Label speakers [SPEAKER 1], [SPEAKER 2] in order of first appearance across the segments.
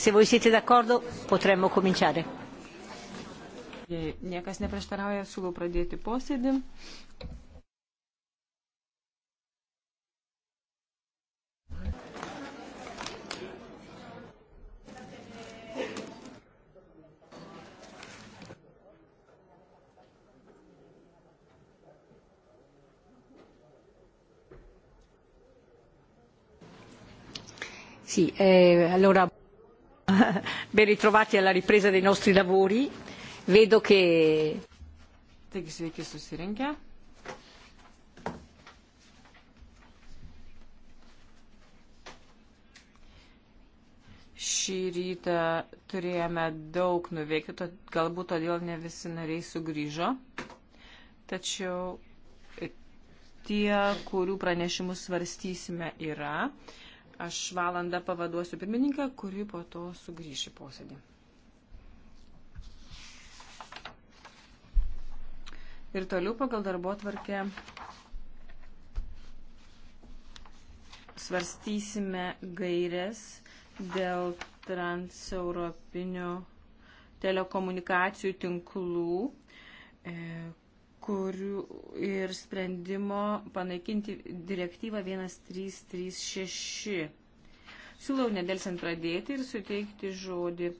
[SPEAKER 1] Se voi siete d'accordo, potremmo cominciare.
[SPEAKER 2] Jei niekas neprieštarauja, siūlau pradėti posėdį.
[SPEAKER 1] Sì, eh, allora Ben ritrovati alla ripresa dei nostri lavori. Vedo che.
[SPEAKER 2] Taigi sveiki susirinkę. Šį rytą turėjome daug nuveikti, to, galbūt todėl ne visi nariai sugrįžo. Tačiau tie, kurių pranešimus svarstysime, yra. Uh, Aš valandą pavaduosiu pirmininką, kuri po to sugrįši posėdį. Ir toliau pagal darbo tvarkę svarstysime gairias dėl transeuropinių telekomunikacijų tinklų, e, kurių ir sprendimo panaikinti direktyvą 1336. Siūlau nedelsiant pradėti ir suteikti žodį e,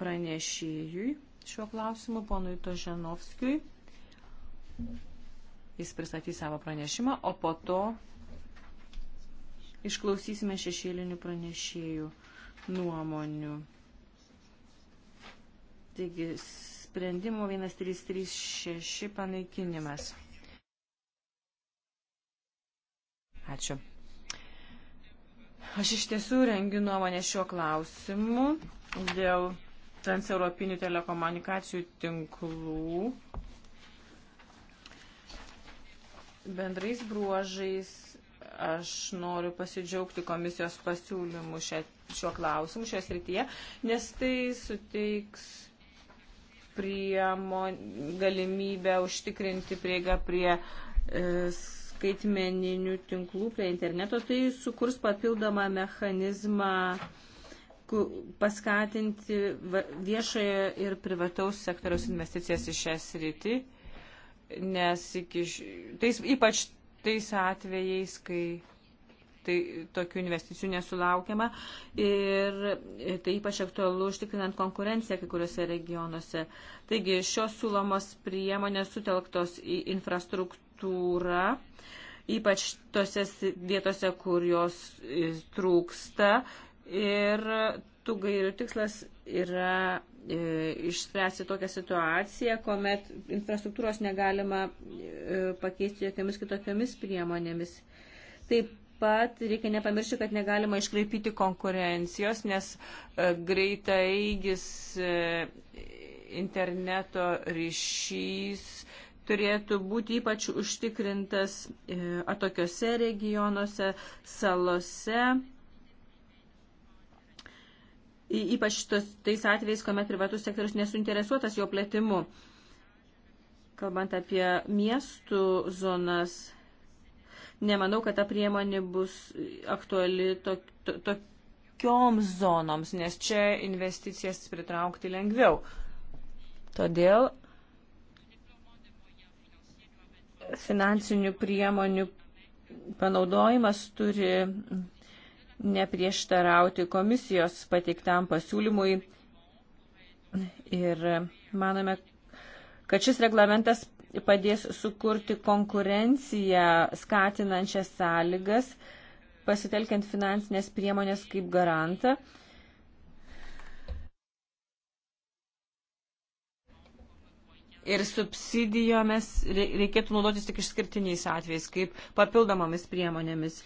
[SPEAKER 2] pranešėjui šiuo klausimu, ponui Toženovskijui. Jis pristatys savo pranešimą, o po to išklausysime šešėlinių pranešėjų nuomonių. Taigi, sprendimų 1336 panaikinimas. Ačiū. Aš iš tiesų rengiu nuomonę šiuo klausimu dėl transeuropinių telekomunikacijų tinklų. Bendrais bruožais aš noriu pasidžiaugti komisijos pasiūlymu šia, šiuo klausimu, šioje srityje, nes tai suteiks priemon, galimybę užtikrinti prieigą prie e, skaitmeninių tinklų, prie interneto, tai sukurs papildomą mechanizmą paskatinti viešojo ir privataus sektoriaus investicijas į šią sritį, nes iki, tais, ypač tais atvejais, kai tai tokių investicijų nesulaukiama ir tai ypač aktualu užtikrinant konkurenciją kai kuriuose regionuose. Taigi šios siūlomos priemonės sutelktos į infrastruktūrą ypač tose vietose, kur jos trūksta. Ir tų gairių tikslas yra e, išspręsti tokią situaciją, kuomet infrastruktūros negalima e, pakeisti jokiamis kitokiamis priemonėmis. Taip pat reikia nepamiršti, kad negalima iškraipyti konkurencijos, nes e, greitaigis e, interneto ryšys turėtų būti ypač užtikrintas e, atokiose regionuose, salose. Ypač tos, tais atvejais, kuomet privatus sektorius nesuinteresuotas jo plėtimu. Kalbant apie miestų zonas, Nemanau, kad ta priemonė bus aktuali tok, to, tokioms zonoms, nes čia investicijas pritraukti lengviau. Todėl finansinių priemonių panaudojimas turi neprieštarauti komisijos pateiktam pasiūlymui ir manome, kad šis reglamentas padės sukurti konkurenciją skatinančias sąlygas, pasitelkiant finansinės priemonės kaip garantą. Ir subsidijomis reikėtų naudotis tik išskirtiniais atvejais, kaip papildomomis priemonėmis.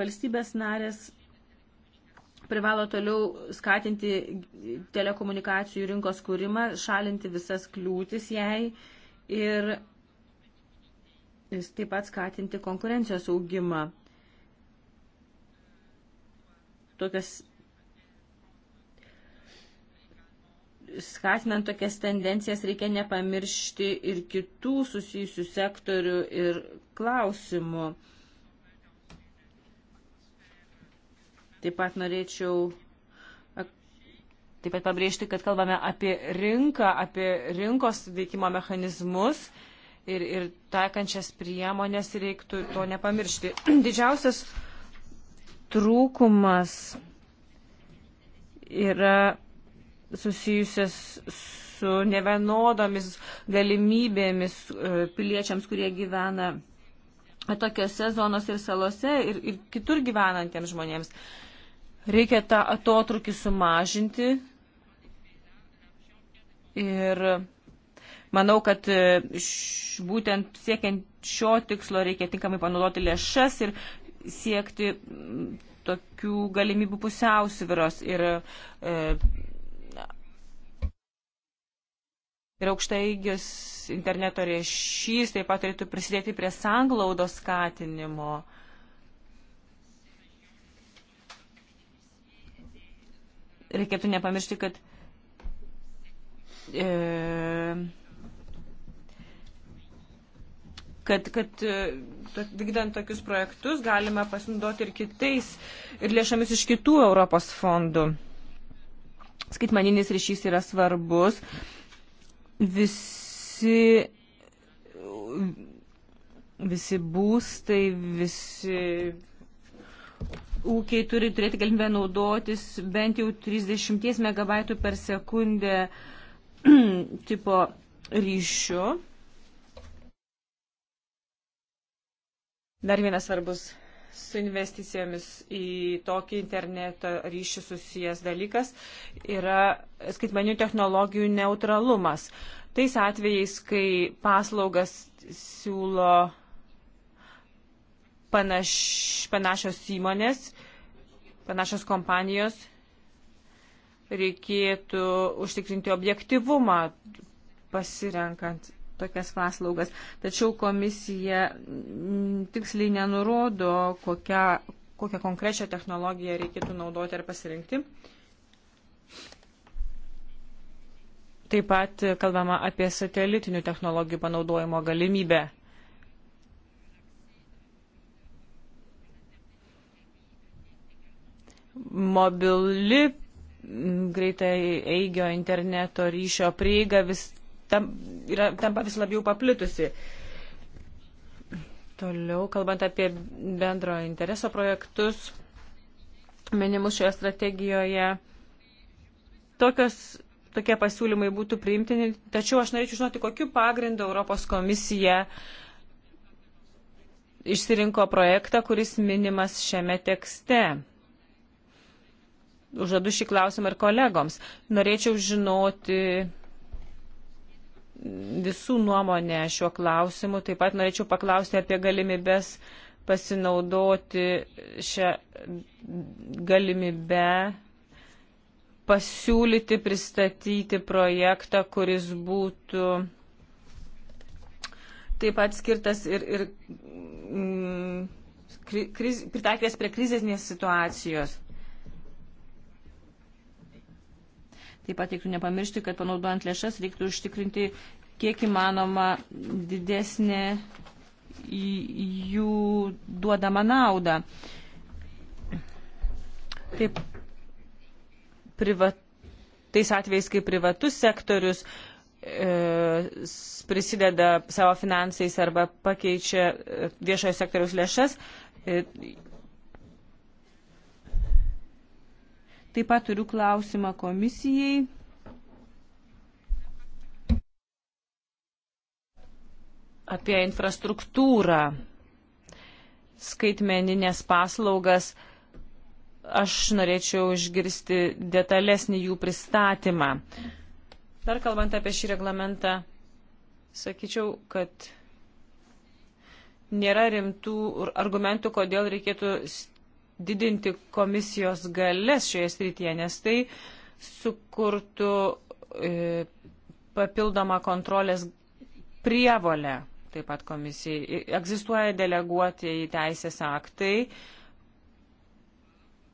[SPEAKER 2] Valstybės narės privalo toliau skatinti telekomunikacijų rinkos kūrimą, šalinti visas kliūtis jai ir taip pat skatinti konkurencijos augimą. Tokias skatinant tokias tendencijas reikia nepamiršti ir kitų susijusių sektorių ir klausimų. Taip pat norėčiau Taip pat pabrėžti, kad kalbame apie rinką, apie rinkos veikimo mechanizmus ir, ir taikančias priemonės reiktų to nepamiršti. Didžiausias trūkumas yra susijusias su nevienodomis galimybėmis e, piliečiams, kurie gyvena tokiose zonose ir salose ir, ir kitur gyvenantiems žmonėms. Reikia tą atotrukį sumažinti, Ir manau, kad e, š, būtent siekiant šio tikslo reikia tinkamai panaudoti lėšas ir siekti tokių galimybių pusiausviros ir, e, ir aukštaigis interneto ryšys taip pat turėtų prisidėti prie sanglaudos skatinimo. Reikėtų nepamiršti, kad E, kad, kad e, vykdant tokius projektus galima pasinaudoti ir kitais, ir lėšomis iš kitų Europos fondų. Skaitmaninis ryšys yra svarbus. Visi, visi būstai, visi ūkiai turi turėti galimybę naudotis bent jau 30 MB per sekundę uh, tipo ryšiu. Dar vienas svarbus su investicijomis į tokį internetą ryšį susijęs dalykas yra skaitmeninių technologijų neutralumas. Tais atvejais, kai paslaugas siūlo panaš, panašios įmonės, panašios kompanijos, reikėtų užtikrinti objektivumą pasirenkant tokias paslaugas. Tačiau komisija tiksliai nenurodo, kokią, kokią konkrečią technologiją reikėtų naudoti ar pasirinkti. Taip pat kalbama apie satelitinių technologijų panaudojimo galimybę. Mobili greitai eigio interneto ryšio prieiga vis tam, yra, tampa vis labiau paplitusi. Toliau, kalbant apie bendro intereso projektus, minimus šioje strategijoje, tokios, tokie pasiūlymai būtų priimtini, tačiau aš norėčiau žinoti, kokiu pagrindu Europos komisija išsirinko projektą, kuris minimas šiame tekste užduodu šį klausimą ir kolegoms. Norėčiau žinoti visų nuomonę šiuo klausimu. Taip pat norėčiau paklausti apie galimybės pasinaudoti šią galimybę pasiūlyti, pristatyti projektą, kuris būtų taip pat skirtas ir, ir mm, kriz, pritaikęs prie krizinės situacijos. Taip pat reiktų nepamiršti, kad panaudojant lėšas reiktų užtikrinti kiek įmanoma didesnė jų duodama naudą. Taip, privat, tais atvejais, kai privatus sektorius e, prisideda savo finansais arba pakeičia e, viešojo sektoriaus lėšas, e, Taip pat turiu klausimą komisijai. Apie infrastruktūrą, skaitmeninės paslaugas. Aš norėčiau išgirsti detalesnį jų pristatymą. Dar kalbant apie šį reglamentą, sakyčiau, kad nėra rimtų argumentų, kodėl reikėtų didinti komisijos galės šioje srityje, nes tai sukurtų e, papildomą kontrolės prievolę taip pat komisijai. Egzistuoja deleguotieji teisės aktai,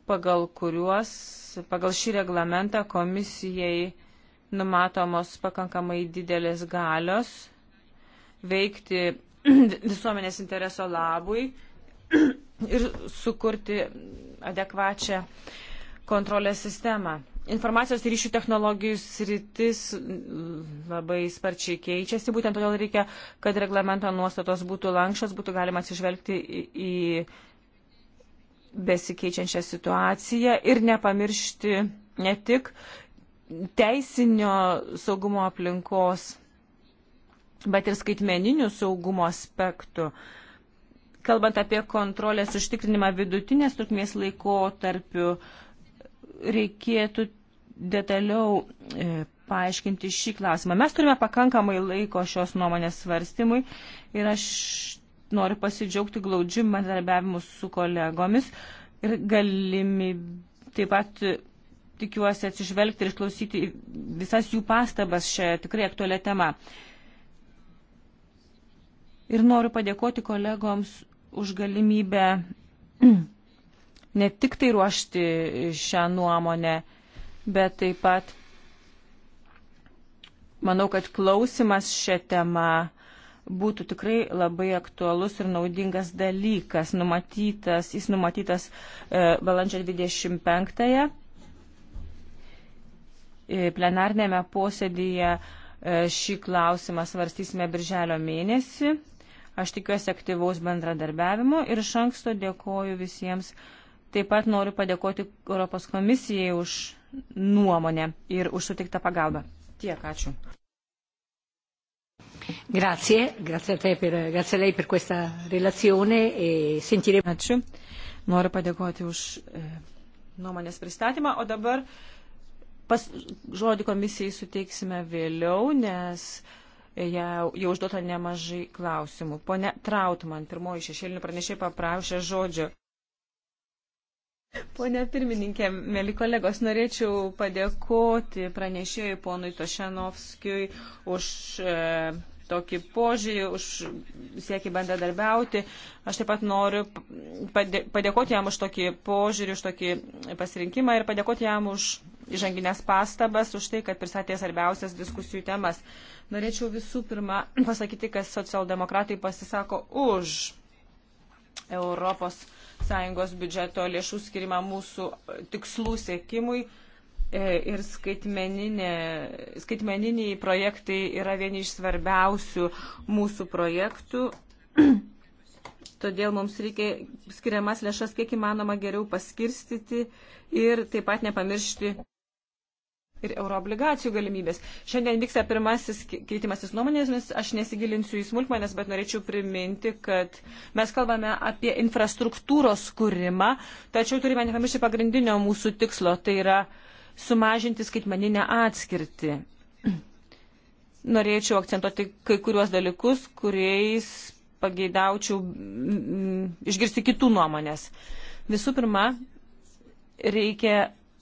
[SPEAKER 2] pagal kuriuos, pagal šį reglamentą komisijai numatomos pakankamai didelės galios veikti visuomenės intereso labui ir sukurti adekvačią kontrolės sistemą. Informacijos ir ryšių technologijų sritis labai sparčiai keičiasi, būtent todėl reikia, kad reglamento nuostatos būtų lankščios, būtų galima atsižvelgti į besikeičiančią situaciją ir nepamiršti ne tik teisinio saugumo aplinkos, bet ir skaitmeninių saugumo aspektų. Uh, Kalbant apie kontrolės užtikrinimą vidutinės trukmės laikotarpiu, reikėtų detaliau e, paaiškinti šį klausimą. Mes turime pakankamai laiko šios nuomonės svarstymui ir aš noriu pasidžiaugti glaudžiu bendradarbiavimu su kolegomis ir galimi taip pat tikiuosi atsižvelgti ir išklausyti visas jų pastabas šią tikrai aktualią temą. Ir noriu padėkoti kolegoms už galimybę ne tik tai ruošti šią nuomonę, bet taip pat manau, kad klausimas šią temą būtų tikrai labai aktualus ir naudingas dalykas. Numatytas, jis numatytas e, balandžio 25-ąją e, plenarnėme posėdėje. E, šį klausimą svarstysime birželio mėnesį. Aš tikiuosi aktyvaus bendradarbiavimo ir iš anksto dėkoju visiems. Taip pat noriu padėkoti Europos komisijai už nuomonę ir už sutiktą pagalbą. Tiek, ačiū.
[SPEAKER 1] Grazie, grazie a, te per, grazie a lei per questa relazione e sentiremo. Ačiū. Noriu padėkoti už e,
[SPEAKER 2] nuomonės pristatymą, o dabar pas, žodį komisijai suteiksime vėliau, nes jau, jau užduota nemažai klausimų. Pone Trautman, pirmoji šešėlinių pranešėjai paprašė žodžio. Pone pirmininkė, mėly kolegos, norėčiau padėkoti pranešėjui ponui Tošenovskijui už e, tokį požiūrį, už siekį bendradarbiauti. Aš taip pat noriu padė, padėkoti jam už tokį požiūrį, už tokį pasirinkimą ir padėkoti jam už įžanginės pastabas, už tai, kad pristatė svarbiausias diskusijų temas. Norėčiau visų pirma pasakyti, kad socialdemokratai pasisako už Europos Sąjungos biudžeto lėšų skirimą mūsų tikslų sėkimui e, ir skaitmeniniai projektai yra vieni iš svarbiausių mūsų projektų. Todėl mums reikia skiriamas lėšas kiek įmanoma geriau paskirstyti ir taip pat nepamiršti ir euroobligacijų galimybės. Šiandien vyksta pirmasis keitimasis nuomonėmis, aš nesigilinsiu į smulkmenas, bet norėčiau priminti, kad mes kalbame apie infrastruktūros kūrimą, tačiau turime nepamiršti pagrindinio mūsų tikslo, tai yra sumažinti skaitmeninę atskirtį. Norėčiau akcentuoti kai kuriuos dalykus, kuriais pageidaučiau mm, mm, išgirsti kitų nuomonės. Visų pirma, reikia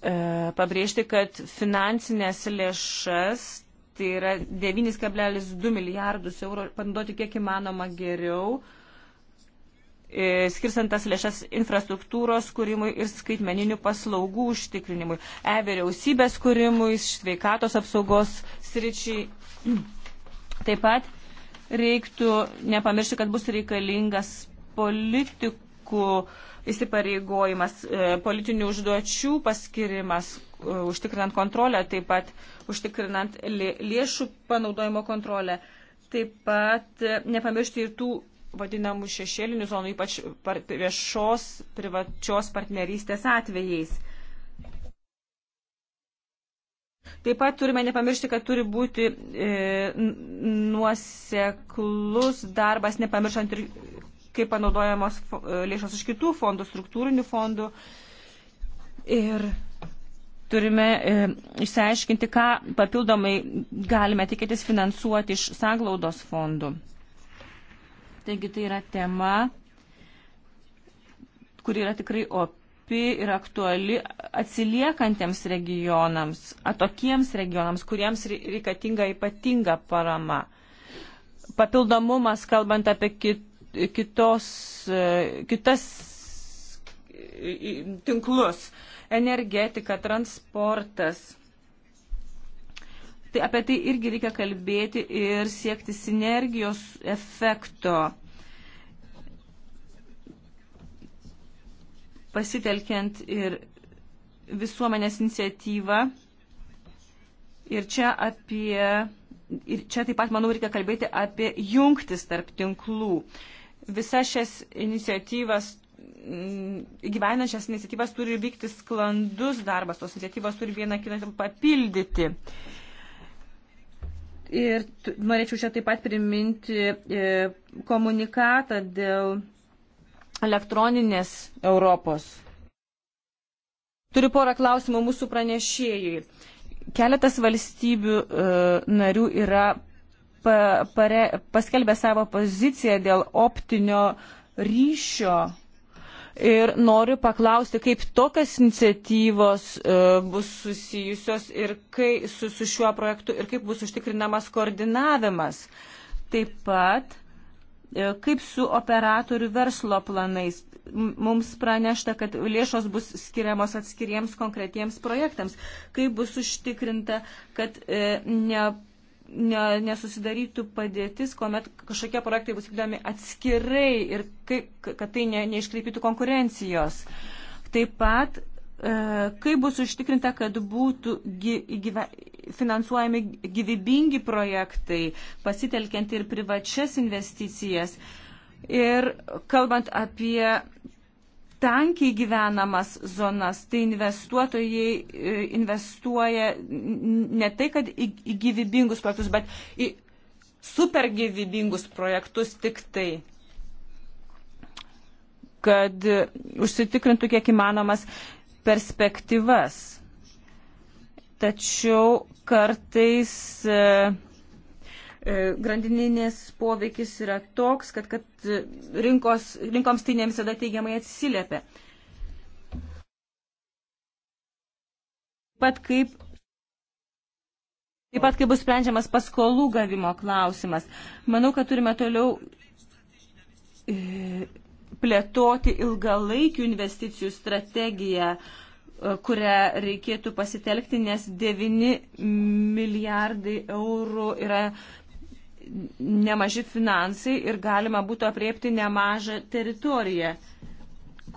[SPEAKER 2] E, pabrėžti, kad finansinės lėšas, tai yra 9,2 milijardus eurų, panaudoti kiek įmanoma geriau, e, skirstant tas lėšas infrastruktūros kūrimui ir skaitmeninių paslaugų užtikrinimui, e-vyriausybės kūrimui, sveikatos apsaugos sričiai. Taip pat reiktų nepamiršti, kad bus reikalingas politikų uh, įsipareigojimas, e, politinių užduočių paskirimas, e, užtikrinant kontrolę, taip pat užtikrinant lėšų panaudojimo kontrolę, taip pat e, nepamiršti ir tų vadinamų šešėlinių zonų, ypač viešos privačios partnerystės atvejais. Taip pat turime nepamiršti, kad turi būti e, nuoseklus darbas, nepamirštant ir kaip panaudojamos e, lėšos iš kitų fondų, struktūrinių fondų. Ir turime e, išsiaiškinti, ką papildomai galime tikėtis finansuoti iš saglaudos fondų. Taigi tai yra tema, kuri yra tikrai opi ir aktuali atsiliekantiems regionams, atokiems regionams, kuriems reikatinga ypatinga parama. Papildomumas, kalbant apie kitų kitos, e, kitas tinklus - energetika, transportas. Tai apie tai irgi reikia kalbėti ir siekti sinergijos efekto. Pasitelkiant ir visuomenės iniciatyvą. Ir čia apie ir čia taip pat, manau, reikia kalbėti apie jungtis tarp tinklų. Visas šias iniciatyvas mm, gyvenant šias iniciatyvas turi vykti sklandus darbas, tos iniciatyvos turi vieną kitą papildyti. Ir norėčiau čia taip pat priminti e, komunikatą dėl elektroninės Europos. Turiu porą klausimų mūsų pranešėjai. Keletas valstybių e, narių yra pare, paskelbė savo poziciją dėl optinio ryšio. Ir noriu paklausti, kaip tokios iniciatyvos e, bus susijusios ir kai, su, su šiuo projektu ir kaip bus užtikrinamas koordinavimas. Taip pat, e, kaip su operatorių verslo planais. Mums pranešta, kad lėšos bus skiriamos atskiriems konkretiems projektams. Kaip bus užtikrinta, kad e, ne ne, nesusidarytų padėtis, kuomet kažkokie projektai bus vykdomi atskirai ir kaip, kad tai ne, neiškreipytų konkurencijos. Taip pat, e, kaip bus užtikrinta, kad būtų gyve, finansuojami gyvybingi projektai, pasitelkiant ir privačias investicijas. Ir kalbant apie tankiai gyvenamas zonas, tai investuotojai e, investuoja ne tai, kad į, į gyvybingus projektus, bet į super gyvybingus projektus tik tai kad užsitikrintų kiek įmanomas perspektyvas. Tačiau kartais e, E, grandininės poveikis yra toks, kad, kad e, rinkos, rinkoms tai ne visada teigiamai atsiliepia. Pat kaip, taip pat kaip bus sprendžiamas paskolų gavimo klausimas. Manau, kad turime toliau e, plėtoti ilgalaikių investicijų strategiją, kurią reikėtų pasitelkti, nes 9 milijardai eurų yra nemaži finansai ir galima būtų apriepti nemažą teritoriją.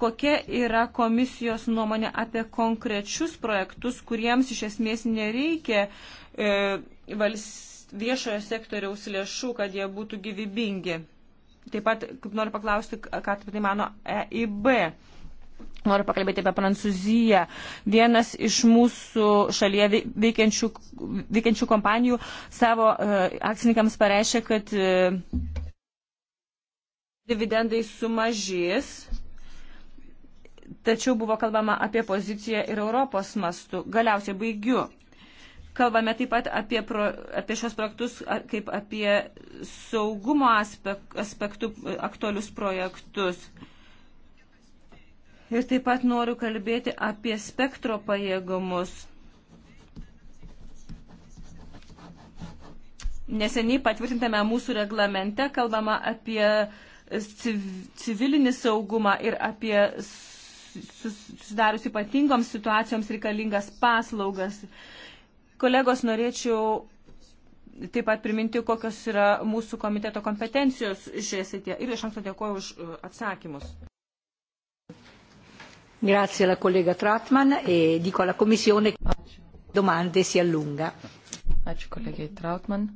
[SPEAKER 2] Kokia yra komisijos nuomonė apie konkrečius projektus, kuriems iš esmės nereikia e, vals, viešojo sektoriaus lėšų, kad jie būtų gyvybingi? Taip pat noriu paklausti, ką apie tai mano EIB. Noriu pakalbėti apie Prancūziją. Vienas iš mūsų šalyje veikiančių, veikiančių kompanijų savo uh, akcininkams pareiškė, kad uh, dividendai sumažys. Tačiau buvo kalbama apie poziciją ir Europos mastų. Galiausiai baigiu. Kalbame taip pat apie, pro, apie šios projektus kaip apie saugumo aspek, aspektų aktualius projektus. Uh, Ir taip pat noriu kalbėti apie spektro pajėgumus. Neseniai patvirtintame mūsų reglamente kalbama apie civilinį saugumą ir apie susidarius ypatingoms situacijoms reikalingas paslaugas. Kolegos, norėčiau taip pat priminti, kokios yra mūsų komiteto kompetencijos šioje srityje. Ir iš anksto dėkuoju už uh, atsakymus.
[SPEAKER 1] Grazie alla collega Trattman e dico alla
[SPEAKER 3] Commissione che domande si allunga. Ačiū kolegijai Trautman.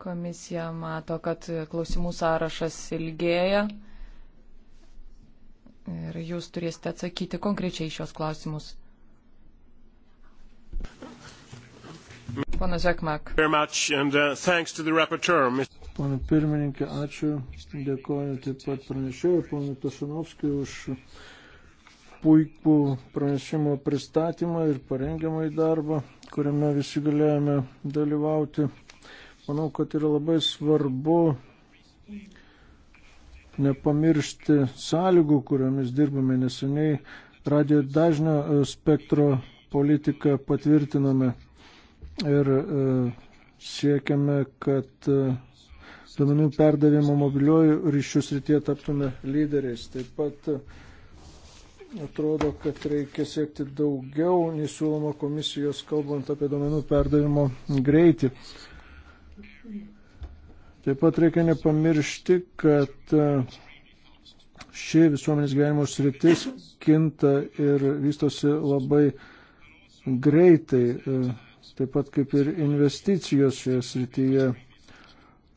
[SPEAKER 3] Komisija mato, kad klausimų sąrašas ilgėja ir jūs turėsite atsakyti konkrečiai šios klausimus. Pana Zekmak.
[SPEAKER 4] Pana
[SPEAKER 5] uh, pirmininkė, ačiū. Dėkoju taip pat pranešėjui, ponui Tošinovskijui, už puikų pranešimo pristatymą ir parengiamąjį darbą, kuriame visi galėjome dalyvauti. Manau, kad yra labai svarbu nepamiršti sąlygų, kuriomis dirbame neseniai. Radio dažnio e, spektro politiką patvirtiname ir e, siekiame, kad e, duomenų perdavimo mobiliojų ryšių srityje taptume lyderiais. Taip pat atrodo, kad reikia siekti daugiau nei siūloma komisijos, kalbant apie duomenų perdavimo greitį. Taip pat reikia nepamiršti, kad e, ši visuomenės gyvenimo sritis kinta ir vystosi labai greitai, e, taip pat kaip ir investicijos šioje srityje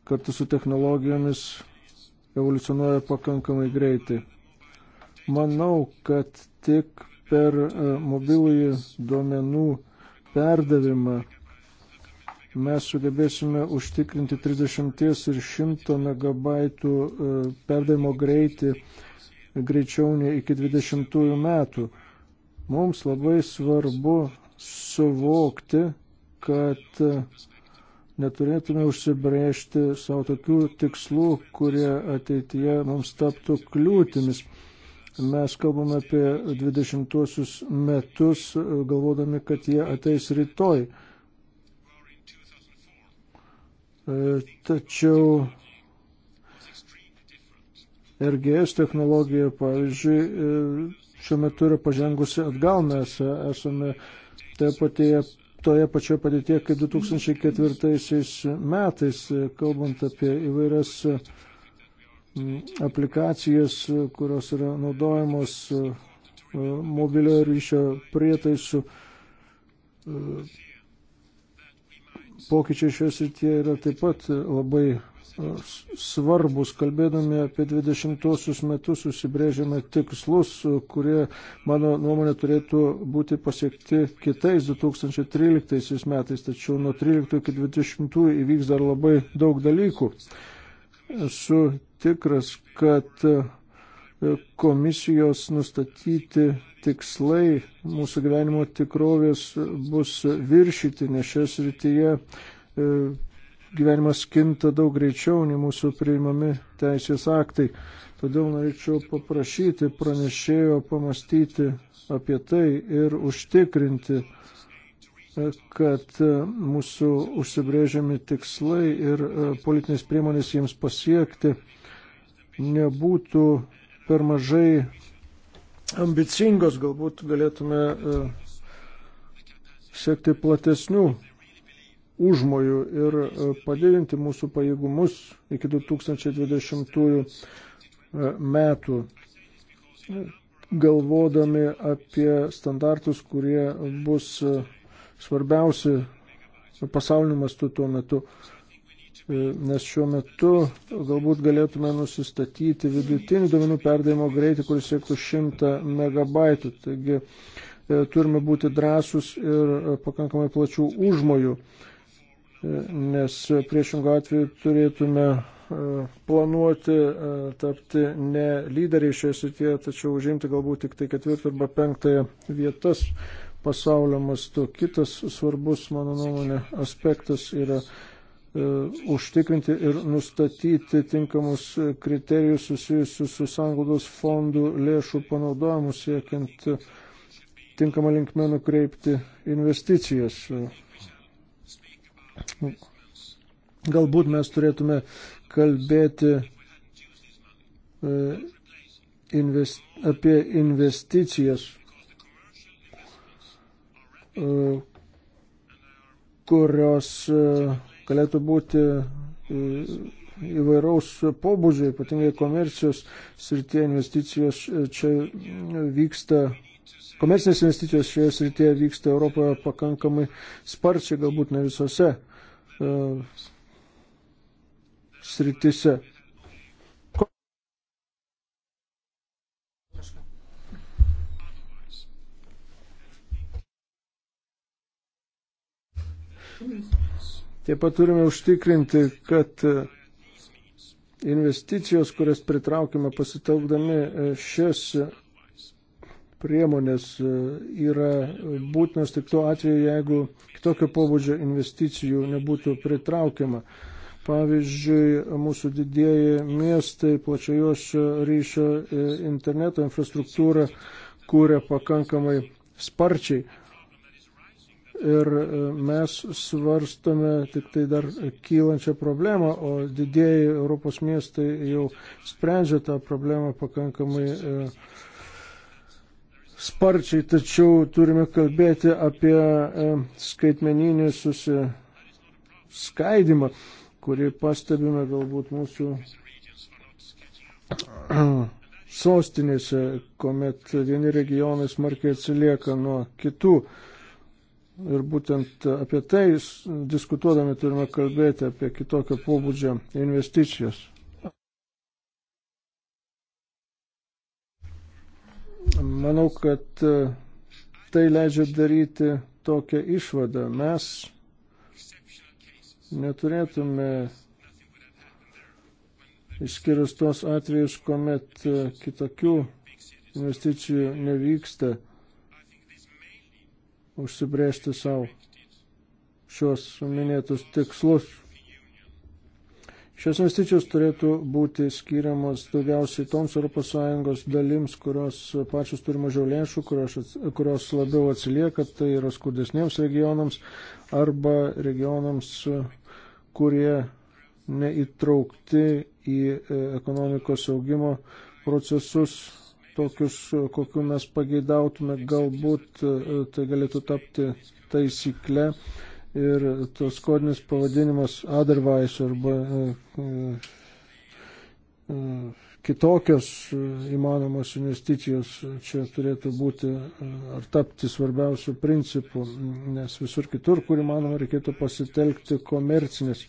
[SPEAKER 5] kartu su technologijomis evoliucionuoja pakankamai greitai. Manau, kad tik per e, mobilųjį duomenų perdavimą mes sugebėsime užtikrinti 30 ir 100 megabaitų e, perdavimo greitį greičiau nei iki 20 metų. Mums labai svarbu suvokti, kad e, neturėtume užsibrėžti savo tokių tikslų, kurie ateityje mums taptų kliūtimis. Mes kalbame apie 20-uosius metus, galvodami, kad jie ateis rytoj. E, tačiau RGS technologija, pavyzdžiui, e, šiuo metu yra pažengusi atgal, mes esame toje patėje, toje pačioje padėtėje kaip 2004 metais, kalbant apie įvairias Mm, aplikacijas, kurios yra naudojamos e, mobilio ryšio prietaisų. E, pokyčiai šioje srityje yra taip pat labai e, svarbus. Kalbėdami apie 20 metus susibrėžėme tikslus, kurie, mano nuomonė, turėtų būti pasiekti kitais 2013 metais, tačiau nuo 13 iki 20 įvyks dar labai daug dalykų. Su tikras, kad e, komisijos nustatyti tikslai mūsų gyvenimo tikrovės bus viršyti, nes šias rytyje e, gyvenimas kinta daug greičiau nei mūsų priimami teisės aktai. Todėl norėčiau paprašyti pranešėjo pamastyti apie tai ir užtikrinti, e, kad mūsų užsibrėžiami tikslai ir politinės priemonės jiems pasiekti nebūtų per mažai ambicingos, galbūt galėtume e, siekti platesnių užmojų ir e, padidinti mūsų pajėgumus iki 2020 e, metų, galvodami apie standartus, kurie bus svarbiausi pasauliniu mastu tuo metu nes šiuo metu galbūt galėtume nusistatyti vidutinį duomenų perdavimo greitį, kuris siektų 100 megabaitų. Taigi e, turime būti drąsus ir e, pakankamai plačių užmojų, e, nes priešingų atveju turėtume planuoti tapti ne lyderiai šioje srityje, tačiau užimti galbūt tik tai ketvirtą arba penktąją vietas pasaulio mastu. Kitas svarbus, mano nuomonė, aspektas yra E, užtikrinti ir nustatyti tinkamus kriterijus susijusius su sanglaudos fondų lėšų panaudojimu, siekiant tinkamą linkmę nukreipti investicijas. Galbūt mes turėtume kalbėti e, invest, apie investicijas, e, kurios galėtų būti e, įvairaus pobūdžio, ypatingai komercijos srityje investicijos e, čia vyksta. Komercinės investicijos šioje srityje vyksta Europoje pakankamai sparčiai, galbūt ne visose uh, e, sritise. Mm-hmm. Taip pat turime užtikrinti, kad e, investicijos, kurias pritraukime pasitelkdami e, šias priemonės, e, yra būtinos tik tuo atveju, jeigu kitokio pobūdžio investicijų nebūtų pritraukiama. Pavyzdžiui, mūsų didieji miestai plačiojos ryšio interneto infrastruktūrą kūrė pakankamai sparčiai ir e, mes svarstome tik tai dar kylančią problemą, o didėjai Europos miestai jau sprendžia tą problemą pakankamai e, sparčiai, tačiau turime kalbėti apie e, skaitmeninį susiskaidimą, kurį pastebime galbūt mūsų sostinėse, kuomet vieni regionai smarkiai atsilieka nuo kitų. Ir būtent apie tai diskutuodami turime kalbėti apie kitokio pobūdžio investicijas. Manau, kad e, tai leidžia daryti tokią išvadą. Mes neturėtume išskyrus tuos atvejus, kuomet e, kitokių investicijų nevyksta užsibrėžti savo šios minėtus tikslus. Šios investicijos turėtų būti skiriamos daugiausiai toms ES dalims, kurios pačios turi mažiau lėšų, kurios, kurios labiau atsilieka, tai yra skurdesniems regionams arba regionams, kurie neįtraukti į e, ekonomikos augimo procesus tokius, kokiu mes pageidautume, galbūt e, tai galėtų tapti taisykle ir tos kodinis pavadinimas otherwise arba e, e, kitokios įmanomos investicijos čia turėtų būti ar tapti svarbiausių principų, nes visur kitur, kur įmanoma, reikėtų pasitelkti komercinės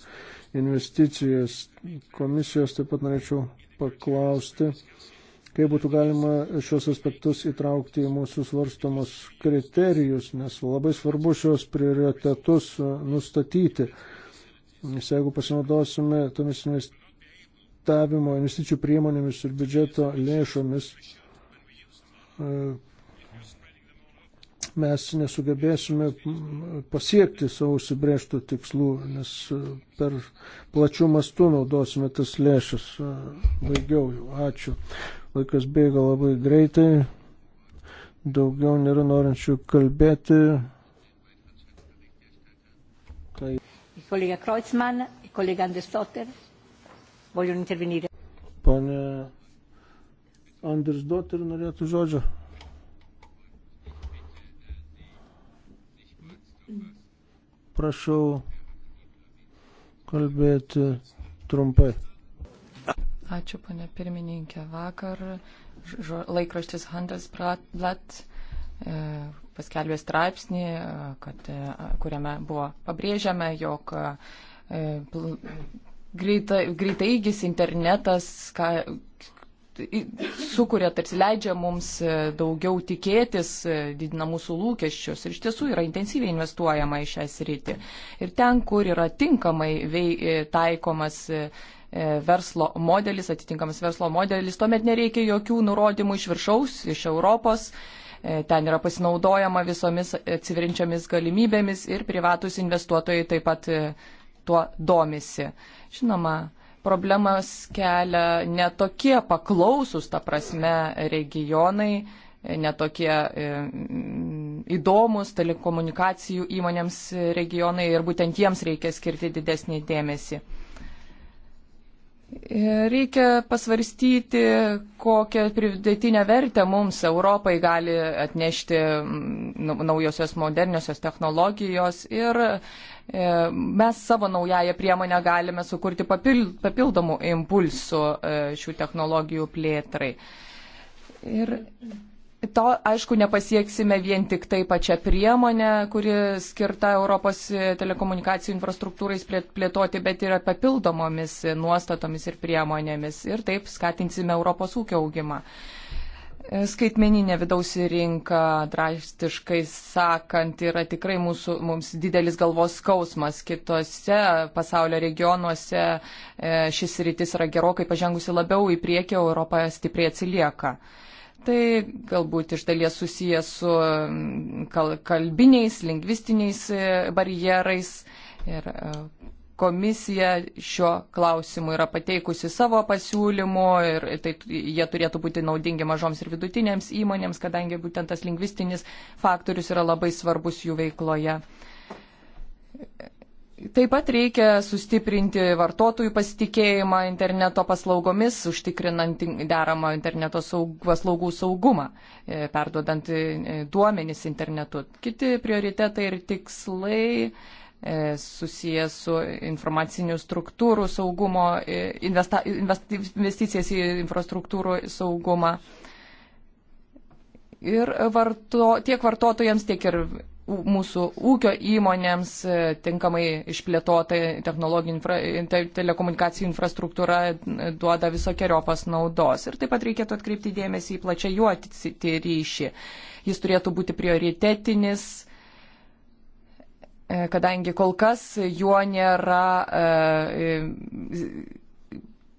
[SPEAKER 5] investicijas. Komisijos taip pat norėčiau paklausti, kaip būtų galima šios aspektus įtraukti į mūsų svarstomus kriterijus, nes labai svarbu šios prioritetus e, nustatyti. Nes jeigu pasinaudosime tomis investavimo investicijų priemonėmis ir biudžeto lėšomis, e, mes nesugebėsime pasiekti savo užsibrėžtų tikslų, nes e, per plačių mastų naudosime tas lėšas. Baigiau jau. Ačiū. Laikas bėga labai greitai. Daugiau nėra norinčių kalbėti. Tai...
[SPEAKER 1] Kolega Kreuzmann, kolega Andersdotter,
[SPEAKER 5] vogliono intervenire. Pane Andersdotter norėtų žodžio. Prašau kalbėti trumpai.
[SPEAKER 3] Ačiū, ponė pirmininkė. Vakar laikraštis Handelsblatt e, paskelbė straipsnį, e, kad, e, kuriame buvo pabrėžiama, jog greita, greitaigis internetas ka, sukuria, tarsi leidžia mums daugiau tikėtis, didina mūsų lūkesčius ir iš tiesų yra intensyviai investuojama į šią sritį. Ir ten, kur yra tinkamai vei, taikomas E, verslo modelis, atitinkamas verslo modelis, tuomet nereikia jokių nurodymų iš viršaus, iš Europos. E, ten yra pasinaudojama visomis atsiverinčiamis galimybėmis ir privatus investuotojai taip pat e, tuo domisi. Žinoma, problemas kelia netokie paklausus, ta prasme, regionai, netokie įdomus telekomunikacijų įmonėms regionai ir būtent jiems reikia skirti didesnį dėmesį. Reikia pasvarstyti, kokią pridėtinę vertę mums Europai gali atnešti mm, naujosios moderniosios technologijos ir e, mes savo naująją priemonę galime sukurti papildomų impulsų e, šių technologijų plėtrai. Ir To, aišku, nepasieksime vien tik tai pačią priemonę, kuri skirta Europos telekomunikacijų infrastruktūrai plėtoti, bet ir papildomomis nuostatomis ir priemonėmis. Ir taip skatinsime Europos ūkio augimą. Skaitmeninė vidaus rinka, drastiškai sakant, yra tikrai mūsų, mums didelis galvos skausmas. Kitose pasaulio regionuose e, šis rytis yra gerokai pažengusi labiau į priekį, Europoje stipriai atsilieka. Tai galbūt iš dalies susijęs su mm, kalbiniais, lingvistiniais e, barjerais. Ir e, komisija šiuo klausimu yra pateikusi savo pasiūlymų ir tai jie turėtų būti naudingi mažoms ir vidutinėms įmonėms, kadangi būtent tas lingvistinis faktorius yra labai svarbus jų veikloje. Taip pat reikia sustiprinti vartotojų pasitikėjimą interneto paslaugomis, užtikrinant deramą interneto saug, paslaugų saugumą, e, perduodant e, e, duomenis internetu. Kiti prioritetai ir tikslai susijęs su informacinių struktūrų saugumo, investa, invest, investicijas į infrastruktūrų saugumą ir varto, tiek vartotojams, tiek ir mūsų ūkio įmonėms e, tinkamai išplėtota technologinė infra, te, telekomunikacijų infrastruktūra e, duoda visokiojopas naudos. Ir taip pat reikėtų atkreipti dėmesį į plačią juotį ryšį. Jis turėtų būti prioritetinis, e, kadangi kol kas juo nėra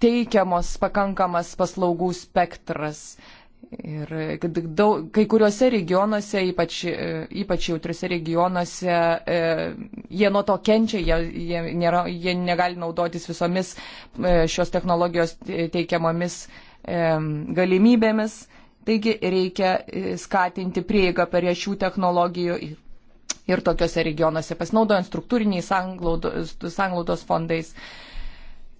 [SPEAKER 3] teikiamos pakankamas paslaugų spektras Ir kad daug, kai kuriuose regionuose, ypač, e, ypač jautriuose regionuose, e, jie nuo to kenčia, jie, jie, nėra, jie negali naudotis visomis e, šios technologijos teikiamomis galimybėmis. Taigi reikia skatinti prieigą prie šių technologijų ir tokiuose regionuose, pasinaudojant struktūriniais sanglaudos fondais. E,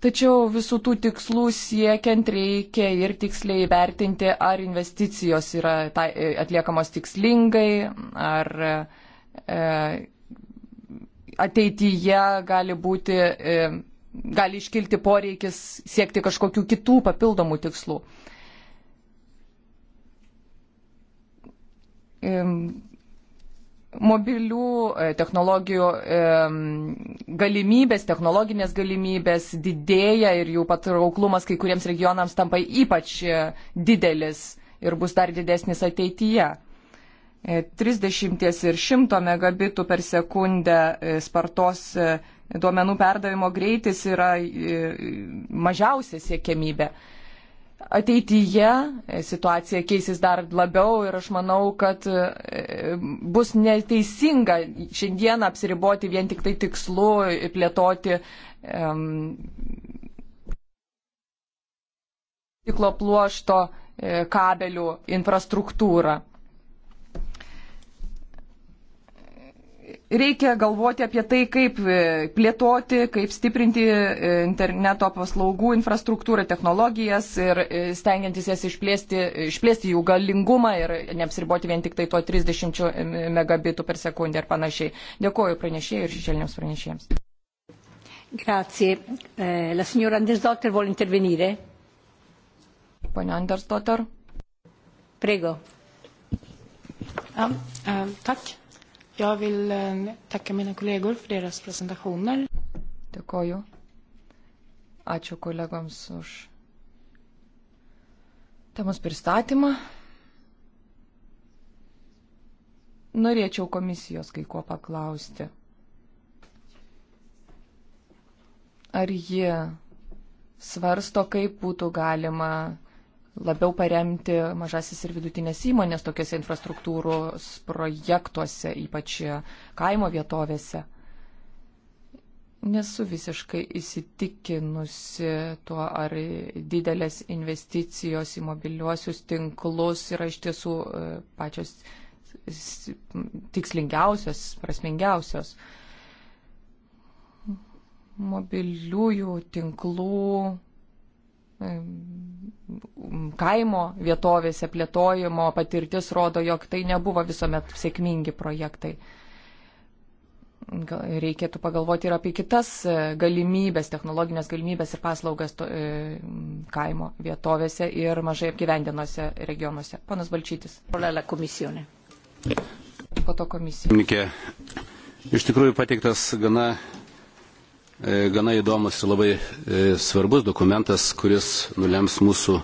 [SPEAKER 3] Tačiau visų tų tikslų siekiant reikia ir tiksliai įvertinti, ar investicijos yra tai, e, atliekamos tikslingai, ar e, ateityje gali būti, e, gali iškilti poreikis siekti kažkokių kitų papildomų tikslų mobilių e, technologijų e, galimybės, technologinės galimybės didėja ir jų patrauklumas kai kuriems regionams tampa ypač e, didelis ir bus dar didesnis ateityje. 30 ir 100 megabitų per sekundę spartos duomenų perdavimo greitis yra mažiausia siekėmybė ateityje situacija keisis dar labiau ir aš manau, kad e, bus neteisinga šiandien apsiriboti vien tik tai tikslu ir plėtoti um, stiklo pluošto e, kabelių infrastruktūrą. reikia galvoti apie tai, kaip e, plėtoti, kaip stiprinti e, interneto paslaugų infrastruktūrą, technologijas ir e, stengiantis jas išplėsti, išplėsti jų galingumą ir neapsiriboti vien tik tai to 30 megabitų per sekundę ir panašiai. Dėkuoju pranešėjai ir šešėliniams pranešėjams.
[SPEAKER 1] Grazie. Eh, la signora Andersdotter vuole intervenire? Pane Andersdotter.
[SPEAKER 3] Prego. Um, um, tack. Jag vill eh, tacka mina kollegor för deras presentationer. Dėkoju. Ačiū kolegoms už temos pristatymą. Norėčiau komisijos kai ko paklausti. Ar jie svarsto, kaip būtų galima labiau paremti mažasis ir vidutinės įmonės tokiuose infrastruktūros projektuose, ypač kaimo vietovėse. Nesu visiškai įsitikinusi tuo, ar didelės investicijos į mobiliuosius tinklus yra iš tiesų e, pačios tikslingiausios, prasmingiausios. Mobiliųjų tinklų kaimo vietovėse plėtojimo patirtis rodo, jog tai nebuvo visuomet sėkmingi projektai. Reikėtų pagalvoti ir apie kitas e, galimybės, technologinės galimybės ir paslaugas to, e, kaimo vietovėse ir mažai apgyvendinose regionuose. Panas Balčytis. Po to komisija.
[SPEAKER 4] Iš tikrųjų pateiktas gana E, gana įdomus ir labai e, svarbus dokumentas, kuris nulems mūsų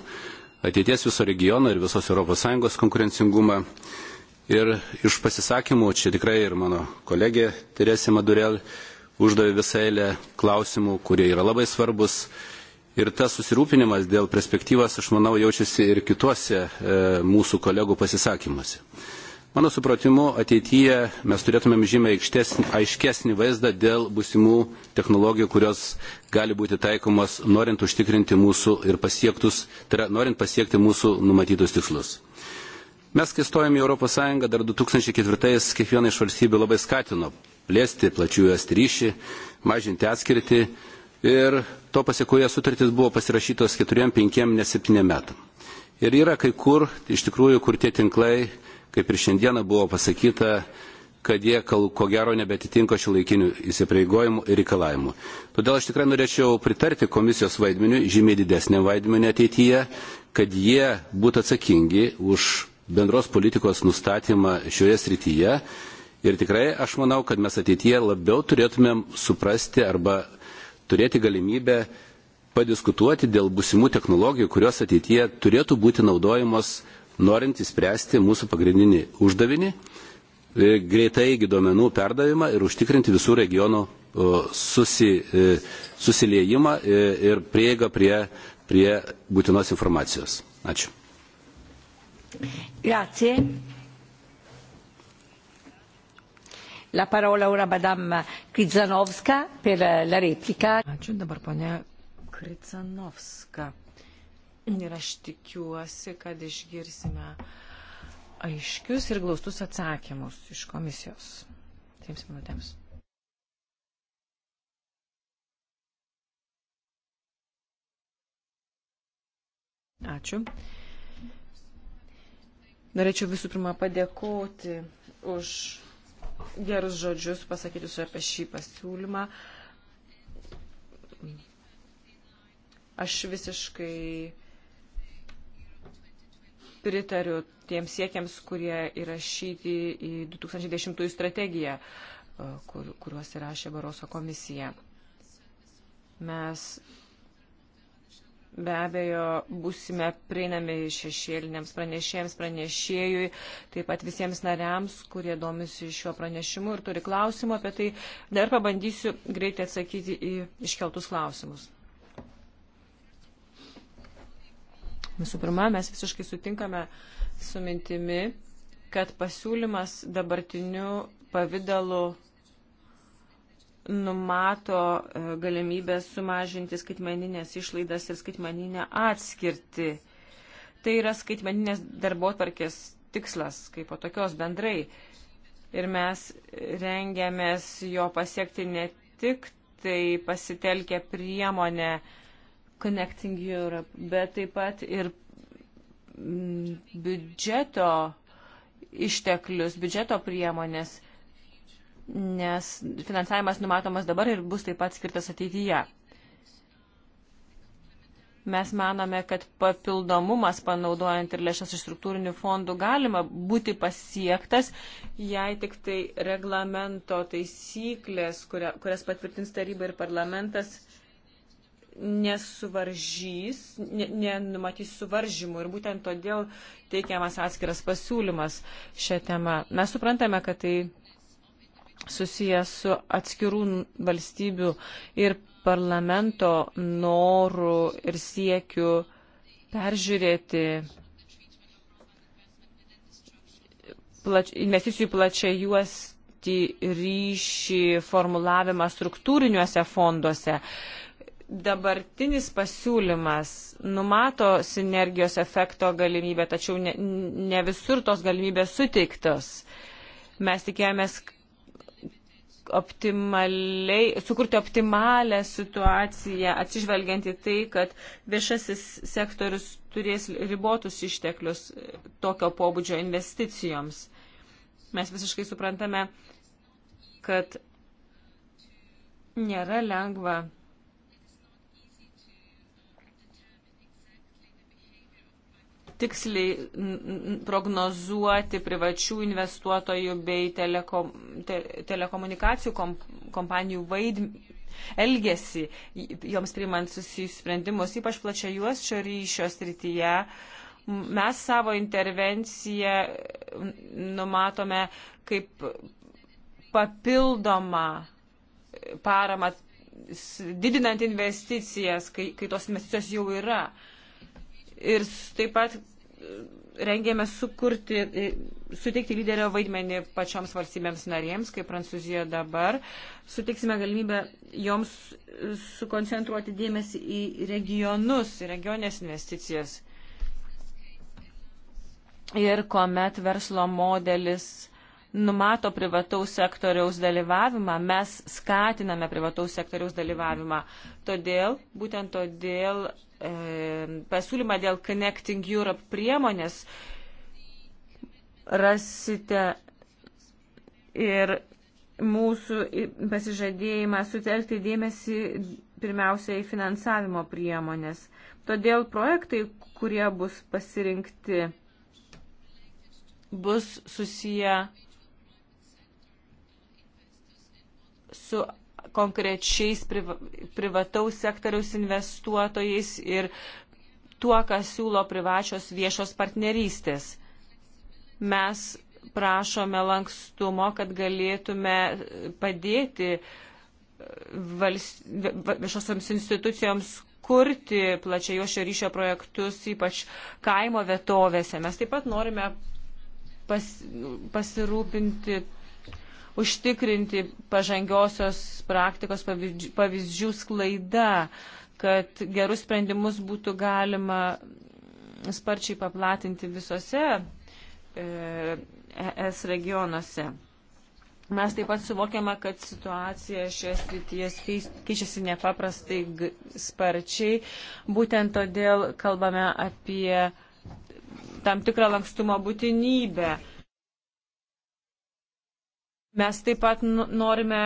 [SPEAKER 4] ateities viso regiono ir visos ES konkurencingumą. Ir iš pasisakymų, čia tikrai ir mano kolegė Teresė Madurel uždavė visą eilę klausimų, kurie yra labai svarbus. Ir tas susirūpinimas dėl perspektyvas, aš manau, jaučiasi ir kituose e, mūsų kolegų pasisakymuose. Mano supratimu, ateityje mes turėtumėm žymiai aiškesnį vaizdą dėl busimų technologijų, kurios gali būti taikomas norint užtikrinti mūsų ir pasiektus, tai yra norint pasiekti mūsų numatytus tikslus. Mes, kai stojame į ES, dar 2004 kiekviena iš valstybių labai skatino plėsti plačiųjų astryšį, mažinti atskirtį ir to pasiekoje sutartis buvo pasirašytos 4, 5, ne 7 metam. Ir yra kai kur, iš tikrųjų, kur tie tinklai kaip ir šiandieną buvo pasakyta, kad jie ko gero nebetitinko šio laikinių įsipareigojimų ir reikalavimų. Todėl aš tikrai norėčiau pritarti komisijos vaidmeniu, žymiai didesniam vaidmeniu ateityje, kad jie būtų atsakingi už bendros politikos nustatymą šioje srityje. Ir tikrai aš manau, kad mes ateityje labiau turėtumėm suprasti arba turėti galimybę padiskutuoti dėl busimų technologijų, kurios ateityje turėtų būti naudojamos norint įspręsti mūsų pagrindinį uždavinį e, greitaigi duomenų perdavimą ir užtikrinti visų regionų susi, e, susiliejimą e, ir prieigą prie, prie būtinos informacijos. Ačiū.
[SPEAKER 1] Grazie. La parola ora Madame Krizanovska per la replica. Ačiū dabar ponia
[SPEAKER 2] Krizanovska. Ir aš tikiuosi, kad išgirsime aiškius ir glaustus atsakymus iš komisijos. Trims minutėms. Ačiū. Norėčiau visų pirma padėkoti už gerus žodžius pasakytus apie šį pasiūlymą. Aš visiškai pritariu tiems siekiams, kurie įrašyti į 2010 strategiją, e, kur, kuriuos įrašė Baroso komisija. Mes be abejo būsime prieinami šešėliniams pranešėjams, pranešėjui, taip pat visiems nariams, kurie domisi šiuo pranešimu ir turi klausimų apie tai. Dar pabandysiu greitai atsakyti į iškeltus klausimus. Visų pirma, mes visiškai sutinkame su mintimi, kad pasiūlymas dabartiniu pavydalu numato e, galimybę sumažinti skaitmeninės išlaidas ir skaitmeninę atskirti. Tai yra skaitmeninės darbotvarkės tikslas, kaip po tokios bendrai. Ir mes rengiamės jo pasiekti ne tik tai pasitelkę priemonę, uh, Connecting Europe, bet taip pat ir mm, biudžeto išteklius, biudžeto priemonės, nes finansavimas numatomas dabar ir bus taip pat skirtas ateityje. Mes manome, kad papildomumas panaudojant ir lėšas iš struktūrinių fondų galima būti pasiektas, jei tik tai reglamento taisyklės, kuria, kurias patvirtins taryba ir parlamentas, nesuvaržys, nenumatys suvaržymų ir būtent todėl teikiamas atskiras pasiūlymas šią temą. Mes suprantame, kad tai susijęs su atskirų valstybių ir parlamento norų ir siekių peržiūrėti plač, investicijų plačiai juos ryšį formulavimą struktūriniuose fonduose dabartinis pasiūlymas numato sinergijos efekto galimybę, tačiau ne, ne visur tos galimybės suteiktos. Mes tikėjomės optimaliai, sukurti optimalią situaciją, atsižvelgiant į tai, kad viešasis sektorius turės ribotus išteklius tokio pobūdžio investicijoms. Mes visiškai suprantame, kad nėra lengva tiksliai prognozuoti privačių investuotojų bei telekom, te, telekomunikacijų kom, kompanijų vaidmenį elgesį, joms priimant susijusius sprendimus, ypač plačia juosčio ryšio srityje. Mes savo intervenciją numatome kaip papildomą paramą, didinant investicijas, kai, kai tos investicijos jau yra. Uh, Ir taip pat e, rengėme sukurti, e, suteikti lyderio vaidmenį pačioms valstybėms narėms, kaip Prancūzija dabar. Suteiksime galimybę joms e, sukoncentruoti dėmesį į regionus, į regionės investicijas. Ir kuomet verslo modelis numato privataus sektoriaus dalyvavimą, mes skatiname privataus sektoriaus dalyvavimą. Todėl, būtent todėl E, pasiūlymą dėl Connecting Europe priemonės rasite ir mūsų pasižadėjimą sutelkti dėmesį pirmiausia į finansavimo priemonės. Todėl projektai, kurie bus pasirinkti, bus susiję su konkrečiais priva, privataus sektoriaus investuotojais ir tuo, ką siūlo privačios viešos partnerystės. Mes prašome lankstumo, kad galėtume padėti e, valst... viešosioms institucijoms kurti plačiai jo šio ryšio projektus, ypač kaimo vietovėse. Mes taip pat norime pas, pasirūpinti užtikrinti pažangiosios praktikos pavyzdžių, pavyzdžių sklaida, kad gerus sprendimus būtų galima sparčiai paplatinti visose ES e regionuose. Mes taip pat suvokiame, kad situacija šioje srityje keičiasi nepaprastai sparčiai. Būtent todėl kalbame apie tam tikrą lankstumo būtinybę. Mes taip pat norime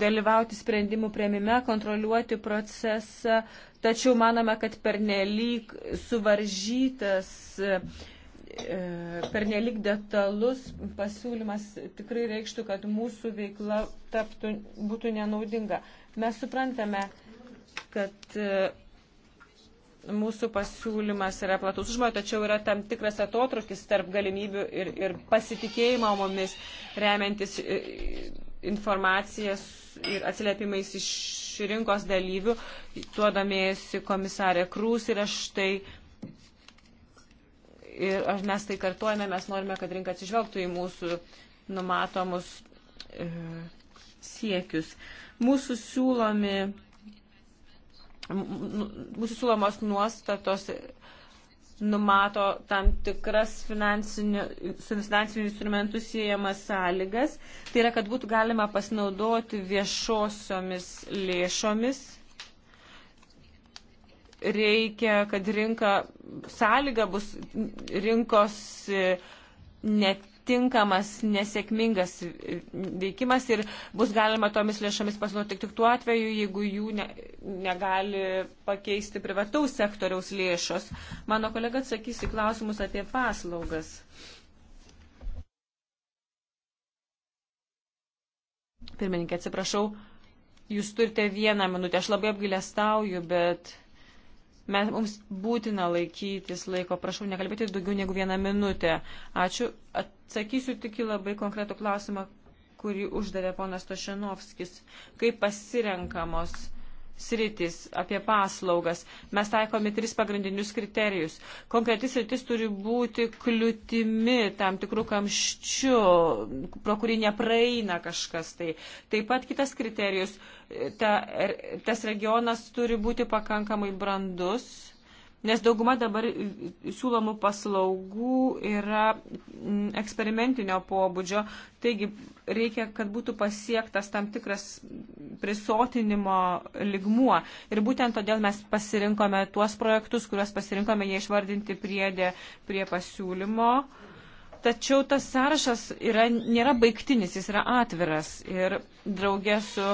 [SPEAKER 2] dalyvauti sprendimų prieimime, kontroliuoti procesą, tačiau manome, kad pernelyg suvaržytas, e, pernelyg detalus pasiūlymas tikrai reikštų, kad mūsų veikla taptų, būtų nenaudinga. Mes suprantame, kad e, mūsų pasiūlymas yra platus užmojo, tačiau yra tam tikras atotrukis tarp galimybių ir, ir pasitikėjimo mumis remiantis e, informacijas ir atsiliepimais iš rinkos dalyvių. Tuo domėjusi komisarė Krūs ir aš tai. Ir mes tai kartuojame, mes norime, kad rinka atsižvelgtų į mūsų numatomus e, siekius. Mūsų siūlomi Nu, mūsų siūlomos nuostatos numato tam tikras finansinių, su finansiniu instrumentu siejamas sąlygas. Tai yra, kad būtų galima pasinaudoti viešosiomis lėšomis. Reikia, kad rinka, sąlyga bus rinkos e, net tinkamas nesėkmingas veikimas ir bus galima tomis lėšomis pasinaudoti tik tuo atveju, jeigu jų ne, negali pakeisti privataus sektoriaus lėšos. Mano kolega atsakys į klausimus apie paslaugas. Pirmininkė, atsiprašau, jūs turite vieną minutę, aš labai apgailestauju, bet Mes, mums būtina laikytis laiko. Prašau, nekalbėti daugiau negu vieną minutę. Ačiū. Atsakysiu tik į labai konkretų klausimą, kurį uždavė ponas Tošenovskis. Kaip pasirenkamos sritis, apie paslaugas. Mes taikome tris pagrindinius kriterijus. Konkretis sritis turi būti kliūtimi, tam tikrų kamščių, pro kurį nepraeina kažkas. Tai. Taip pat kitas kriterijus, ta, er, tas regionas turi būti pakankamai brandus nes dauguma dabar siūlomų paslaugų yra eksperimentinio pobūdžio, taigi reikia, kad būtų pasiektas tam tikras prisotinimo ligmuo. Ir būtent todėl mes pasirinkome tuos projektus, kuriuos pasirinkome, jie išvardinti priedė prie pasiūlymo. Tačiau tas sąrašas yra, nėra baigtinis, jis yra atviras ir draugė su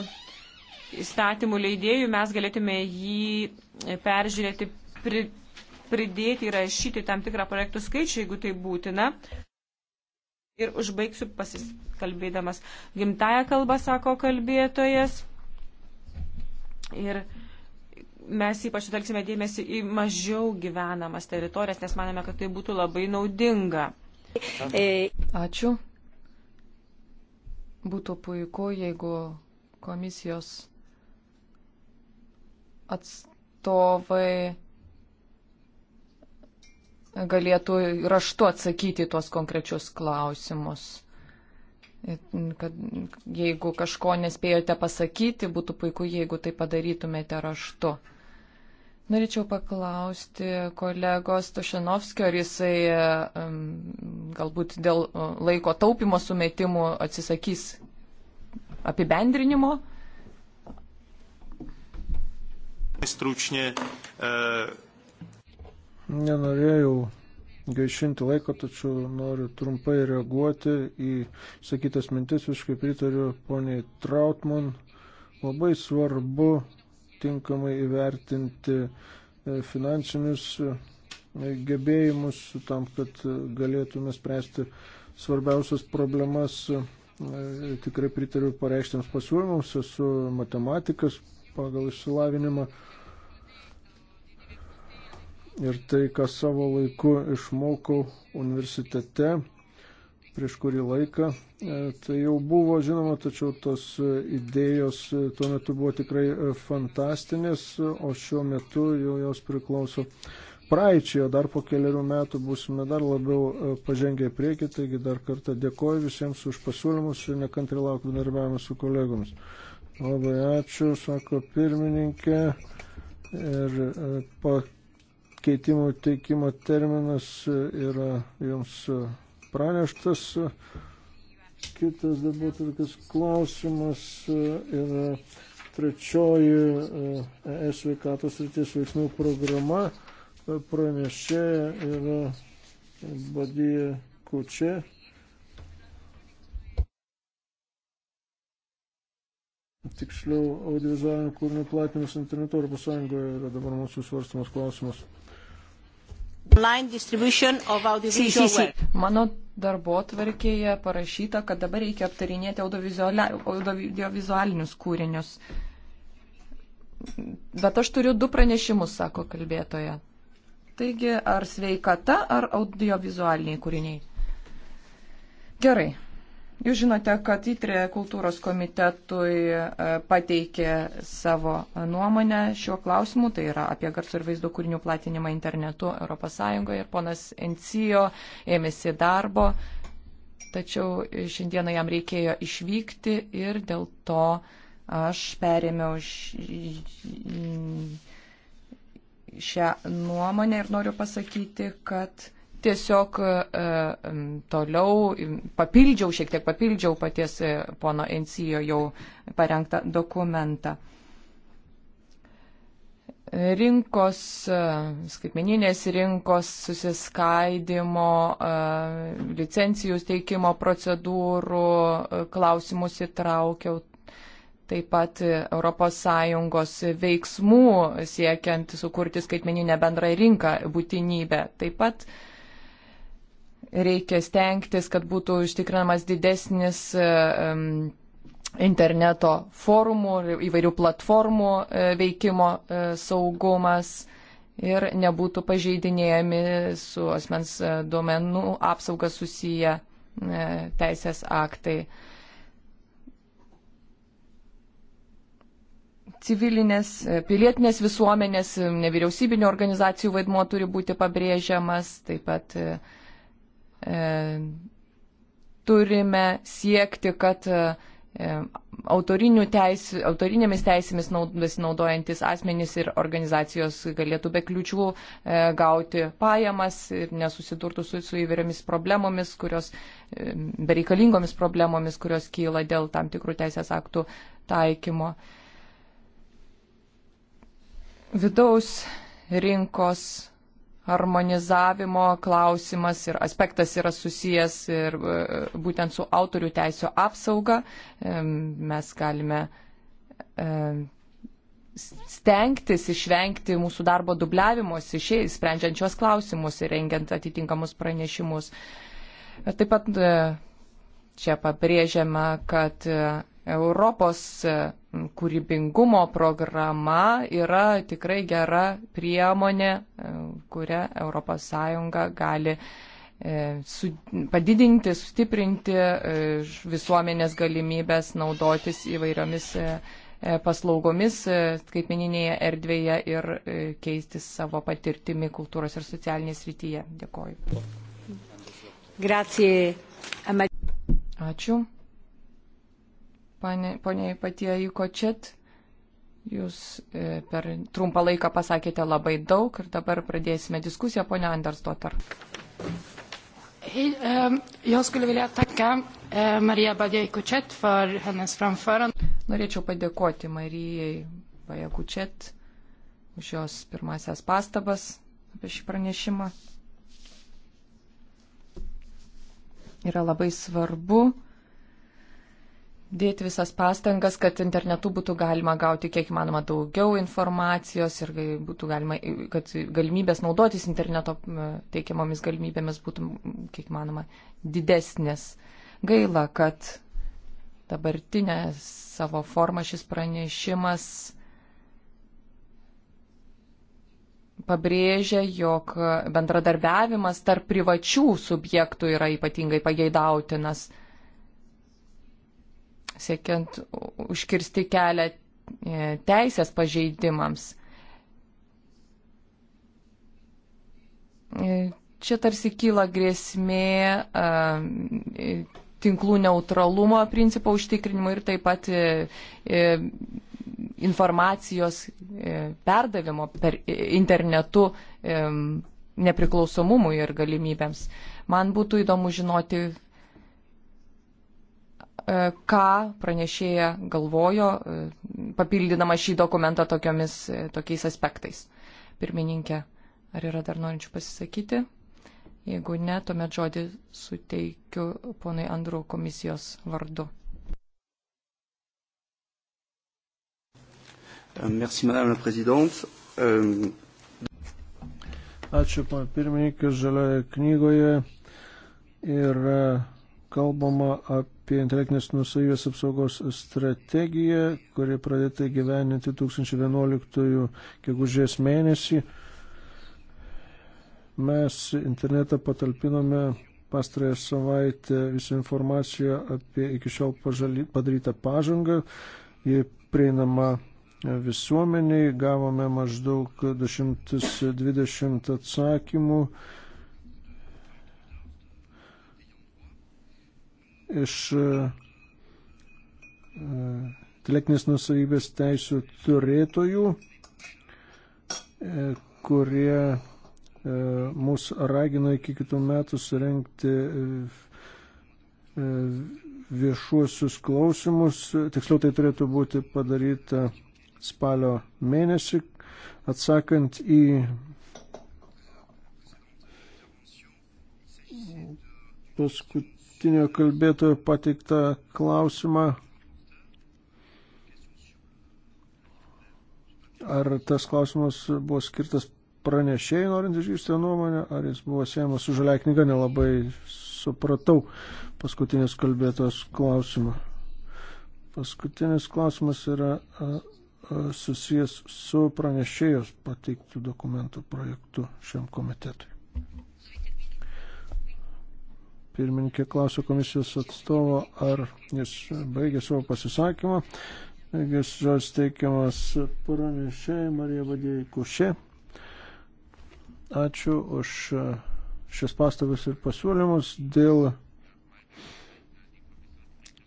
[SPEAKER 2] įstatymų leidėjų mes galėtume jį peržiūrėti pri, pridėti ir rašyti tam tikrą projektų skaičių, jeigu tai būtina. Ir užbaigsiu pasiskalbėdamas gimtają kalbą, sako kalbėtojas. Ir mes ypač sutelksime dėmesį į mažiau gyvenamas teritorijas, nes manome, kad tai būtų labai naudinga. E,
[SPEAKER 3] Ačiū. Būtų puiku, jeigu komisijos atstovai galėtų raštu atsakyti tuos konkrečius klausimus. Kad jeigu kažko nespėjote pasakyti, būtų puiku, jeigu tai padarytumėte raštu. Norėčiau paklausti kolegos Tošinovskio, ar jisai galbūt dėl laiko taupimo sumetimų atsisakys apibendrinimo. Stručně,
[SPEAKER 5] e Nenorėjau gaišinti laiko, tačiau noriu trumpai reaguoti į sakytas mintis, visiškai pritariu poniai Trautman. Labai svarbu tinkamai įvertinti e, finansinius e, gebėjimus tam, kad galėtume spręsti svarbiausias problemas. E, tikrai pritariu pareikštiems pasiūlymams, esu matematikas pagal išsilavinimą ir tai, ką savo laiku išmokau universitete prieš kurį laiką. E, tai jau buvo žinoma, tačiau tos e, idėjos e, tuo metu buvo tikrai fantastinės, o šiuo metu jau jos priklauso praeičiai, o dar po keliarių metų būsime dar labiau pažengę į priekį, taigi dar kartą dėkoju visiems už pasiūlymus ir nekantri laukiu bendarbiavimą su kolegomis. Labai ačiū, sako pirmininkė. Ir pa, pakeitimų teikimo terminas yra jums praneštas. Kitas dabar tokias klausimas yra trečioji ES e sveikatos rytis veiksmų programa. Pranešė yra Badija Kučė. tiksliau audiovizualinio kūrinio platinimas internetu Europos Sąjungoje yra dabar mūsų svarstamas klausimas.
[SPEAKER 3] Sí, sí, sí. Mano darbo tvarkėje parašyta, kad dabar reikia aptarinėti audiovizualinius kūrinius. Bet aš turiu du pranešimus, sako kalbėtoja. Taigi, ar sveikata, ar audiovizualiniai kūriniai? Gerai. Jūs žinote, kad ITRE kultūros komitetui e, pateikė savo nuomonę šiuo klausimu, tai yra apie garso ir vaizdo kūrinių platinimą internetu ES ir ponas Encijo ėmėsi darbo, tačiau šiandieną jam reikėjo išvykti ir dėl to aš perėmiau šią nuomonę ir noriu pasakyti, kad tiesiog e, toliau papildžiau, šiek tiek papildžiau paties e, pono Encijo jau parengtą dokumentą. Rinkos, e, skaitmeninės rinkos susiskaidimo, licencijų steikimo procedūrų klausimus įtraukiau taip pat ES veiksmų siekiant sukurti skaitmeninę bendrą rinką būtinybę. Taip pat uh, reikia stengtis, kad būtų užtikrinamas didesnis e, interneto forumų ir įvairių platformų e, veikimo e, saugumas ir nebūtų pažeidinėjami su asmens duomenų apsauga susiję teisės aktai. civilinės, pilietinės visuomenės, nevyriausybinio organizacijų vaidmuo turi būti pabrėžiamas, taip pat E, turime siekti, kad e, teis, autorinėmis teisėmis besinaudojantis asmenys ir organizacijos galėtų be kliučių e, gauti pajamas ir nesusidurtų su, su įvairiomis problemomis, kurios, bereikalingomis problemomis, kurios kyla dėl tam tikrų teisės aktų taikymo. Vidaus rinkos harmonizavimo klausimas ir aspektas yra susijęs ir e, būtent su autorių teisų apsauga. E, mes galime e, stengtis išvengti mūsų darbo dubliavimus, išėjai sprendžiant šios klausimus ir rengiant atitinkamus pranešimus. Taip pat čia pabrėžiama, kad Europos kūrybingumo programa yra tikrai gera priemonė kuria ES gali e, su, padidinti, sustiprinti e, visuomenės galimybės naudotis įvairiomis e, paslaugomis skaitmeninėje erdvėje ir keistis savo patirtimi kultūros ir socialinės rytyje. Dėkoju. Grazie. Ačiū. Pone, poniai patie Jukočet. Jūs e, per trumpą laiką pasakėte labai daug ir dabar pradėsime diskusiją, ponia Andersdotter.
[SPEAKER 4] Ehm,
[SPEAKER 3] eh, Norėčiau padėkoti Marijai Bajakučet už jos pirmasias pastabas apie šį pranešimą. Yra labai svarbu, dėti visas pastangas, kad internetu būtų galima gauti kiek įmanoma daugiau informacijos ir būtų galima, kad galimybės naudotis interneto teikiamomis galimybėmis būtų kiek įmanoma didesnės. Gaila, kad dabartinė savo forma šis pranešimas pabrėžia, jog bendradarbiavimas tarp privačių subjektų yra ypatingai pageidautinas siekiant užkirsti kelią e, teisės pažeidimams. E, čia tarsi kyla grėsmė e, tinklų neutralumo principo užtikrinimui ir taip pat informacijos perdavimo per internetu nepriklausomumui ir galimybėms. Man būtų įdomu žinoti, E, ką pranešėja galvojo, e, papildydama šį dokumentą tokiomis, e, tokiais aspektais. Pirmininkė, ar yra dar norinčių pasisakyti? Jeigu ne, tuomet žodį
[SPEAKER 2] suteikiu
[SPEAKER 3] ponai Andrų komisijos vardu.
[SPEAKER 5] Euh, merci, madame la présidente. Euh, Ačiū, pana pirmininkė, žalioje knygoje yra kalbama apie apie intelektinės nusavybės apsaugos strategiją, kuri pradėta gyveninti 2011 gegužės mėnesį. Mes internetą patalpinome pastarąją savaitę visą informaciją apie iki šiol pažaly, padarytą pažangą. Ji prieinama visuomeniai, gavome maždaug 220 atsakymų iš e, e, intelektinės nusavybės teisų turėtojų, e, kurie mūsų ragino iki kitų metų surenkti viešuosius klausimus. Tiksliau tai turėtų būti padaryta spalio mėnesį, atsakant į paskut, paskutinio kalbėtojo pateiktą klausimą. Ar tas klausimas buvo skirtas pranešėjai, norint išgirsti nuomonę, ar jis buvo siejamas su žalia knyga, nelabai supratau paskutinės kalbėtos klausimą. Paskutinis klausimas yra susijęs su pranešėjos pateiktų dokumentų projektu šiam komitetui. Pirmininkė klausė komisijos atstovo, ar jis baigė savo pasisakymą. Taigi, žodis teikiamas pranešėjai Marija Vadėjai Kušė. Ačiū už šias pastabas ir pasiūlymus dėl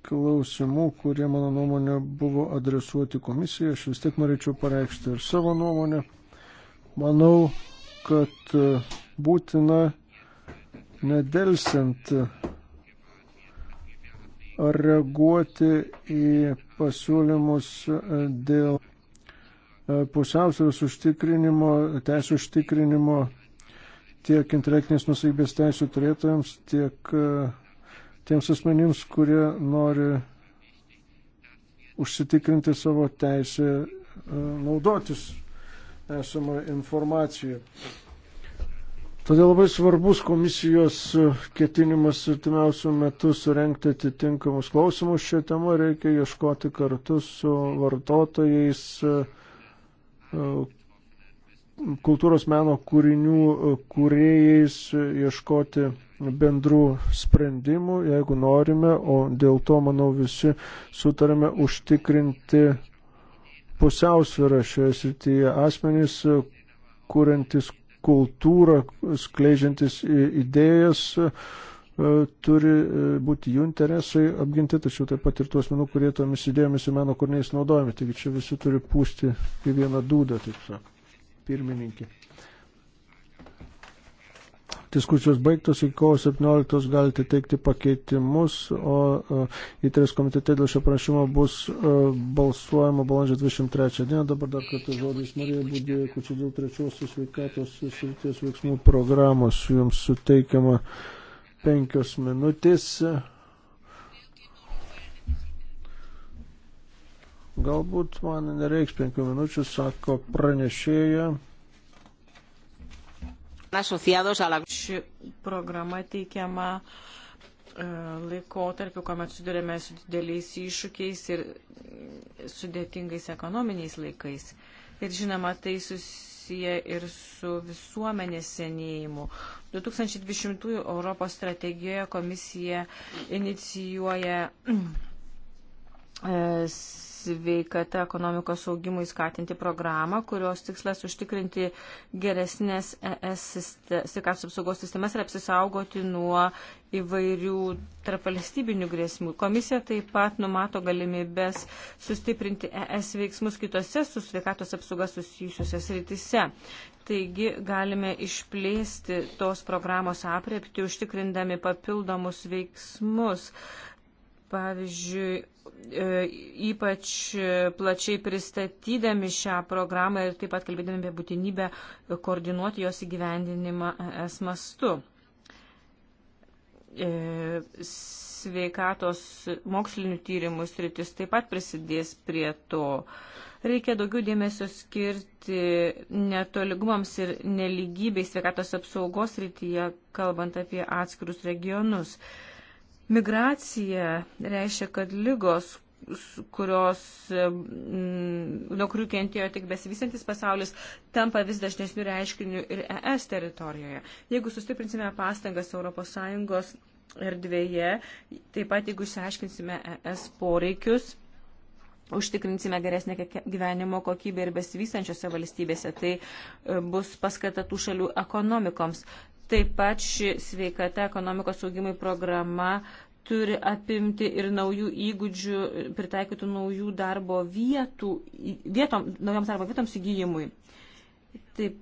[SPEAKER 5] klausimų, kurie, mano nuomonė, buvo adresuoti komisijai. Aš vis tiek norėčiau pareikšti ir savo nuomonę. Manau, kad būtina nedelsiant reaguoti į pasiūlymus dėl e, pusiausvėros užtikrinimo, teisų užtikrinimo tiek intelektinės nusavybės teisų turėtojams, tiek e, tiems asmenims, kurie nori užsitikrinti savo teisę e, naudotis esamą informaciją. Todėl labai svarbus komisijos ketinimas artimiausių metų surenkti atitinkamus klausimus šią temą reikia ieškoti kartu su vartotojais kultūros meno kūrinių kūrėjais, ieškoti bendrų sprendimų, jeigu norime, o dėl to, manau, visi sutarėme užtikrinti pusiausvyrą šioje srityje asmenys, kuriantis kultūrą, skleidžiantis idėjas, e, turi e, būti jų interesai apginti, tačiau taip pat ir tų asmenų, kurie tomis idėjomis ir meno kūriniais naudojami. Taigi čia visi turi pūsti į vieną dūdą, taip sakant, pirmininkį. Diskusijos baigtos, iki kovo 17 galite teikti pakeitimus, o į tris komitete dėl šio prašymo bus balsuojama balandžio 23 dieną. Dabar dar kartą žodis Marija Būdė, kučiu dėl trečiosios sveikatos srities veiksmų programos jums suteikiama penkios minutės. Galbūt man nereiks penkių minučių, sako pranešėja.
[SPEAKER 2] Ši programa teikiama e, laikotarpiu, kuomet sudurėme su dideliais iššūkiais ir sudėtingais ekonominiais laikais. Ir žinoma, tai susiję ir su visuomenės senėjimu. 2020 Europos strategijoje komisija inicijuoja e, sveikata ekonomikos augimui skatinti programą, kurios tikslas užtikrinti geresnės ES sveikatos apsaugos sistemas ir apsisaugoti nuo įvairių tarpvalstybinių grėsmių. Komisija taip pat numato galimybės sustiprinti ES veiksmus kitose su sveikatos apsauga susijusiuose srityse. Taigi galime išplėsti tos programos apriepti, užtikrindami papildomus veiksmus. Uh, Pavyzdžiui, e, ypač plačiai pristatydami šią programą ir taip pat kalbėdami apie būtinybę koordinuoti jos įgyvendinimą es mastu. E, sveikatos mokslinių tyrimų sritis taip pat prisidės prie to. Reikia daugiau dėmesio skirti netoligumams ir neligybei sveikatos apsaugos rytyje, kalbant apie atskirus regionus. Uh, Migracija reiškia, kad lygos, kurios, mm, nuo kurių kentėjo tik besivysantis pasaulis, tampa vis dažnesnių reiškinių ir ES teritorijoje. Jeigu sustiprinsime pastangas ES erdvėje, taip pat jeigu išsiaiškinsime ES poreikius, užtikrinsime geresnę gyvenimo kokybę ir besivystančiose valstybėse, tai e, bus paskata tų šalių ekonomikoms. Taip pat ši sveikata ekonomikos augimui programa turi apimti ir naujų įgūdžių, pritaikytų naujų darbo vietų, vietom, naujoms darbo vietoms įgyjimui. Taip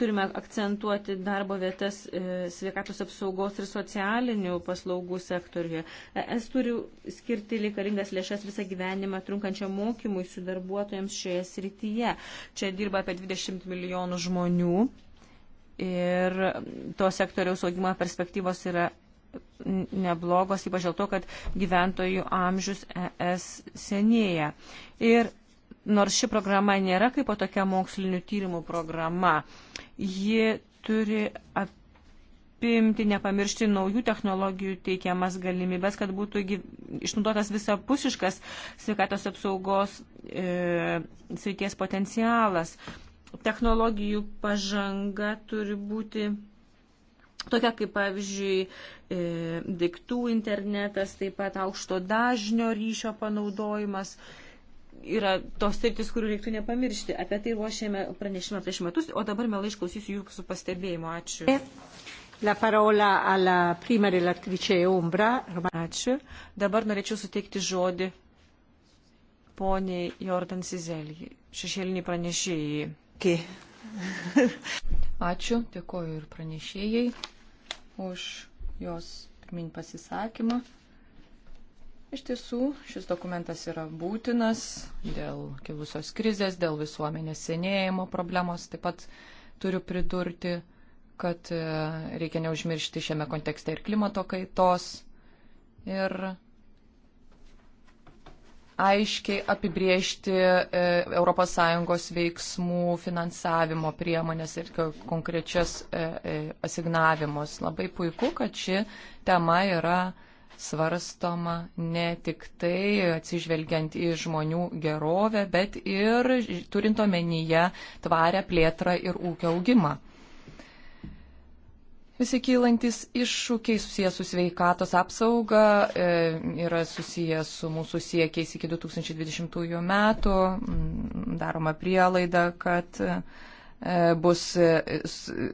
[SPEAKER 2] turime akcentuoti darbo vietas e, sveikatos apsaugos ir socialinių paslaugų sektoriuje. E, es turi skirti reikalingas lėšas visą gyvenimą trunkančią mokymui su darbuotojams šioje srityje. Čia dirba apie 20 milijonų žmonių ir to sektoriaus augimo perspektyvos yra neblogos, ypač dėl to, kad gyventojų amžius ES senėja. Ir nors ši programa nėra kaip po tokia mokslinių tyrimų programa, ji turi apimti, nepamiršti naujų technologijų teikiamas galimybės, kad būtų išnaudotas visapusiškas sveikatos apsaugos e, sveities potencialas. E, technologijų pažanga turi būti tokia kaip pavyzdžiui e, daiktų internetas, taip pat aukšto dažnio ryšio panaudojimas. Yra tos sritis, kurių reiktų nepamiršti. Apie tai ruošėme pranešimą prieš metus, o dabar melai išklausysiu jūsų pastebėjimo. Ačiū. La parola alla prima relatrice Umbra. Ačiū. Dabar norėčiau suteikti žodį poniai Jordan Sizelijai, šešėliniai pranešėjai. Okay.
[SPEAKER 3] Ačiū, dėkoju ir pranešėjai už jos pirminį pasisakymą. Iš tiesų, šis dokumentas yra būtinas dėl kilusios krizės, dėl visuomenės senėjimo problemos. Taip pat turiu pridurti, kad e, reikia neužmiršti šiame kontekste ir klimato kaitos. Ir aiškiai apibriežti ES veiksmų finansavimo priemonės ir konkrečias e, e, asignavimus. Labai puiku, kad ši tema yra svarstoma ne tik tai atsižvelgiant į žmonių gerovę, bet ir turint omenyje tvarę plėtrą ir ūkio augimą. Visi kylantis iššūkiai susijęs su sveikatos apsauga e, yra susijęs su mūsų siekiais iki 2020 metų. Mm, daroma prielaida, kad e, bus e,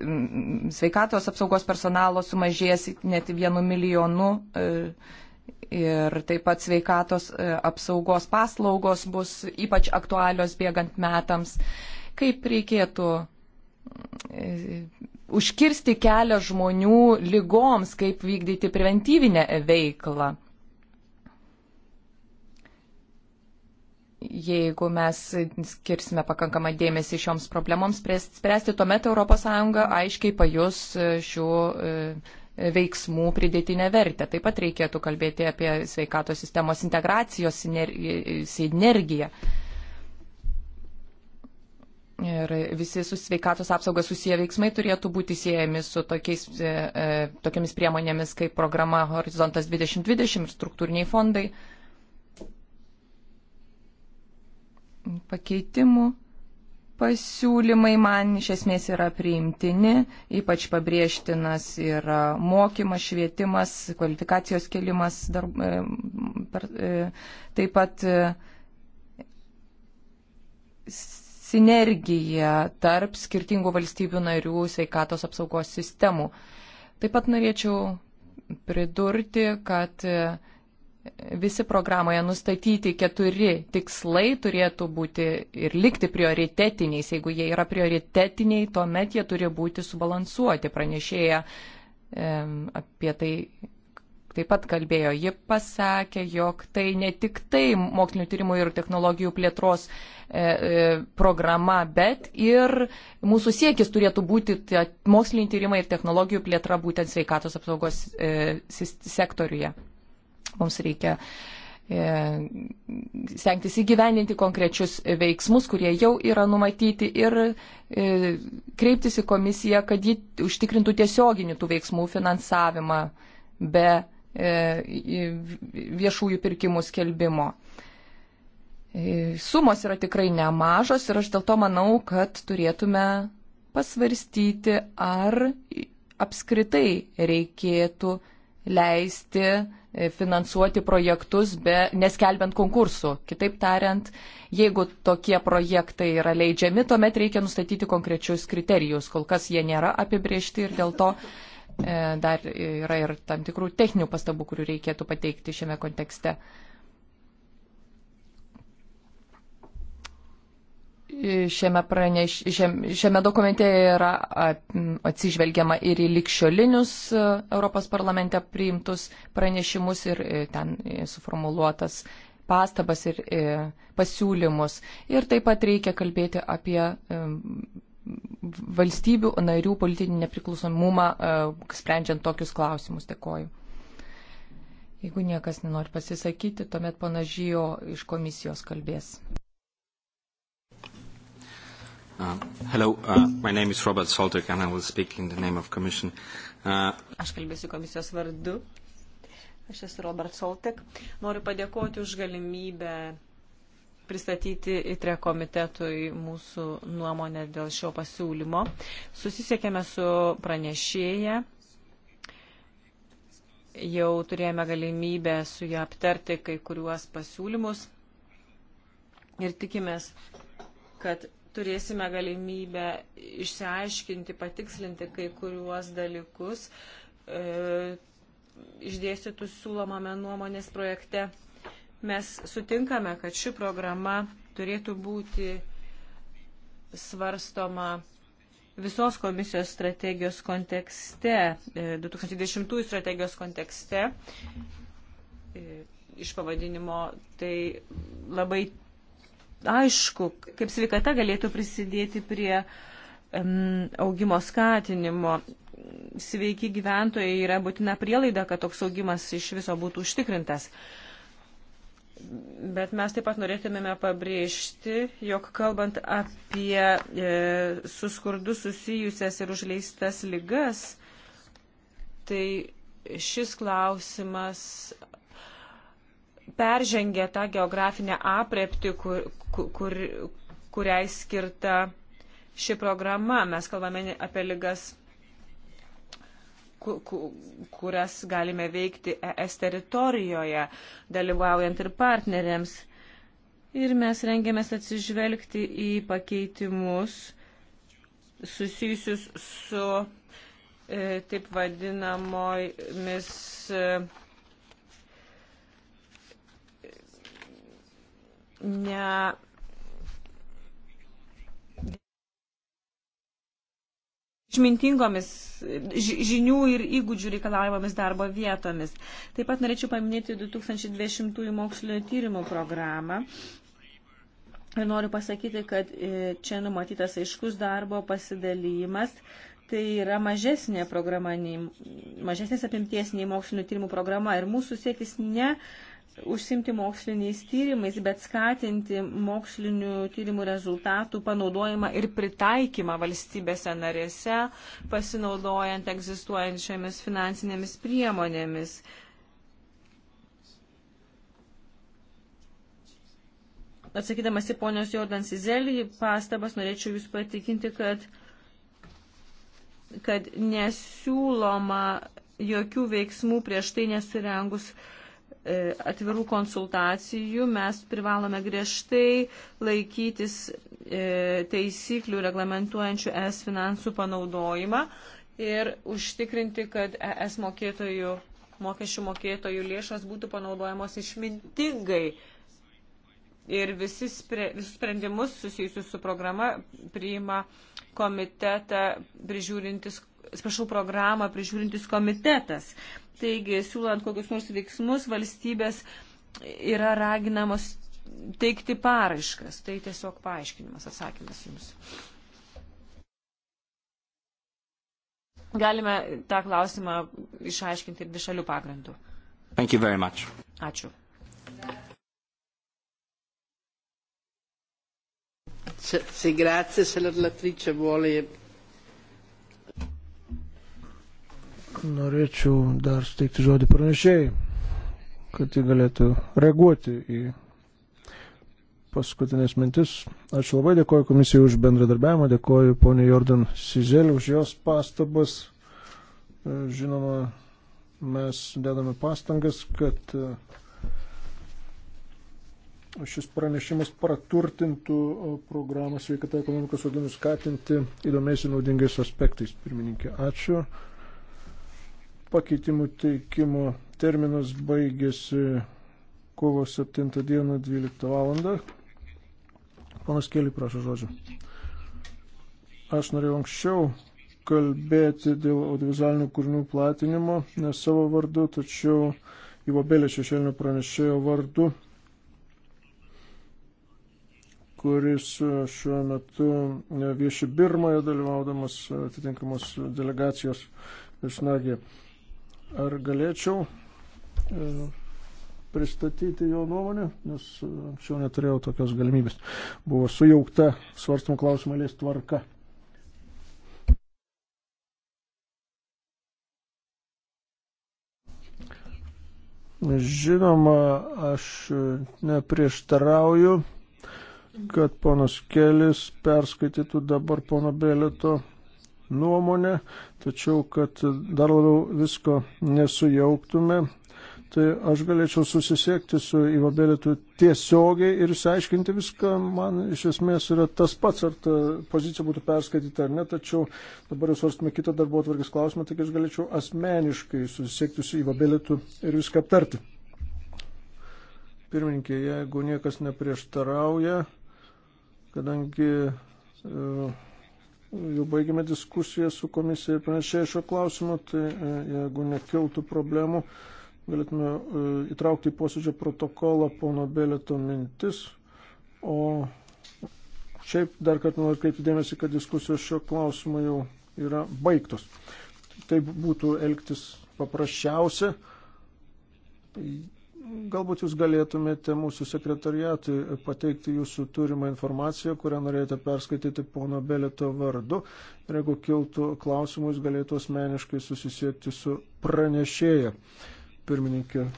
[SPEAKER 3] mm, sveikatos apsaugos personalo sumažės net vienu milijonu. E, ir taip pat sveikatos e, apsaugos paslaugos bus ypač aktualios bėgant metams. Kaip reikėtų e, užkirsti kelią žmonių lygoms, kaip vykdyti preventyvinę veiklą. Jeigu mes skirsime pakankamą dėmesį šioms problemoms spręsti, tuomet ES aiškiai pajus šių e, veiksmų pridėtinę vertę. Taip pat reikėtų kalbėti apie sveikatos sistemos integracijos e, sinergiją. Siner Ir visi su sveikatos apsauga susiję veiksmai turėtų būti siejami su tokiais, e, e tokiamis priemonėmis kaip programa Horizontas 2020 ir struktūriniai fondai. Pakeitimų pasiūlymai man iš esmės yra priimtini, ypač pabrėžtinas yra mokymas, švietimas, kvalifikacijos kelimas, darb, e, per, e, taip pat. E, sinergija tarp skirtingų valstybių narių sveikatos apsaugos sistemų. Taip pat norėčiau pridurti, kad e, visi programoje nustatyti keturi tikslai turėtų būti ir likti prioritetiniais. Jeigu jie yra prioritetiniai, tuomet jie turi būti subalansuoti. Pranešėja apie tai taip pat kalbėjo. Ji pasakė, jog tai ne tik tai mokslinio tyrimų ir technologijų plėtros e, e, programa, bet ir mūsų siekis turėtų būti tie, moksliniai tyrimai ir technologijų plėtra būtent sveikatos apsaugos e, sektoriuje. Mums reikia e, stengtis įgyveninti konkrečius veiksmus, kurie jau yra numatyti ir e, kreiptis į komisiją, kad ji užtikrintų tiesioginį tų veiksmų finansavimą be E, viešųjų pirkimų skelbimo. E, sumos yra tikrai nemažos ir aš dėl to manau, kad turėtume pasvarstyti, ar apskritai reikėtų leisti e, finansuoti projektus, be, neskelbiant konkursų. Kitaip tariant, jeigu tokie projektai yra leidžiami, tuomet reikia nustatyti konkrečius kriterijus. Kol kas jie nėra apibriežti ir dėl to E, dar yra ir tam tikrų techninių pastabų, kurių reikėtų pateikti šiame kontekste. E, šiame, praneš, šiame, šiame dokumente yra atsižvelgiama ir į likščiolinius e, Europos parlamente priimtus pranešimus ir ten suformuluotas pastabas ir pasiūlymus. Ir taip pat reikia kalbėti apie valstybių narių politinį nepriklausomumą, e, sprendžiant tokius klausimus. Dėkoju. Jeigu niekas nenori pasisakyti, tuomet panažyjo iš komisijos kalbės.
[SPEAKER 4] Uh, hello, uh, my name is Robert Soltek and I will speak in the name of Commission. Uh,
[SPEAKER 2] Aš kalbėsiu komisijos vardu. Aš esu Robert Soltek. Noriu padėkoti už galimybę pristatyti ITRE komitetui mūsų nuomonę dėl šio pasiūlymo. Susisiekėme su pranešėja. Jau turėjome galimybę su ją aptarti kai kuriuos pasiūlymus ir tikimės, kad turėsime galimybę išsiaiškinti, patikslinti kai kuriuos dalykus e, išdėstytus siūlomame nuomonės projekte. Mes sutinkame, kad ši programa turėtų būti svarstoma visos komisijos strategijos kontekste, 2010 e, strategijos kontekste. E, iš pavadinimo tai labai aišku, kaip sveikata galėtų prisidėti prie um, augimo skatinimo. Sveiki gyventojai yra būtina prielaida, kad toks augimas iš viso būtų užtikrintas. Uh, Bet mes taip pat norėtumėme pabrėžti, jog kalbant apie e, suskurdu susijusias ir užleistas lygas, tai šis klausimas peržengia tą geografinę aprepti, kur, kur, kuriai skirta ši programa. Mes kalbame apie lygas kurias galime veikti ES teritorijoje, dalyvaujant ir partneriams. Ir mes rengiamės atsižvelgti į pakeitimus susijusius su e, taip vadinamomis e, ne išmintingomis žinių ir įgūdžių reikalavimamis darbo vietomis. Taip pat norėčiau paminėti 2020 mokslinio tyrimų programą. Ir noriu pasakyti, kad e, čia numatytas aiškus darbo pasidalymas. Tai yra mažesnė programa, nei, mažesnės apimties nei mokslinio tyrimų programa. Ir mūsų siekis ne uh, užsimti moksliniais tyrimais, bet skatinti mokslinių tyrimų rezultatų panaudojimą ir pritaikymą valstybėse narėse, pasinaudojant egzistuojančiamis finansinėmis priemonėmis. Atsakydamas į ponios Jordan Sizelį pastabas, norėčiau Jūs patikinti, kad, kad nesiūloma jokių veiksmų prieš tai nesurengus uh, E, atvirų konsultacijų, mes privalome griežtai laikytis e, taisyklių reglamentuojančių ES finansų panaudojimą ir užtikrinti, kad ES mokėtojų, mokesčių mokėtojų lėšas būtų panaudojamos išmintingai. Ir visi spre, visus sprendimus susijusius su programa priima komitetą prižiūrintis atsiprašau, programą prižiūrintis komitetas. Taigi, siūlant kokius nors veiksmus, valstybės yra raginamos teikti paraiškas. Tai tiesiog paaiškinimas, atsakymas jums. Galime tą klausimą išaiškinti ir dvišalių pagrindų. Ačiū.
[SPEAKER 1] Se, se grazie, se la relatrice vuole
[SPEAKER 5] Norėčiau dar steikti žodį pranešėjai, kad jį galėtų reaguoti į paskutinės mintis. Ačiū labai, dėkoju komisijai už bendradarbiavimą, dėkoju poniai Jordan Sizelį už jos pastabas. E, žinoma, mes dedame pastangas, kad e, šis pranešimas praturtintų e, programą sveikata ekonomikos augimui skatinti įdomiais ir naudingais aspektais. Pirmininkė, ačiū. Pakeitimų teikimo terminas baigėsi kovo 7 dieną 12 valandą. Panas Kėlį, prašau žodžio. Aš norėjau anksčiau kalbėti dėl audiovizualinių kūrinių platinimo, ne savo vardu, tačiau Ivo Belė šešėlinio pranešėjo vardu, kuris šiuo metu vieši Birmoje dalyvaudamas atitinkamos delegacijos viešnagė. Ar galėčiau e, pristatyti jo nuomonę, nes e, anksčiau neturėjau tokios galimybės. Buvo sujaukta svarstamų klausimų eilės tvarka. Žinoma, aš neprieštarauju, kad ponas Kelis perskaitytų dabar pono Belito nuomonę, tačiau kad dar labiau visko nesujauktume, tai aš galėčiau susisiekti su įvabėlėtu tiesiogiai ir išsiaiškinti viską. Man iš esmės yra tas pats, ar ta pozicija būtų perskaityta ar ne, tačiau dabar jau svarstame kitą darbo atvarkės klausimą, taigi aš galėčiau asmeniškai susisiekti su įvabėlėtu ir viską aptarti. Pirmininkė, jeigu niekas neprieštarauja, kadangi. Uh, jau baigėme diskusiją su komisija ir panašiai šio klausimu, tai e, jeigu nekiltų problemų, galėtume e, įtraukti į posėdžio protokolą pono Belėto mintis. O šiaip dar kartą noriu kreipti dėmesį, kad diskusijos šio klausimu jau yra baigtos. Taip būtų elgtis paprasčiausia. Galbūt jūs galėtumėte mūsų sekretariatui pateikti jūsų turimą informaciją, kurią norėjote perskaityti pono Beleto vardu. Ir jeigu kiltų klausimų, jūs galėtų asmeniškai susisiekti su pranešėja. Pirmininkė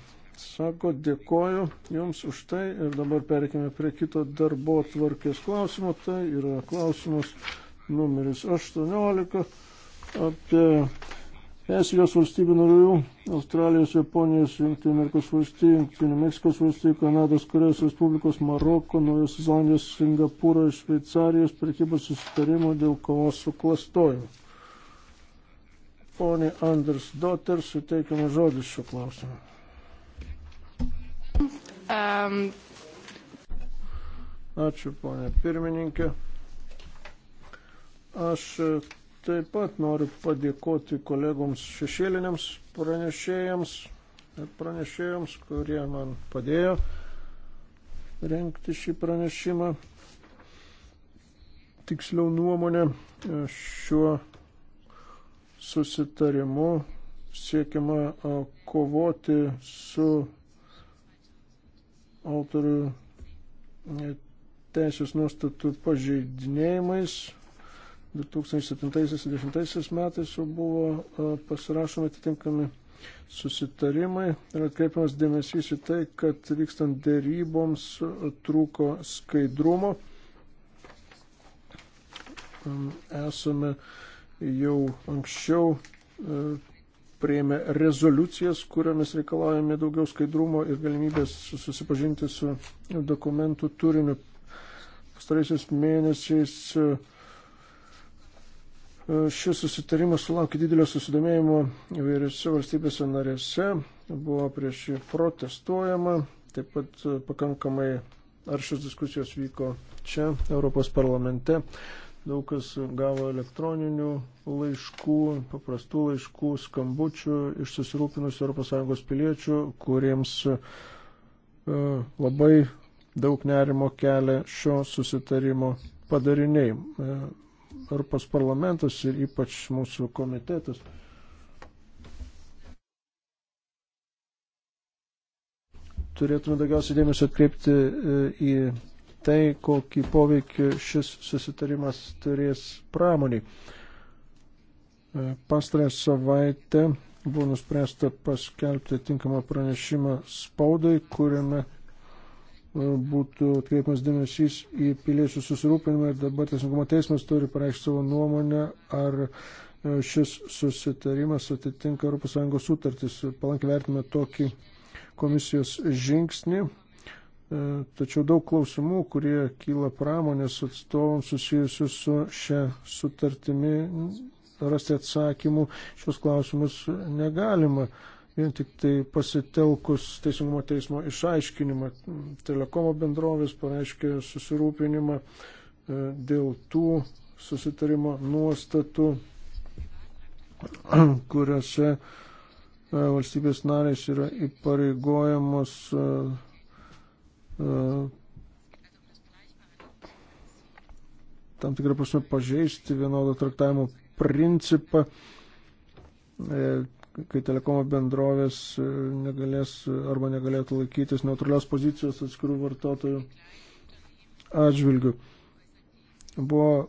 [SPEAKER 5] sako, dėkoju Jums už tai ir dabar perkime prie kito darbo tvarkės klausimo. Tai yra klausimas numeris 18 apie Es jos valstybių narių - Australijos, Japonijos, Junktinių Amerikos valstybių, Junktinių Meksikos valstybių, Kanados, Korejos Respublikos, Maroko, Naujos Zelandijos, Singapūro ir Šveicarijos prekybos susitarimo dėl kovos su klastojimu. Pone Anders Dotter, suteikiame žodis šiuo klausimu. Um. Ačiū, ponė pirmininkė. Aš Taip pat noriu padėkoti kolegoms šešėliniams pranešėjams ir pranešėjams, kurie man padėjo renkti šį pranešimą, tiksliau nuomonę e, šiuo susitarimu siekiama e, kovoti su autorių e, teisės nuostatų pažeidinėjimais 2007-2010 metais jau buvo e, pasirašomi atitinkami susitarimai ir atkreipiamas dėmesys į tai, kad vykstant dėryboms e, trūko skaidrumo. E, esame jau anksčiau prieimė rezoliucijas, kuriomis reikalaujame daugiau skaidrumo ir galimybės susipažinti su dokumentų turiniu. Pastaraisiais mėnesiais uh, Šis susitarimas sulaukė didelio susidomėjimo įvairiose valstybėse narėse, buvo prieš jį protestuojama, taip pat e, pakankamai aršios diskusijos vyko čia, Europos parlamente. Daug kas gavo elektroninių laiškų, paprastų laiškų, skambučių iš susirūpinusių ES piliečių, kuriems e, labai daug nerimo kelia šio susitarimo padariniai. E, Europos parlamentas ir ypač mūsų komitetas. Turėtume daugiausiai dėmesio atkreipti e, į tai, kokį poveikį šis susitarimas turės pramoniai. E, pastarąją savaitę buvo nuspręsta paskelbti tinkamą pranešimą spaudai, kuriame būtų atkreipimas dėmesys į piliečių susirūpinimą ir dabar teisingumo teismas turi pareikšti savo nuomonę, ar e, šis susitarimas atitinka ES sutartis. Palankiai vertime tokį komisijos žingsnį. E, tačiau daug klausimų, kurie kyla pramonės atstovams susijusius su šia sutartimi, rasti atsakymų šios klausimus negalima vien tik tai pasitelkus Teisingumo teismo išaiškinimą. Telekomo bendrovės pareiškė susirūpinimą e, dėl tų susitarimo nuostatų, kuriuose e, valstybės narės yra įpareigojamos e, tam tikrą prasme pažeisti vienodo traktavimo principą kai telekomo bendrovės e, negalės e, arba negalėtų laikytis neutralios pozicijos atskirų vartotojų atžvilgių. Buvo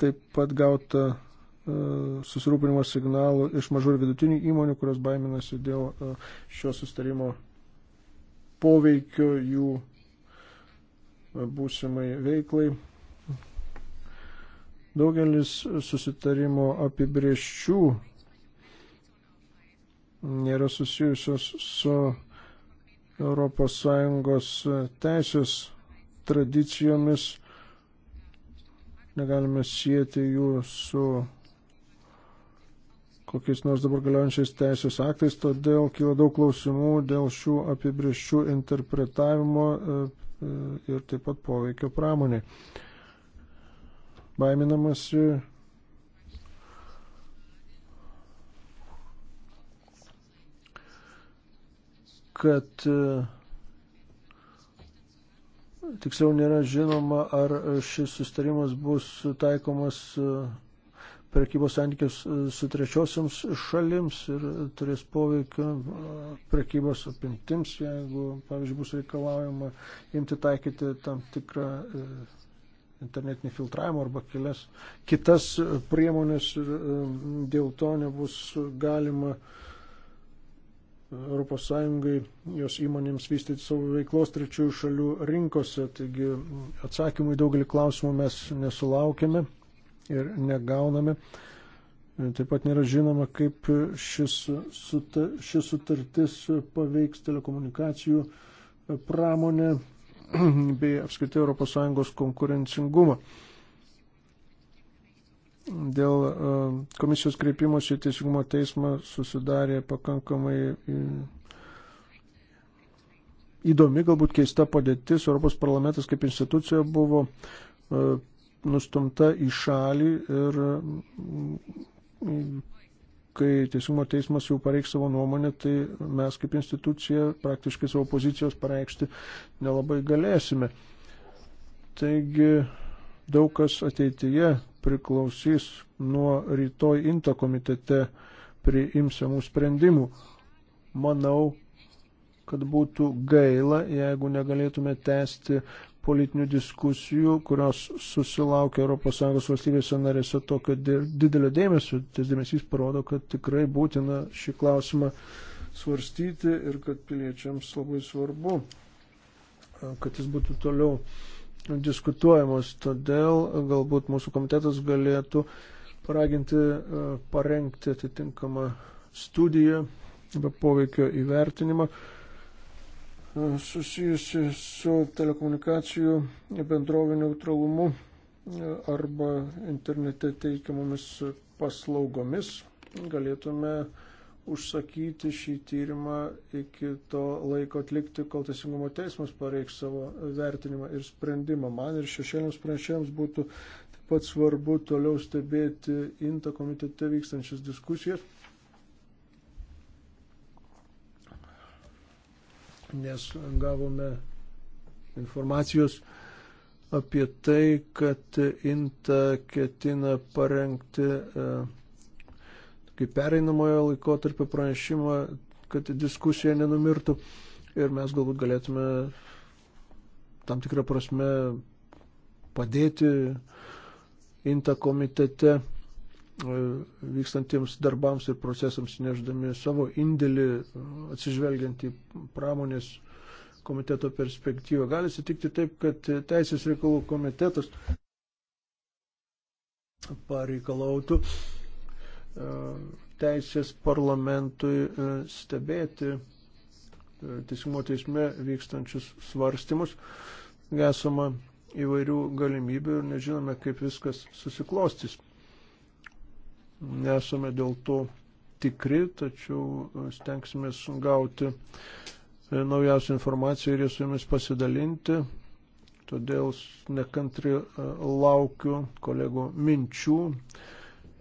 [SPEAKER 5] taip pat gauta e, susirūpinimo signalų iš mažų ir vidutinių įmonių, kurios baiminasi dėl šio sustarimo poveikio jų būsimai veiklai. Daugelis susitarimo apibrieščių nėra susijusios su ES teisės tradicijomis, negalime sieti jų su kokiais nors dabar galiojančiais teisės aktais, todėl kyla daug klausimų dėl šių apibrieščių interpretavimo e, e, ir taip pat poveikio pramoniai. Baiminamasi kad e, tiksliau nėra žinoma, ar šis sustarimas bus taikomas e, prekybos santykius e, su trečiosiams šalims ir turės poveikio prekybos apimtims, jeigu, pavyzdžiui, bus reikalaujama imti taikyti tam tikrą internetinį filtravimą arba kelias kitas priemonės ir dėl to nebus galima uh, ES jos įmonėms vystyti savo veiklos trečiųjų šalių rinkose. Taigi atsakymų į daugelį klausimų mes nesulaukėme ir negauname. Taip pat nėra žinoma, kaip šis, suta, šis sutartis paveiks telekomunikacijų pramonę bei apskritai ES konkurencingumą dėl e, komisijos kreipimosi į Teisingumo teismą susidarė pakankamai e, įdomi, galbūt keista padėtis. Europos parlamentas kaip institucija buvo e, nustumta į šalį ir kai Teisingumo teismas jau pareikš savo nuomonę, tai mes kaip institucija praktiškai savo pozicijos pareikšti nelabai galėsime. Taigi daug kas ateityje priklausys nuo rytoj Into komitete priimsiamų sprendimų. Manau, kad būtų gaila, jeigu negalėtume tęsti politinių diskusijų, kurios susilaukia ES valstybėse narėse tokio didelio dėmesio. Tas dėmesys parodo, kad tikrai būtina šį klausimą svarstyti ir kad piliečiams labai svarbu, kad jis būtų toliau diskutuojamos, todėl galbūt mūsų komitetas galėtų paraginti e, parengti atitinkamą studiją apie poveikio įvertinimą e, susijusi su telekomunikacijų bendrovė neutralumu e, arba internete teikiamomis paslaugomis. Galėtume uh, užsakyti šį tyrimą iki to laiko atlikti, kol Teisingumo teismas pareiks savo vertinimą ir sprendimą. Man ir šešėliams pranešėjams būtų taip pat svarbu toliau stebėti INTA komitete vykstančias diskusijas, nes gavome informacijos apie tai, kad INTA ketina parengti. Uh, kaip pereinamojo laikotarpio pranešimą, kad diskusija nenumirtų ir mes galbūt galėtume tam tikrą prasme padėti inta komitete e, vykstantiems darbams ir procesams neždami savo indėlį, atsižvelgiant į pramonės komiteto perspektyvą. Gali sitikti taip, kad Teisės reikalų komitetas pareikalautų E, teisės parlamentui e, stebėti e, teisingumo teisme vykstančius svarstymus. Esama įvairių galimybių ir nežinome, kaip viskas susiklostys. Nesame dėl to tikri, tačiau stengsime gauti naujausią informaciją ir su jumis pasidalinti. Todėl nekantri laukiu kolegų minčių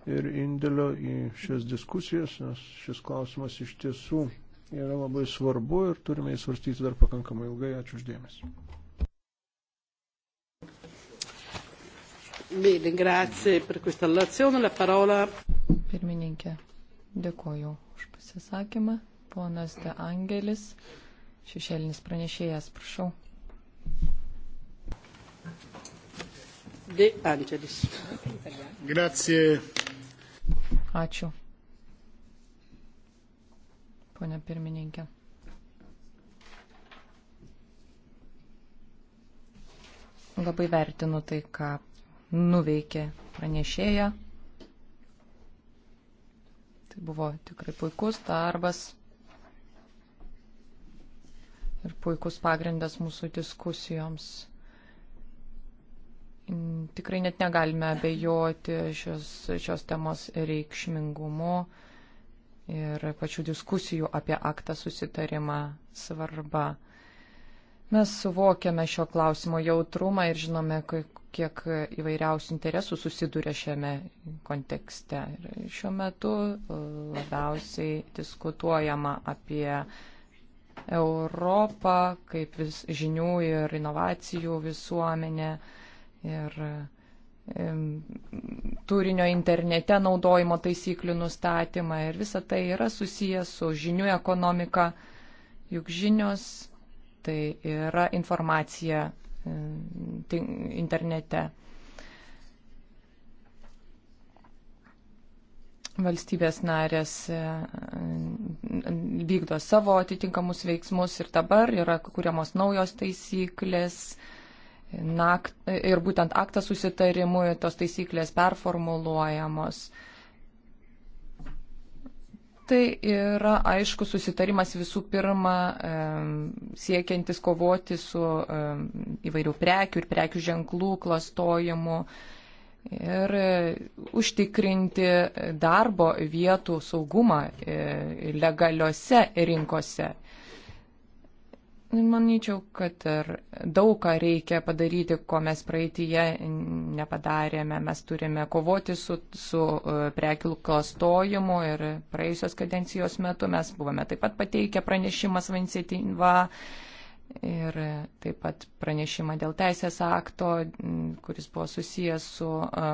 [SPEAKER 5] ir indėlio į šias diskusijas, nes šis klausimas iš tiesų yra labai svarbu ir turime įsvarstyti dar pakankamai ilgai. Ačiū uždėmesi.
[SPEAKER 1] Bene, grazie per questa allazione. La parola.
[SPEAKER 3] Pirmininkė, dėkoju už pasisakymą. Ponas De Angelis, šešėlinis pranešėjas, prašau.
[SPEAKER 1] De Angelis. Grazie,
[SPEAKER 3] Ačiū. Pone pirmininkė. Labai vertinu tai, ką nuveikė pranešėja. Tai buvo tikrai puikus darbas ir puikus pagrindas mūsų diskusijoms tikrai net negalime abejoti šios, šios temos reikšmingumu ir pačių diskusijų apie aktą susitarimą svarba. Mes suvokiame šio klausimo jautrumą ir žinome, kiek įvairiausių interesų susiduria šiame kontekste. Ir šiuo metu e, labiausiai diskutuojama apie Europą kaip vis, žinių ir inovacijų visuomenė ir turinio internete naudojimo taisyklių nustatymą ir visa tai yra susijęs su žinių ekonomika, juk žinios tai yra informacija internete. Valstybės narės vykdo savo atitinkamus veiksmus ir dabar yra kuriamos naujos taisyklės, nakt, ir būtent aktas susitarimui tos taisyklės performuluojamos. Tai yra, aišku, susitarimas visų pirma siekiantis kovoti su įvairių prekių ir prekių ženklų klastojimu ir e, užtikrinti darbo vietų saugumą e, legaliose rinkose Manyčiau, kad ir daug ką reikia padaryti, ko mes praeitįje nepadarėme. Mes turime kovoti su, su e, prekių klastojimu ir praėjusios kadencijos metu mes buvome taip pat pateikę pranešimą savo iniciatyvą ir taip pat pranešimą dėl teisės akto, kuris buvo susijęs su e,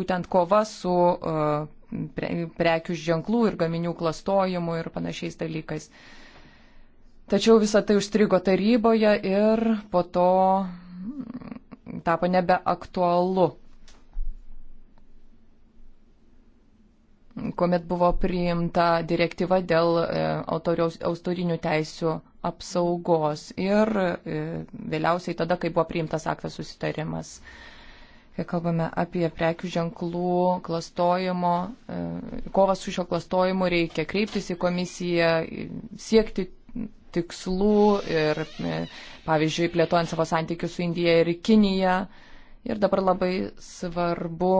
[SPEAKER 3] būtent kova su e, prekių ženklų ir gaminių klastojimu ir panašiais dalykais. Uh, Tačiau visa tai užstrigo taryboje ir po to tapo nebeaktualu. kuomet buvo priimta direktyva dėl e, autorinių teisių apsaugos ir e, vėliausiai tada, kai buvo priimtas aktas susitarimas. Kai kalbame apie prekių ženklų klastojimo, e, kovas su šio klastojimu reikia kreiptis į komisiją, siekti tikslų ir, e, pavyzdžiui, plėtojant savo santykius su Indija ir Kinija. Ir dabar labai svarbu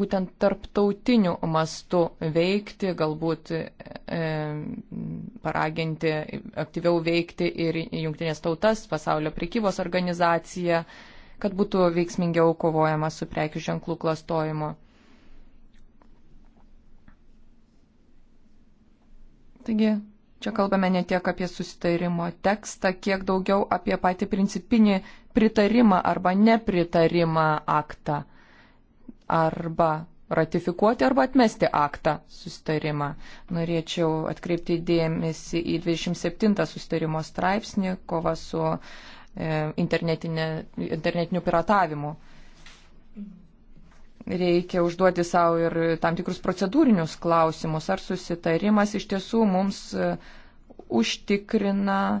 [SPEAKER 3] būtent tarptautiniu mastu veikti, galbūt e, e, paraginti aktyviau veikti ir jungtinės tautas, pasaulio prekybos organizaciją, kad būtų veiksmingiau kovojama su prekių ženklų klastojimu. Taigi, Čia kalbame ne tiek apie susitarimo tekstą, kiek daugiau apie patį principinį pritarimą arba nepritarimą aktą. Arba ratifikuoti arba atmesti aktą susitarimą. Norėčiau atkreipti dėmesį į 27 susitarimo straipsnį - kova su e, internetiniu piratavimu. E, reikia užduoti savo ir tam tikrus procedūrinius klausimus, ar susitarimas iš tiesų mums e, užtikrina e,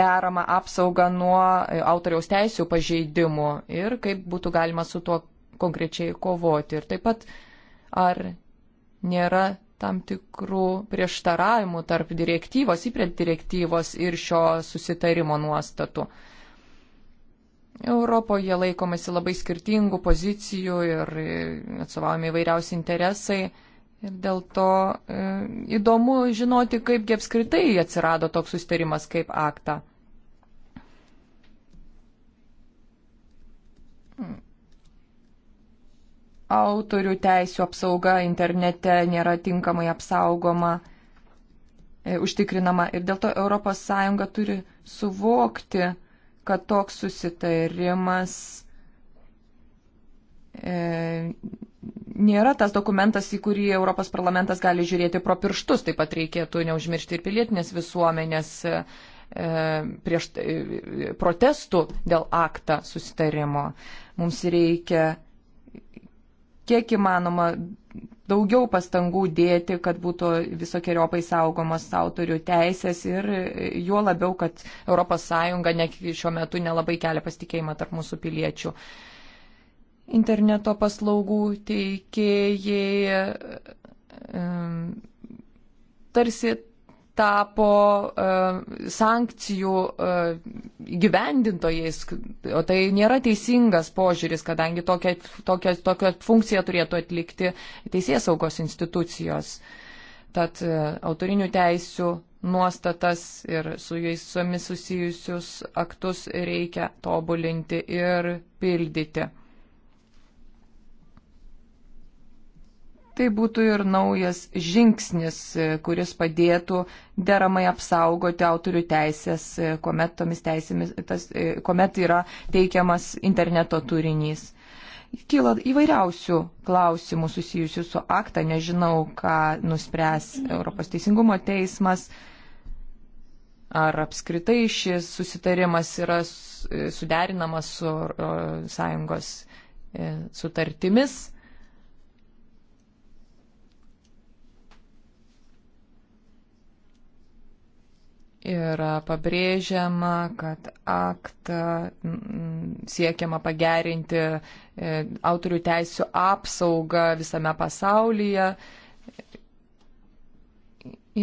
[SPEAKER 3] deramą apsaugą nuo e, autoriaus teisų pažeidimų ir kaip būtų galima su tuo konkrečiai kovoti. Ir taip pat, ar nėra tam tikrų prieštaravimų tarp direktyvos, įpred direktyvos ir šio susitarimo nuostatų. Uh, Europoje laikomasi labai skirtingų pozicijų ir atstovaujami įvairiausi interesai. Ir dėl to e, įdomu žinoti, kaipgi apskritai atsirado toks sustarimas kaip aktą. Autorių teisų apsauga internete nėra tinkamai apsaugoma, e, užtikrinama ir dėl to ES turi suvokti, kad toks susitarimas e, nėra tas dokumentas, į kurį Europos parlamentas gali žiūrėti pro pirštus. Taip pat reikėtų neužmiršti ir pilietinės visuomenės e, prieš, e, protestų dėl aktą susitarimo. Mums reikia kiek įmanoma daugiau pastangų dėti, kad būtų visokiojopai saugomos autorių teisės ir juo labiau, kad ES ne, šiuo metu nelabai kelia pasitikėjimą tarp mūsų piliečių. Interneto paslaugų teikėjai tarsi tapo uh, sankcijų uh, gyvendintojais, o tai nėra teisingas požiūris, kadangi tokią, tokią, tokią funkciją turėtų atlikti teisės saugos institucijos. Tad uh, autorinių teisių nuostatas ir su jais sumis susijusius aktus reikia tobulinti ir pildyti. Tai būtų ir naujas žingsnis, kuris padėtų deramai apsaugoti autorių teisės, kuomet, teisėmis, tas, kuomet yra teikiamas interneto turinys. Kyla įvairiausių klausimų susijusių su aktą, nežinau, ką nuspręs Europos Teisingumo teismas, ar apskritai šis susitarimas yra e, suderinamas su e, sąjungos e, sutartimis yra pabrėžiama, kad aktą siekiama pagerinti e, autorių teisų apsaugą visame pasaulyje.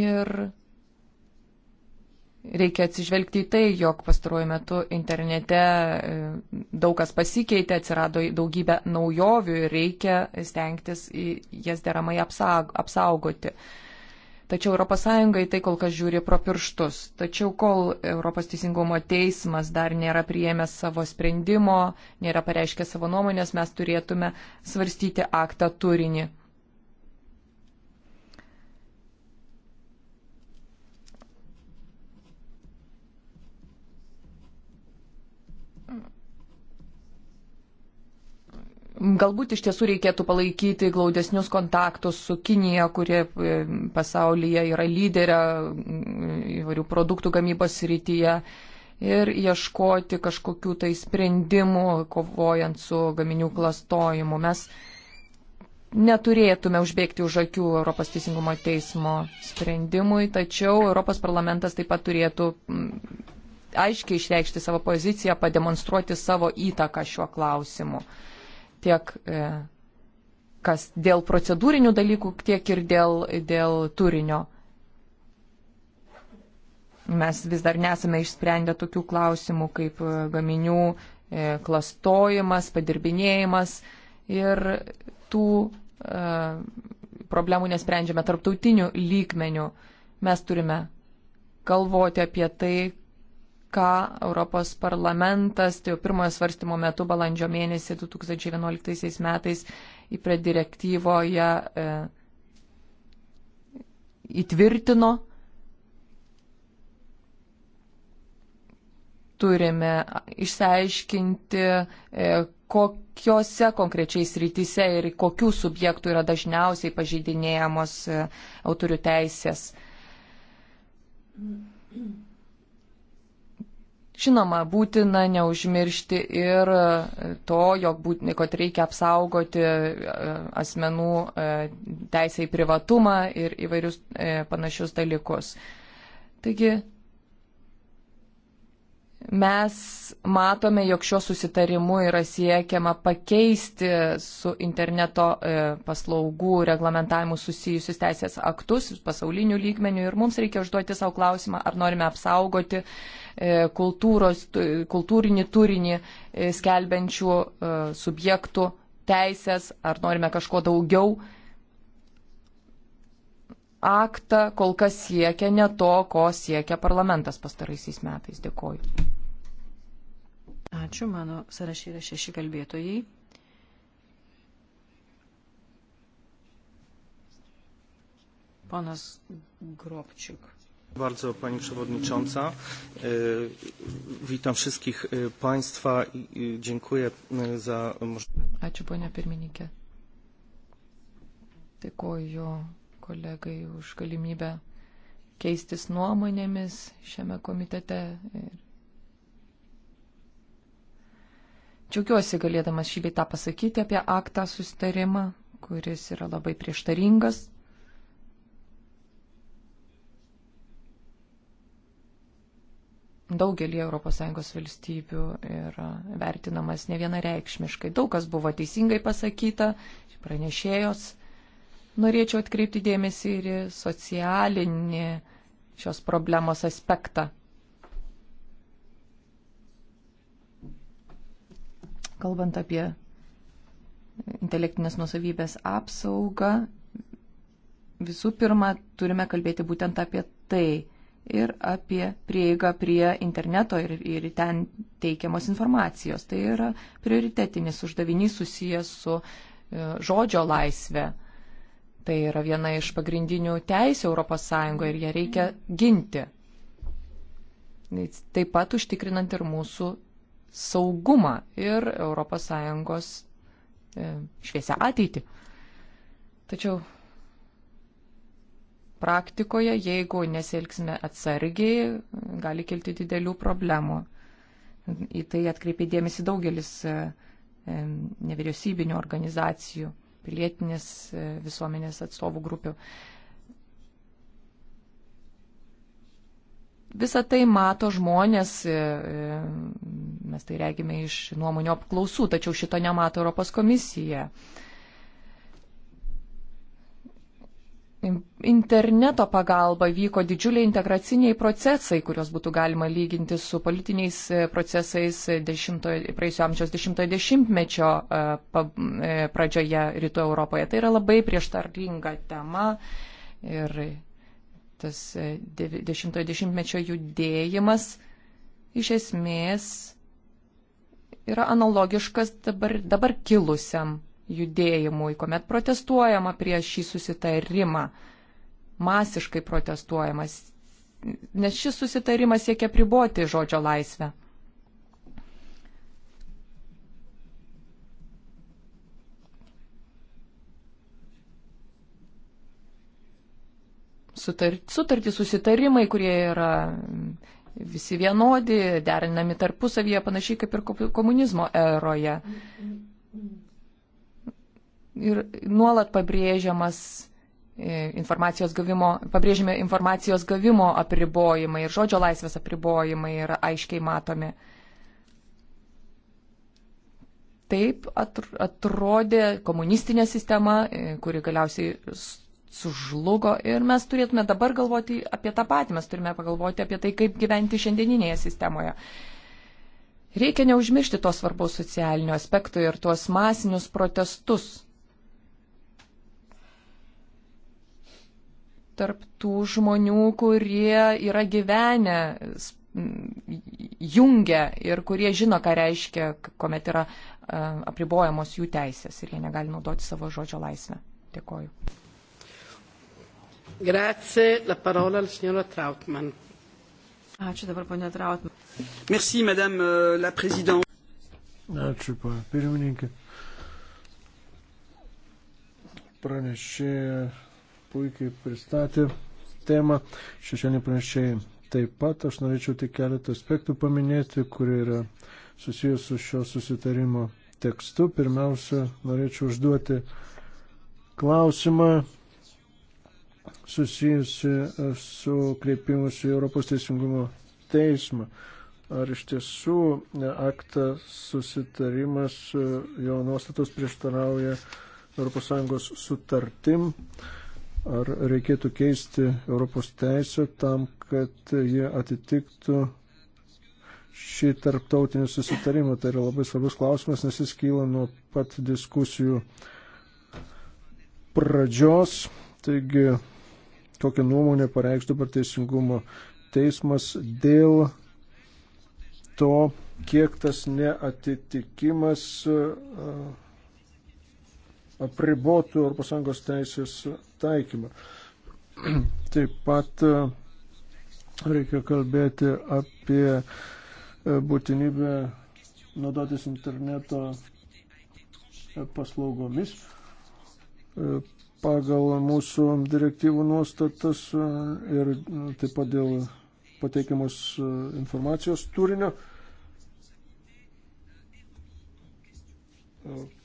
[SPEAKER 3] Ir reikia atsižvelgti į tai, jog pastaruoju metu internete e, daug kas pasikeitė, atsirado daugybė naujovių ir reikia stengtis jas deramai apsaugoti. Tačiau ES tai kol kas žiūri pro pirštus. Tačiau kol Europos teisingumo teismas dar nėra priėmęs savo sprendimo, nėra pareiškę savo nuomonės, mes turėtume svarstyti aktą turinį. Galbūt iš tiesų reikėtų palaikyti glaudesnius kontaktus su Kinija, kurie e, pasaulyje yra lyderė mm, įvairių produktų gamybos rytyje ir ieškoti kažkokių tai sprendimų, kovojant su gaminių klastojimu. Mes neturėtume užbėgti už akių Europos Teisingumo teismo sprendimui, tačiau Europos parlamentas taip pat turėtų mm, aiškiai išreikšti savo poziciją, pademonstruoti savo įtaką šiuo klausimu tiek e, kas dėl procedūrinių dalykų, tiek ir dėl, dėl turinio. Mes vis dar nesame išsprendę tokių klausimų kaip e, gaminių e, klastojimas, padirbinėjimas ir tų problemų nesprendžiame tarptautiniu lygmeniu. Mes turime galvoti apie tai, ką Europos parlamentas, tai jau pirmojo svarstymo metu balandžio mėnesį 2011 metais įpre direktyvoje e, įtvirtino. Turime išsiaiškinti, e, kokiuose konkrečiai srityse ir kokių subjektų yra dažniausiai pažeidinėjamos e, autorių teisės. Mm-hmm. Žinoma, būtina neužmiršti ir e, to, jog būtina, kad reikia apsaugoti e, asmenų e, teisę į privatumą ir įvairius panašius dalykus. Taigi, Mes matome, jog šiuo susitarimu yra siekiama pakeisti su interneto e, paslaugų reglamentavimu susijusius teisės aktus pasaulinių lygmenių ir mums reikia užduoti savo klausimą, ar norime apsaugoti e, kultūros, kultūrinį turinį e, skelbiančių subjektų teisės, ar norime kažko daugiau aktą kol kas siekia ne to, ko siekia parlamentas pastaraisiais metais. Dėkoju.
[SPEAKER 2] Ačiū, mano sąrašė yra šeši kalbėtojai. Ponas
[SPEAKER 5] Grobčiuk. Bardzo Pani Przewodnicząca. E, witam wszystkich e, Państwa i dziękuję e, za możliwość.
[SPEAKER 3] Ačiū, ponia pirmininkė. Dėkoju kolegai už galimybę keistis nuomonėmis šiame komitete. Ir Džiaugiuosi galėdamas šį beitą pasakyti apie aktą sustarimą, kuris yra labai prieštaringas. Daugelį ES valstybių yra vertinamas ne vienareikšmiškai. Daug kas buvo teisingai pasakyta, pranešėjos Norėčiau atkreipti dėmesį ir į socialinį šios problemos aspektą. Kalbant apie intelektinės nusavybės apsaugą, visų pirma, turime kalbėti būtent apie tai ir apie prieigą prie interneto ir, ir ten teikiamos informacijos. Tai yra prioritetinis uždavinys susijęs su e, žodžio laisvė Tai yra viena iš pagrindinių teisų ES ir ją reikia ginti. Tai taip pat užtikrinant ir mūsų saugumą ir ES e, šviesią ateitį. Tačiau praktikoje, jeigu nesielgsime atsargiai, gali kilti didelių problemų. Į tai atkreipė dėmesį daugelis e, e, nevyriausybinių organizacijų pilietinės e, visuomenės atstovų grupių. Visą tai mato žmonės, e, e, mes tai regime iš nuomonio apklausų, tačiau šito nemato Europos komisija. interneto pagalba vyko didžiuliai integraciniai procesai, kuriuos būtų galima lyginti su politiniais e, procesais e, praėjusio amžiaus dešimtojo dešimtmečio e, pradžioje rytų Europoje. Tai yra labai prieštarlinga tema ir tas dešimtojo dešimtmečio judėjimas iš esmės yra analogiškas dabar, dabar kilusiam judėjimui, kuomet protestuojama prieš šį susitarimą, masiškai protestuojamas, nes šis susitarimas siekia priboti žodžio laisvę. Sutartys, susitarimai, kurie yra visi vienodi, derinami tarpusavyje, panašiai kaip ir komunizmo eroje ir nuolat pabrėžiamas e, informacijos gavimo, pabrėžiami informacijos gavimo apribojimai ir žodžio laisvės apribojimai yra aiškiai matomi. Taip atrodė komunistinė sistema, e, kuri galiausiai sužlugo ir mes turėtume dabar galvoti apie tą patį, mes turime pagalvoti apie tai, kaip gyventi šiandieninėje sistemoje. Reikia neužmiršti to svarbaus socialinio aspekto ir tuos masinius protestus, tarptų žmonių, kurie yra gyvenę jungia ir kurie žino, ką reiškia, kuomet yra apribojamos jų teisės ir jie negali naudoti savo žodžio laisvę. Dėkoju.
[SPEAKER 2] Grazie, la parola al signora Trautmann. Ačiū dabar, ponia Trautmann.
[SPEAKER 4] Merci, madame euh, la présidente.
[SPEAKER 5] Ačiū, ponia pirmininkė. Pranešė puikiai pristatė temą. Šešėlį pranešėjai taip pat. Aš norėčiau tik keletą aspektų paminėti, kurie yra susijęs su šio susitarimo tekstu. Pirmiausia, norėčiau užduoti klausimą susijusi su kreipimusi į Europos Teisingumo teismą. Ar iš tiesų aktas susitarimas, jo nuostatos prieštarauja ES sutartim? ar reikėtų keisti Europos teisę tam, kad jie atitiktų šį tarptautinį susitarimą. Tai yra labai svarbus klausimas, nes jis kyla nuo pat diskusijų pradžios. Taigi, tokią nuomonę pareikš dabar teisingumo teismas dėl to, kiek tas neatitikimas apribotų ES teisės taikymą. Taip pat e, reikia kalbėti apie e, būtinybę naudotis interneto e, paslaugomis. Pagal mūsų direktyvų nuostatas ir taip pat dėl pateikiamos informacijos turinio,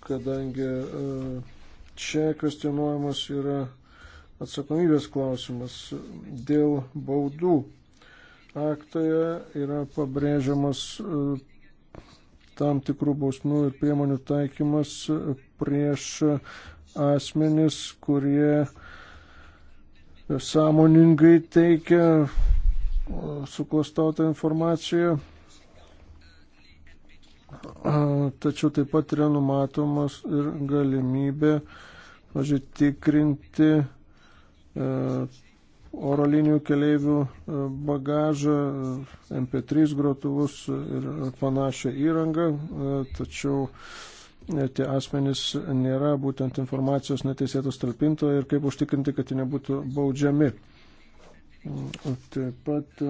[SPEAKER 5] kadangi čia kvestionuojamas yra atsakomybės klausimas dėl baudų. Aktoje yra pabrėžiamas e, tam tikrų bausmų ir priemonių taikymas e, prieš e, asmenis, kurie sąmoningai teikia suklastotą informaciją. Tačiau taip pat yra numatomas ir galimybė pažiūrėti tikrinti E, oro linijų keleivių e, bagažą, e, MP3 grotuvus ir panašią įrangą, tačiau tie asmenys nėra būtent informacijos neteisėtos talpintoje ir kaip užtikrinti, kad jie nebūtų baudžiami. Mm, taip pat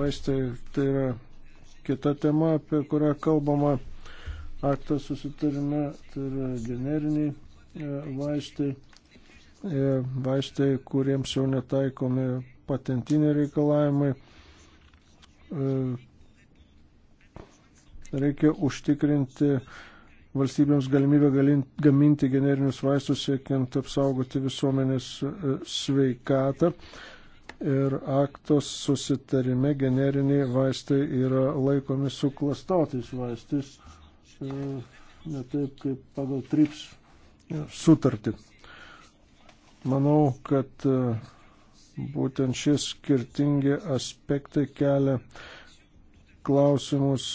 [SPEAKER 5] vaistai tai yra kita tema, apie kurią kalbama akto susitarime, tai yra generiniai e, vaistai, e, vaistai, kuriems jau netaikomi patentiniai reikalavimai. E, reikia užtikrinti valstybėms galimybę gaminti generinius vaistus, siekiant apsaugoti visuomenės sveikatą. Ir aktos susitarime generiniai vaistai yra laikomi suklastotais vaistais. E, ne taip kaip pagal TRIPS sutartį. Manau, kad e, būtent šie skirtingi aspektai kelia klausimus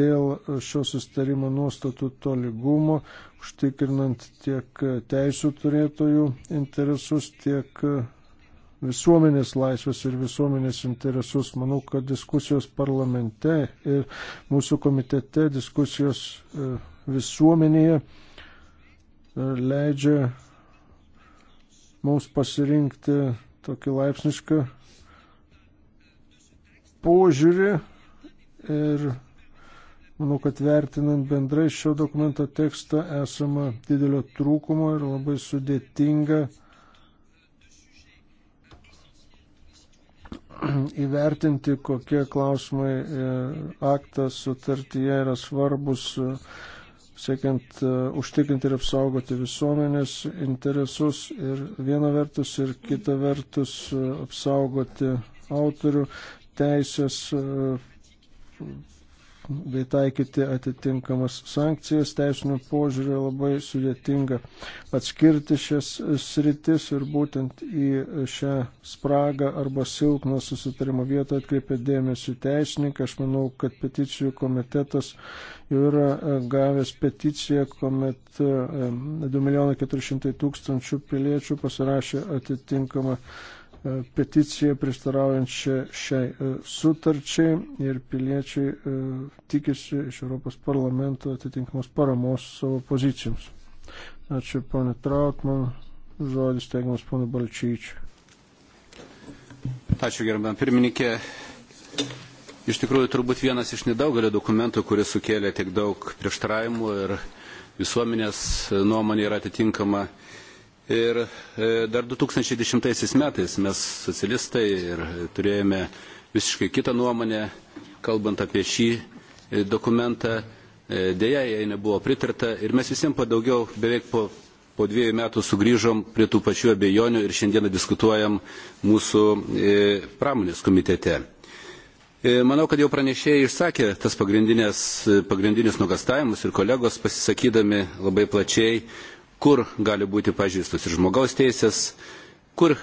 [SPEAKER 5] dėl šio sustarimo nuostatų toligumo, užtikrinant tiek teisų turėtojų interesus, tiek visuomenės laisvės ir visuomenės interesus. Manau, kad diskusijos parlamente ir mūsų komitete diskusijos e, visuomenėje e, leidžia mums pasirinkti tokį laipsnišką požiūrį ir manau, kad vertinant bendrai šio dokumento tekstą esama didelio trūkumo ir labai sudėtinga uh, įvertinti, kokie klausimai aktas sutartyje yra svarbus, siekiant e, užtikrinti ir apsaugoti visuomenės interesus ir viena vertus ir kita vertus e, apsaugoti autorių teisės e, bei taikyti atitinkamas sankcijas teisinių požiūrį labai sudėtinga atskirti šias sritis ir būtent į šią spragą arba silpną susitarimo vietą atkreipia dėmesį teisininkai. Aš manau, kad peticijų komitetas jau yra e, gavęs peticiją, kuomet 2 e, e, milijonai 400 tūkstančių piliečių pasirašė atitinkamą E, peticiją prieštaraujančią šiai e, sutarčiai ir piliečiai e, tikisi iš Europos parlamento atitinkamos paramos savo pozicijoms. Ačiū, ponė Trautman. Žodis teigiamas ponui Balčyčiui.
[SPEAKER 4] Ačiū, gerbiam pirmininkė. Iš tikrųjų, turbūt vienas iš nedaugelio dokumentų, kuris sukėlė tiek daug prieštaravimų ir visuomenės nuomonė yra atitinkama Ir e, dar 2010 metais mes socialistai ir turėjome visiškai kitą nuomonę, kalbant apie šį e, dokumentą. E, Deja, jai nebuvo pritarta ir mes visiems po daugiau, beveik po, po dviejų metų sugrįžom prie tų pačių abejonių ir šiandieną diskutuojam mūsų pramonės komitete. Manau, kad jau pranešėjai išsakė tas pagrindinės, pagrindinius nugastavimus ir kolegos pasisakydami labai plačiai kur gali būti pažįstos ir žmogaus teisės, kur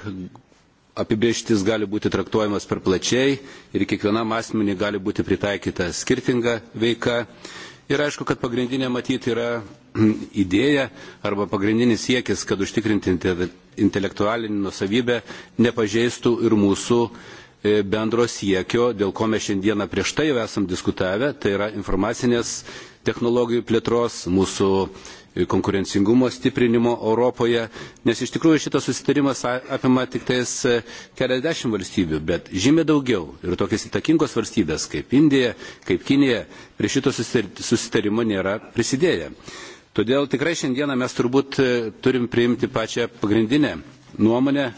[SPEAKER 4] apibrieštis gali būti traktuojamas per plačiai ir kiekvienam asmenį gali būti pritaikyta skirtinga veika. Ir aišku, kad pagrindinė matyti yra idėja arba pagrindinis siekis, kad užtikrinti intelektualinį nusavybę nepažeistų ir mūsų e, bendro siekio, dėl ko mes šiandieną prieš tai jau esam diskutavę, tai yra informacinės technologijų plėtros, mūsų konkurencingumo stiprinimo Europoje, nes iš tikrųjų šitas susitarimas apima tik tais e, keliasdešimt valstybių, bet žymiai daugiau. Ir tokios įtakingos valstybės kaip Indija, kaip Kinija prie šito susitarimo nėra prisidėję. Todėl tikrai šiandieną mes turbūt e, turim priimti pačią pagrindinę nuomonę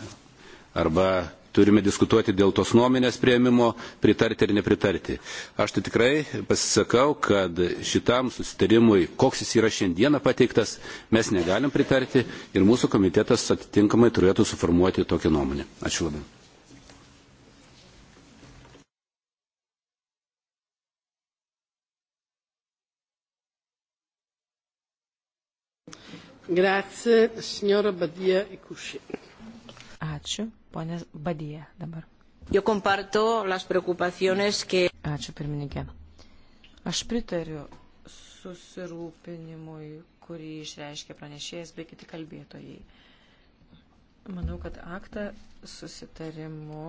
[SPEAKER 4] arba turime diskutuoti dėl tos nuomenės prieimimo, pritarti ar nepritarti. Aš tai tikrai pasisakau, kad šitam susitarimui, koks jis yra šiandieną pateiktas, mes negalim pritarti ir mūsų komitetas atitinkamai turėtų suformuoti tokią nuomonę. Ačiū labai.
[SPEAKER 1] Grazie, signora Badia Ikushi.
[SPEAKER 2] Ačiū, ponė Badija dabar. Que... Ačiū, pirmininkė. Aš pritariu susirūpinimui, kurį išreiškė pranešėjas bei kiti kalbėtojai. Manau, kad aktą susitarimu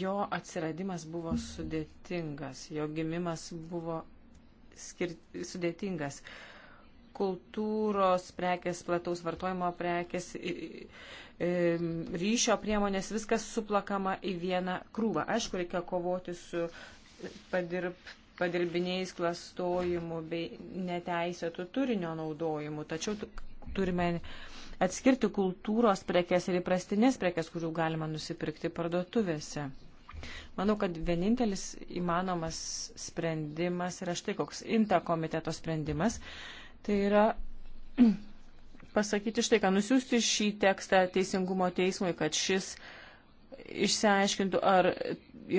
[SPEAKER 2] jo atsiradimas buvo sudėtingas, jo gimimas buvo skir... sudėtingas. Uh, kultūros prekės, plataus vartojimo prekės, ryšio priemonės, viskas suplakama į vieną krūvą. Aišku, reikia kovoti su padirb, padirbiniais klastojimu bei neteisėtų turinio naudojimu. Tačiau turime atskirti kultūros prekes ir įprastinės prekes, kurių galima nusipirkti parduotuvėse. Manau, kad vienintelis įmanomas sprendimas yra štai koks inta komiteto sprendimas. Uh, Tai yra pasakyti štai, ką nusiųsti šį tekstą Teisingumo teismui, kad šis išsiaiškintų, ar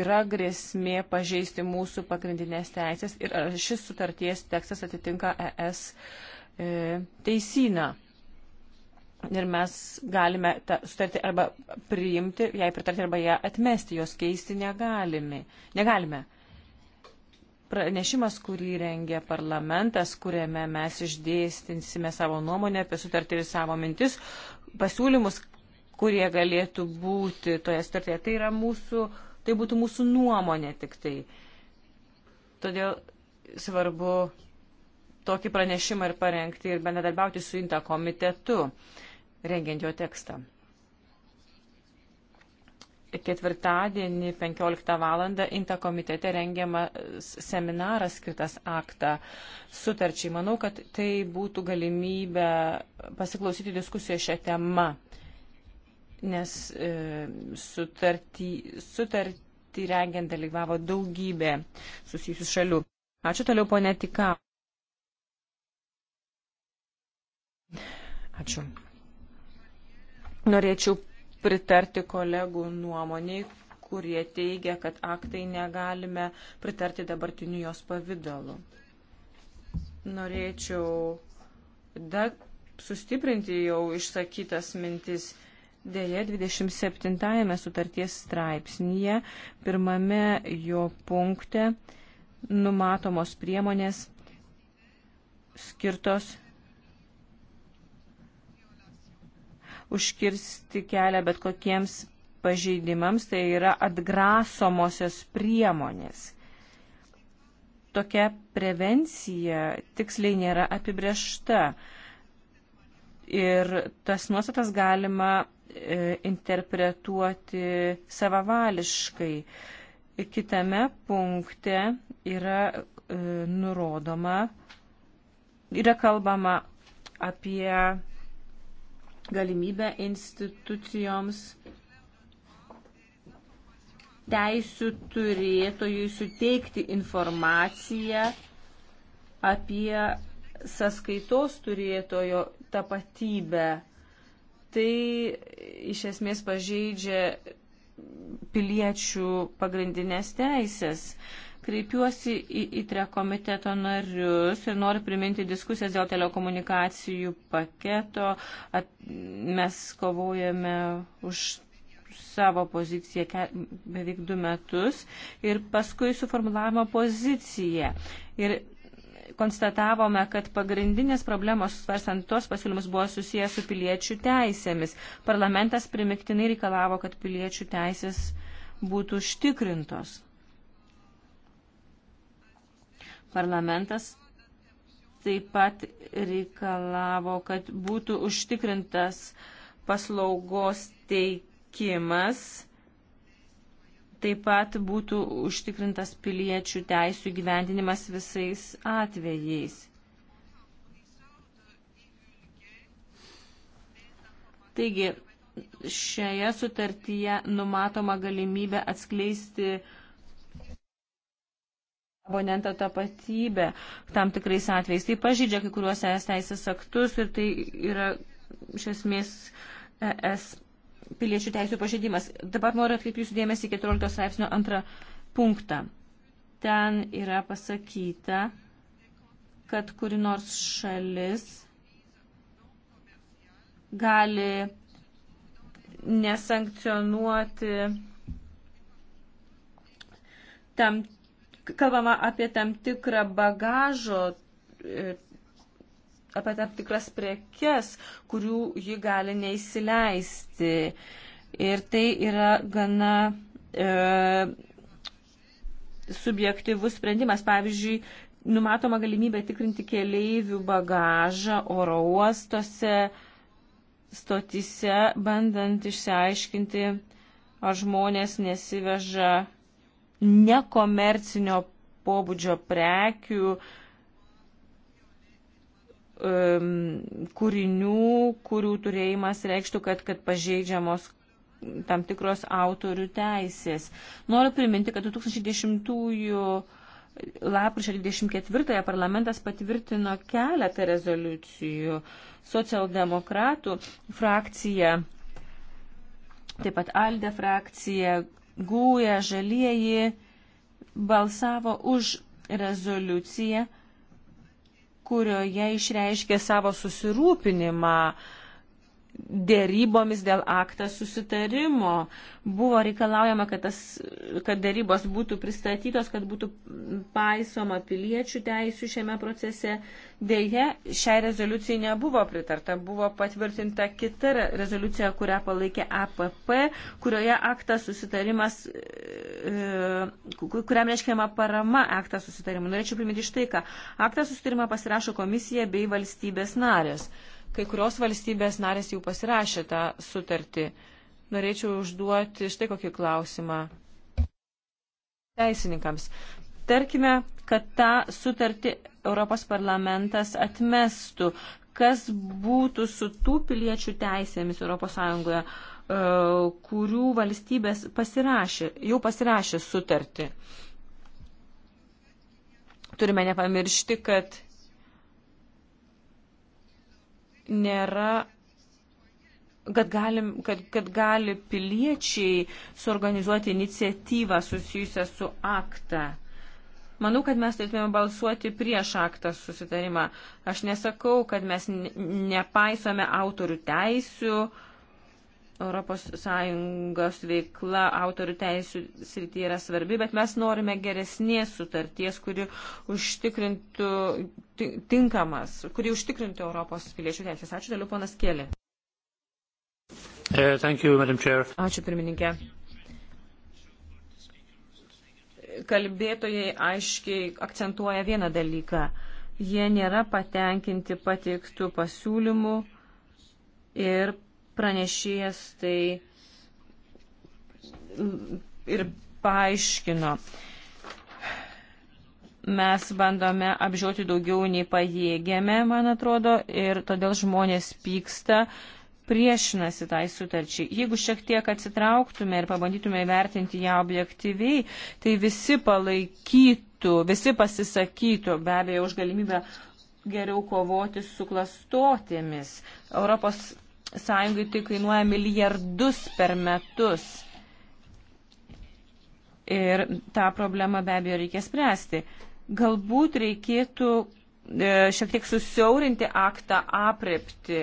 [SPEAKER 2] yra grėsmė pažeisti mūsų pagrindinės teisės ir ar šis sutarties tekstas atitinka ES e, teisyną. Ir mes galime tą sutartį arba priimti, jai pritarti arba ją atmesti, jos keisti negalime. negalime pranešimas, kurį rengė parlamentas, kuriame mes išdėstinsime savo nuomonę apie sutartį ir savo mintis, pasiūlymus, kurie galėtų būti toje sutartyje. Tai, yra mūsų, tai būtų mūsų nuomonė tik tai. Todėl svarbu tokį pranešimą ir parengti ir bendradarbiauti su INTA komitetu, rengiant jo tekstą ketvirtadienį 15 val. Inta komitete rengiamas seminaras skirtas aktą sutarčiai. Manau, kad tai būtų galimybė pasiklausyti diskusiją šią temą, nes e, sutartį, sutartį rengiant dalyvavo daugybė susijusių šalių. Ačiū toliau, ponė Tika. Ačiū. Norėčiau pritarti kolegų nuomoniai, kurie teigia, kad aktai negalime pritarti dabartiniu jos pavydalu. Norėčiau dar sustiprinti jau išsakytas mintis. Dėja, 27 sutarties straipsnėje, pirmame jo punkte numatomos priemonės skirtos užkirsti kelią bet kokiems pažeidimams, tai yra atgrasomosios priemonės. Tokia prevencija tiksliai nėra apibriešta ir tas nuostatas galima e, interpretuoti savavališkai. Kitame punkte yra e, nurodoma, yra kalbama apie galimybę institucijoms teisų turėtojui suteikti informaciją apie sąskaitos turėtojo tapatybę. Tai iš esmės pažeidžia piliečių pagrindinės teisės. Kreipiuosi į ITRE komiteto narius ir noriu priminti diskusijas dėl telekomunikacijų paketo. At, mes kovojame už savo poziciją ke, beveik du metus ir paskui suformulavome poziciją. Ir konstatavome, kad pagrindinės problemos svarstant tos pasiūlymus buvo susijęs su piliečių teisėmis. Parlamentas primiktinai reikalavo, kad piliečių teisės būtų užtikrintos. Parlamentas taip pat reikalavo, kad būtų užtikrintas paslaugos teikimas, taip pat būtų užtikrintas piliečių teisų gyvendinimas visais atvejais. Taigi, šioje sutartyje numatoma galimybė atskleisti uh, abonento tapatybę tam tikrais atvejais. Tai pažydžia kai kuriuos ES teisės aktus ir tai yra iš esmės ES piliečių teisų pažeidimas. Dabar noriu atkreipti jūsų dėmesį 14 straipsnio antrą punktą. Ten yra pasakyta, kad kuri nors šalis gali nesankcionuoti tam kalbama apie tam tikrą bagažo, e, apie tam tikras prekes, kurių ji gali neįsileisti. Ir tai yra gana e, subjektivus sprendimas. Pavyzdžiui, numatoma galimybė tikrinti keleivių bagažą oro uostose, stotise, bandant išsiaiškinti, ar žmonės nesiveža nekomercinio pobūdžio prekių, um, kūrinių, kurių turėjimas reikštų, kad, kad pažeidžiamos tam tikros autorių teisės. Noriu priminti, kad 2010-ųjų lapkričio 24-ąją parlamentas patvirtino keletą rezoliucijų. Socialdemokratų frakcija, taip pat Alde frakcija, gūja, žalieji balsavo už rezoliuciją, kurioje išreiškė savo susirūpinimą uh, dėrybomis dėl aktas susitarimo. Buvo reikalaujama, kad, tas, kad dėrybos būtų pristatytos, kad būtų paisoma piliečių teisų šiame procese. Deja, šiai rezoliucijai nebuvo pritarta. Buvo patvirtinta kita rezoliucija, kurią palaikė APP, kurioje aktas susitarimas, e, kuriam reiškiama parama aktas susitarimui. Norėčiau priminti štai ką. Aktas susitarimą pasirašo komisija bei valstybės narės. Kai kurios valstybės narės jau pasirašė tą sutartį. Norėčiau užduoti štai kokį klausimą teisininkams. Tarkime, kad tą sutartį Europos parlamentas atmestų. Kas būtų su tų piliečių teisėmis ES, e, kurių valstybės pasirašė, jau pasirašė sutartį? Turime nepamiršti, kad nėra kad, galim, kad, kad gali piliečiai suorganizuoti iniciatyvą susijusią su aktą. Manau, kad mes turėtume balsuoti prieš aktą susitarimą. Aš nesakau, kad mes nepaisome autorių teisių, uh, ES veikla autorių teisų srityje yra svarbi, bet mes norime geresnės sutarties, kuri užtikrintų tinkamas, kuri užtikrintų Europos piliečių teisės. Ačiū, daliu ponas Kėlė. Uh, Ačiū, pirmininkė. Kalbėtojai aiškiai akcentuoja vieną dalyką. Jie nėra patenkinti pateiktų pasiūlymų ir pranešėjas tai ir paaiškino. Mes bandome apžiūrėti daugiau nei pajėgėme, man atrodo, ir todėl žmonės pyksta, priešinasi tai sutarčiai. Jeigu šiek tiek atsitrauktume ir pabandytume įvertinti ją objektyviai, tai visi palaikytų, visi pasisakytų be abejo už galimybę geriau kovoti su klastotėmis. Europos sąjungai tai kainuoja milijardus per metus. Ir tą problemą be abejo reikia spręsti. Galbūt reikėtų e, šiek tiek susiaurinti aktą aprepti.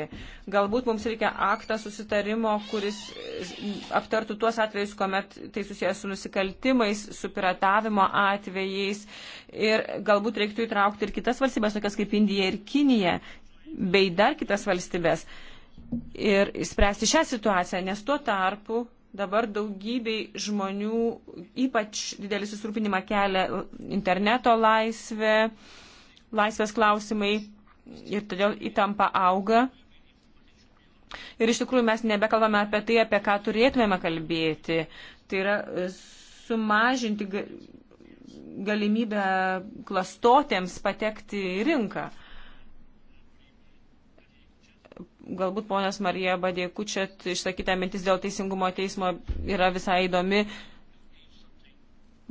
[SPEAKER 2] Galbūt mums reikia aktą susitarimo, kuris e, aptartų tuos atvejus, kuomet tai susijęs su nusikaltimais, su piratavimo atvejais. Ir galbūt reiktų įtraukti ir kitas valstybės, tokias kaip Indija ir Kinija, bei dar kitas valstybės. Uh, ir spręsti šią situaciją, nes tuo tarpu dabar daugybei žmonių ypač didelį susirūpinimą kelia interneto laisvė, laisvės klausimai ir todėl įtampa auga. Ir iš tikrųjų mes nebekalbame apie tai, apie ką turėtumėme kalbėti. Tai yra e, sumažinti galimybę klastotėms patekti į rinką galbūt ponas Marija Badėkučiat išsakyta mintis dėl teisingumo teismo yra visai įdomi.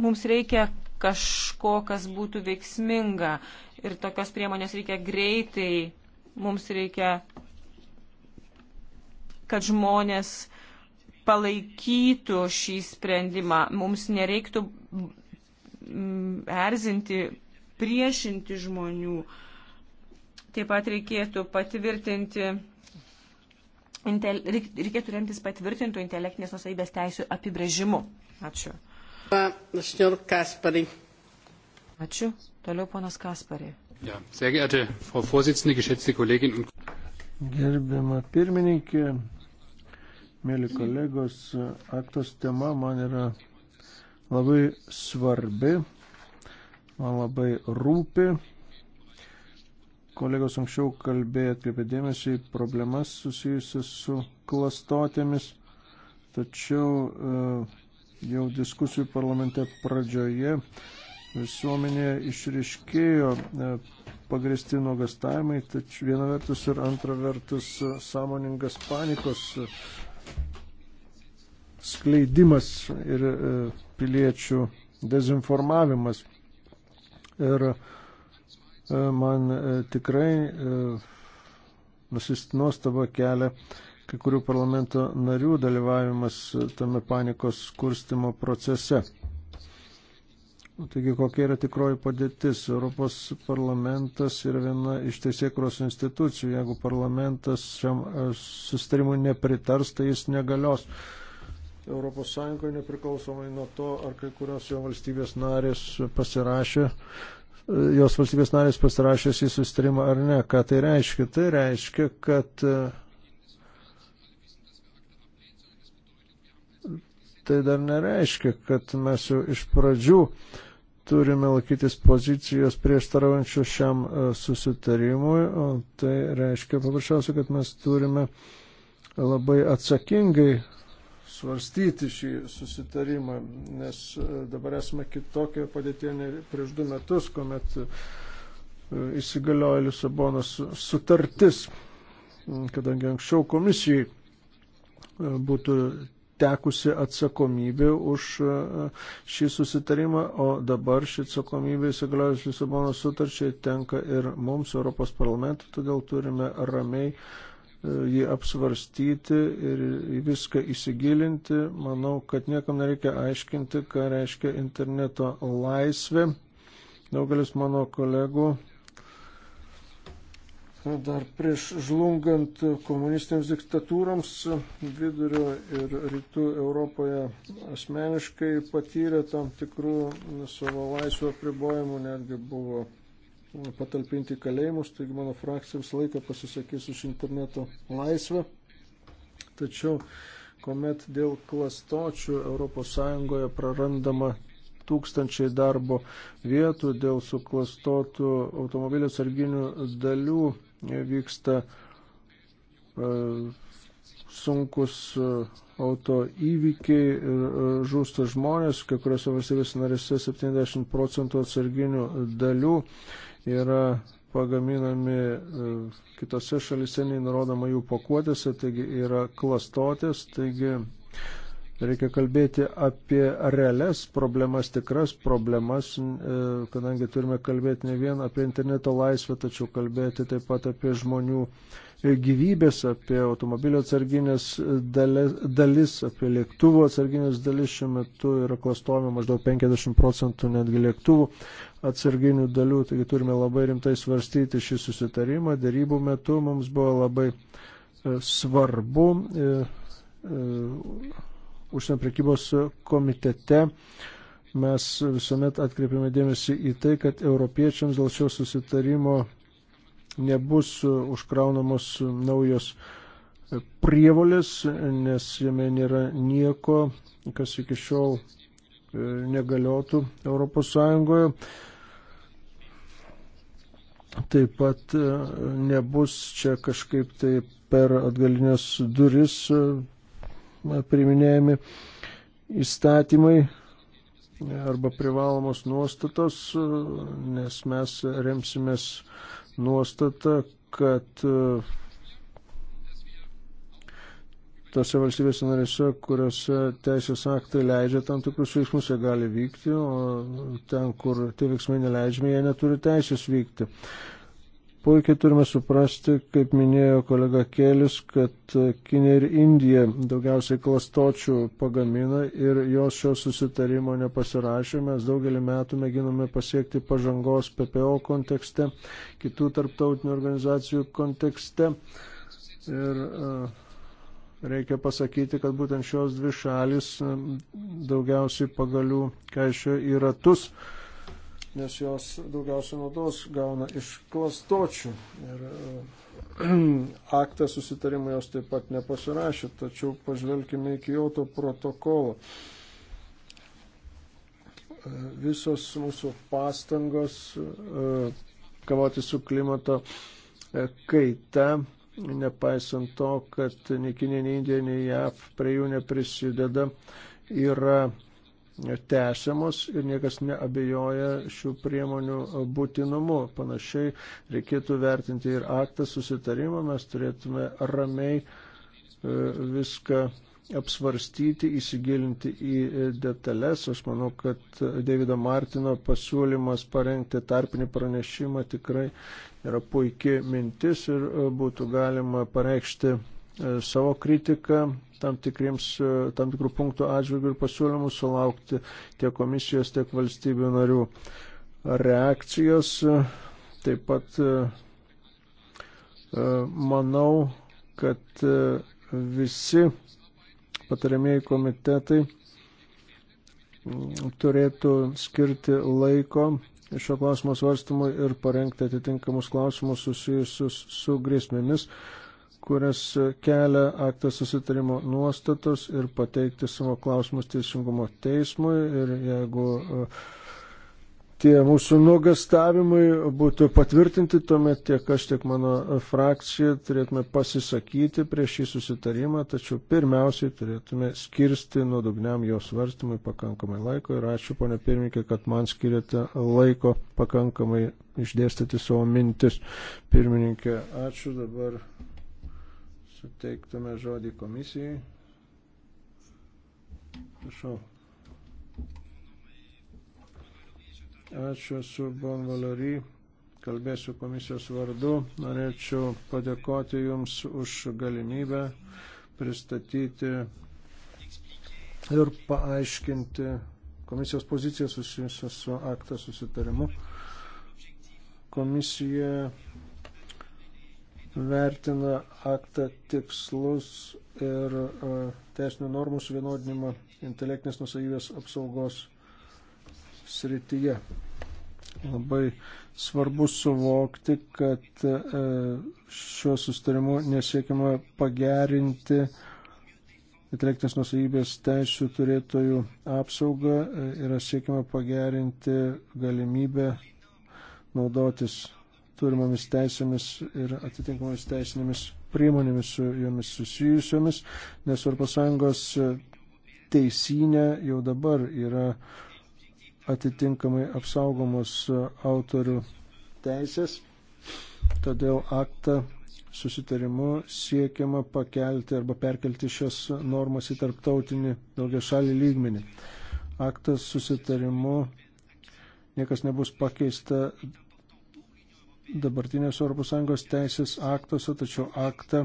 [SPEAKER 2] Mums reikia kažko, kas būtų veiksminga ir tokios priemonės reikia greitai. Mums reikia, kad žmonės palaikytų šį sprendimą. Mums nereiktų mm, erzinti, priešinti žmonių. Taip pat reikėtų patvirtinti reikėtų remtis patvirtintų intelektinės nusaibės teisų apibrėžimu. Ačiū. Ačiū.
[SPEAKER 5] Toliau ponas Kasparė.
[SPEAKER 4] Ja, sehr geehrte Frau Vorsitzende, geschätzte Kolleginnen und
[SPEAKER 5] Kollegen. Gerbiama pirmininkė, mėly kolegos, aktos tema man yra labai svarbi, man labai rūpi Kolegos anksčiau kalbėjo atkreipė dėmesį į problemas susijusias su klastotėmis, tačiau e, jau diskusijų parlamente pradžioje visuomenėje išriškėjo e, pagristi nuogastavimai, tačiau viena vertus ir antra vertus e, sąmoningas panikos skleidimas ir piliečių dezinformavimas. Ir uh, E, man e, tikrai e, nuostaba kelia kai kurių parlamento narių dalyvavimas tame panikos kurstimo procese. Taigi, kokia yra tikroji padėtis? Europos parlamentas yra viena iš teisėkros institucijų. Jeigu parlamentas šiam sustarimui nepritars, tai jis negalios. Europos Sąjungoje nepriklausomai nuo to, ar kai kurios jo valstybės narės pasirašė jos valstybės narės pasirašęs į sustarimą ar ne. Ką tai reiškia? Tai reiškia, kad e, tai dar nereiškia, kad mes jau iš pradžių turime laikytis pozicijos prieštaraujančių šiam e, susitarimui, o tai reiškia paprasčiausiai, kad mes turime labai atsakingai svarstyti šį susitarimą, nes e, dabar esame kitokią padėtį prieš du metus, kuomet e, įsigaliojo Lisabonos sutartis, kadangi anksčiau komisijai e, būtų tekusi atsakomybė už šį susitarimą, o dabar ši atsakomybė įsigaliojus Lisabonos sutarčiai tenka ir mums, Europos parlamentui, todėl turime ramiai E, jį apsvarstyti ir viską įsigilinti. Manau, kad niekam nereikia aiškinti, ką reiškia interneto laisvė. Daugelis mano kolegų dar prieš žlungant komunistinėms diktatūroms vidurio ir rytų Europoje asmeniškai patyrė tam tikrų savo laisvę pribojimų, netgi buvo patalpinti kalėjimus, taigi mano frakcija visą laiką pasisakys už interneto laisvę. Tačiau, kuomet dėl klastočių ES prarandama tūkstančiai darbo vietų, dėl suklastotų automobilio sarginių dalių e, vyksta e, sunkus e, auto įvykiai ir e, žūsta žmonės, kai kuriuose valstybės narėse 70 procentų atsarginių dalių yra pagaminami e, kitose šalise, nei nurodoma jų pakuotėse, taigi yra klastotės, taigi Reikia kalbėti apie realias problemas, tikras problemas, e, kadangi turime kalbėti ne vien apie interneto laisvę, tačiau kalbėti taip pat apie žmonių e, gyvybės, apie automobilio atsarginės e, dalis, apie lėktuvo atsarginės dalis. Šiuo metu yra klastojama maždaug 50 procentų netgi lėktuvų atsarginių dalių, taigi turime labai rimtai svarstyti šį susitarimą. Darybų metu mums buvo labai svarbu. E, e, užsienio prekybos komitete mes visuomet atkreipiame dėmesį į tai, kad europiečiams dėl šio susitarimo nebus užkraunamos naujos prievolės, nes jame nėra nieko, kas iki šiol e, negaliotų ES. Taip pat e, nebus čia kažkaip tai per atgalinės duris e, priminėjami įstatymai arba privalomos nuostatos, nes mes remsimės nuostatą, kad tose valstybėse narėse, kuriuose teisės aktai leidžia tam tikrus veiksmus, jie gali vykti, o ten, kur tie veiksmai neleidžiami, jie neturi teisės vykti. Puikiai turime suprasti, kaip minėjo kolega Kėlis, kad Kinė ir Indija daugiausiai klastočių pagamina ir jos šio susitarimo nepasirašė. Mes daugelį metų mėginome pasiekti pažangos PPO kontekste, kitų tarptautinių organizacijų kontekste. Ir e, reikia pasakyti, kad būtent šios dvi šalis daugiausiai pagalių kaišio į ratus nes jos daugiausia naudos gauna iš klastočių. Ir e, aktą susitarimą jos taip pat nepasirašė, tačiau pažvelkime iki jauto protokolo. E, visos mūsų pastangos e, kavoti su klimato kaita, nepaisant to, kad nei Kinė, nei Indija, nei JAV prie jų neprisideda, yra tęsiamos ir niekas neabejoja šių priemonių būtinumu. Panašiai reikėtų vertinti ir aktą susitarimą, mes turėtume ramiai e, viską apsvarstyti, įsigilinti į detalės. Aš manau, kad Davido Martino pasiūlymas parengti tarpinį pranešimą tikrai yra puikia mintis ir būtų galima pareikšti E, savo kritiką tam, tikriems, e, tam tikrų punktų atžvilgių ir pasiūlymų sulaukti tiek komisijos, tiek valstybių narių reakcijos. E, taip pat manau, kad visi patariamieji komitetai mm, turėtų skirti laiko šio klausimo svarstymui ir parengti atitinkamus klausimus susijusius su grėsmėmis, kurias e, kelia aktas susitarimo nuostatos ir pateikti savo klausimus teisingumo teismui ir jeigu e, tie mūsų nuogastavimai būtų patvirtinti, tuomet tiek aš, tiek mano e, frakcija turėtume pasisakyti prieš šį susitarimą, tačiau pirmiausiai turėtume skirsti nuodugniam jo svarstymui pakankamai laiko ir ačiū, ponė pirmininkė, kad man skiriate laiko pakankamai išdėstyti savo mintis. Pirmininkė, ačiū dabar suteiktume žodį komisijai. Prašau. Ačiū su Bonvalary. Kalbėsiu komisijos vardu. Norėčiau padėkoti Jums už galimybę pristatyti ir paaiškinti komisijos poziciją susijusią su aktą susitarimu. Komisija vertina aktą tikslus ir e, teisinių normų suvienodinimą intelektinės nusavybės apsaugos srityje. Labai svarbu suvokti, kad e, šiuo sustarimu nesiekima pagerinti intelektinės nusavybės teisų turėtojų apsaugą, e, yra siekima pagerinti galimybę naudotis turimomis teisėmis ir atitinkamomis teisinėmis priemonėmis su jomis susijusiomis, nes ES teisinė jau dabar yra atitinkamai apsaugomos autorių teisės, todėl aktą susitarimu siekiama pakelti arba perkelti šias normas į tarptautinį daugia šalį lygmenį. Aktas susitarimu niekas nebus pakeista dabartinės ES teisės aktuose, tačiau aktą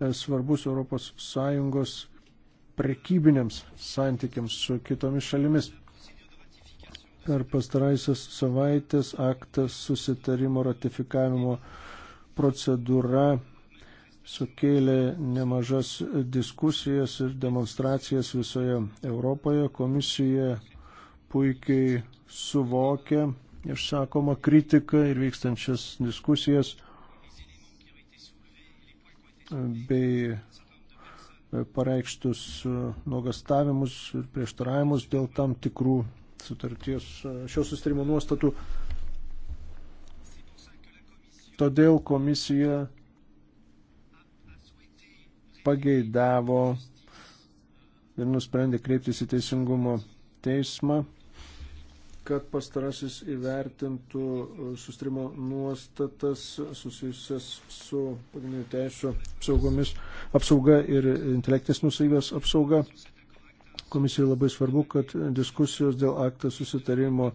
[SPEAKER 5] e, svarbus ES prekybiniams santykiams su kitomis šalimis. Per pastaraisias savaitės aktas susitarimo ratifikavimo procedūra sukėlė nemažas diskusijas ir demonstracijas visoje Europoje. Komisija puikiai suvokia išsakoma kritika ir vykstančias diskusijas bei pareikštus nuogastavimus ir prieštaravimus dėl tam tikrų sutarties šios sustarimo nuostatų. Todėl komisija pageidavo ir nusprendė kreiptis į teisingumo teismą kad pastarasis įvertintų e, sustrimo nuostatas susijusias su pagrindinių teisų apsaugomis apsauga ir intelektinės nusavybės apsauga. Komisijai labai svarbu, kad diskusijos dėl aktą susitarimo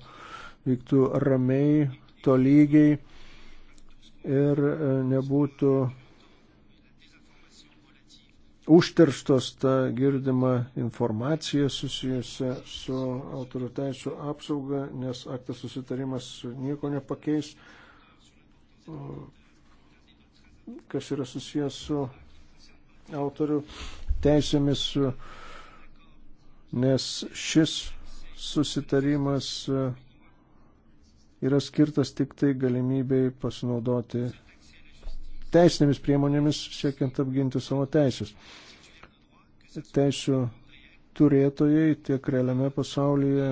[SPEAKER 5] vyktų ramiai, tolygiai ir e, nebūtų užtirstos ta girdima informacija susijusia su autorių teisų apsauga, nes aktas susitarimas nieko nepakeis, kas yra susijęs su autorių teisėmis, nes šis susitarimas yra skirtas tik tai galimybei pasinaudoti teisinėmis priemonėmis siekiant apginti savo teisės. Teisių turėtojai tiek realiame pasaulyje,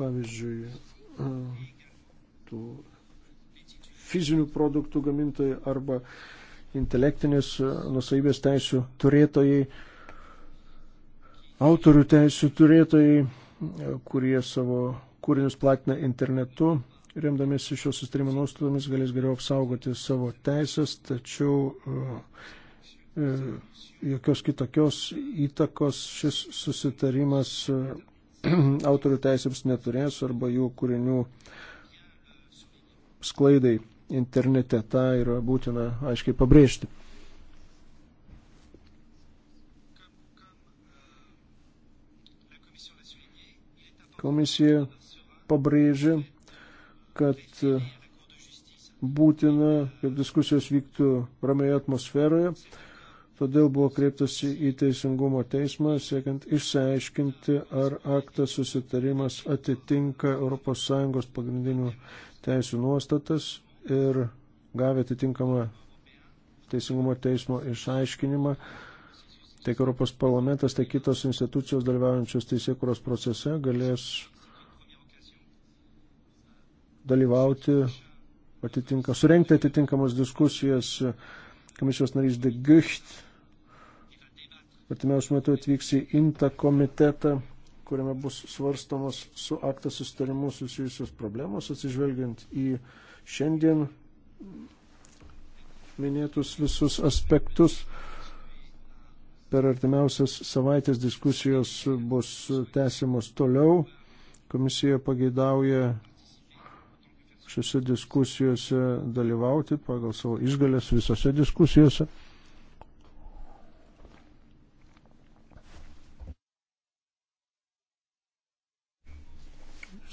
[SPEAKER 5] pavyzdžiui, tų fizinių produktų gamintojai arba intelektinės nusaibės teisų turėtojai, autorių teisų turėtojai, kurie savo kūrinius platina internetu, remdamėsi šio sustarimo nuostatomis, galės geriau apsaugoti savo teisės, tačiau e, e, jokios kitokios įtakos šis susitarimas e, autorių teisėms neturės arba jų kūrinių sklaidai internete. Ta yra būtina aiškiai pabrėžti. Komisija pabrėžė, kad e, būtina, jog diskusijos vyktų ramioje atmosferoje. Todėl buvo kreiptasi į Teisingumo teismą, siekiant išsiaiškinti, ar aktas susitarimas atitinka ES pagrindinių teisų nuostatas ir gavę atitinkamą Teisingumo teismo išaiškinimą. Tiek Europos parlamentas, tiek kitos institucijos dalyvaujančios teisėkuros procese galės dalyvauti, atitinka, surenkti atitinkamas diskusijas. E, komisijos narys De Gucht artimiausiu metu atvyks į INTA komitetą, kuriame bus svarstamos su aktą sustarimu susijusios problemos, atsižvelgiant į šiandien minėtus visus aspektus. Per artimiausias savaitės diskusijos bus tęsimos toliau. Komisija pageidauja šiuose diskusijose dalyvauti pagal savo išgalės visose diskusijose.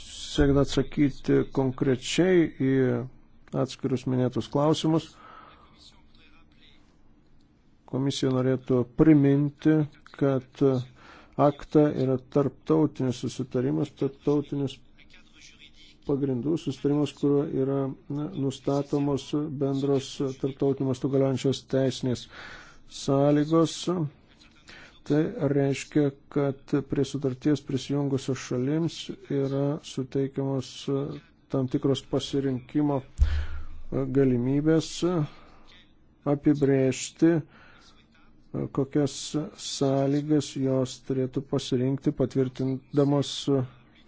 [SPEAKER 5] Siekda atsakyti konkrečiai į atskirius minėtus klausimus, komisija norėtų priminti, kad akta yra tarptautinis susitarimas, tarptautinis pagrindų sustarimas, kuriuo yra nustatomos bendros tarptautinio mastu galiojančios teisinės sąlygos. Tai reiškia, kad prie sutarties prisijungusios šalims yra suteikiamos tam tikros pasirinkimo galimybės apibrėžti, kokias sąlygas jos turėtų pasirinkti patvirtindamos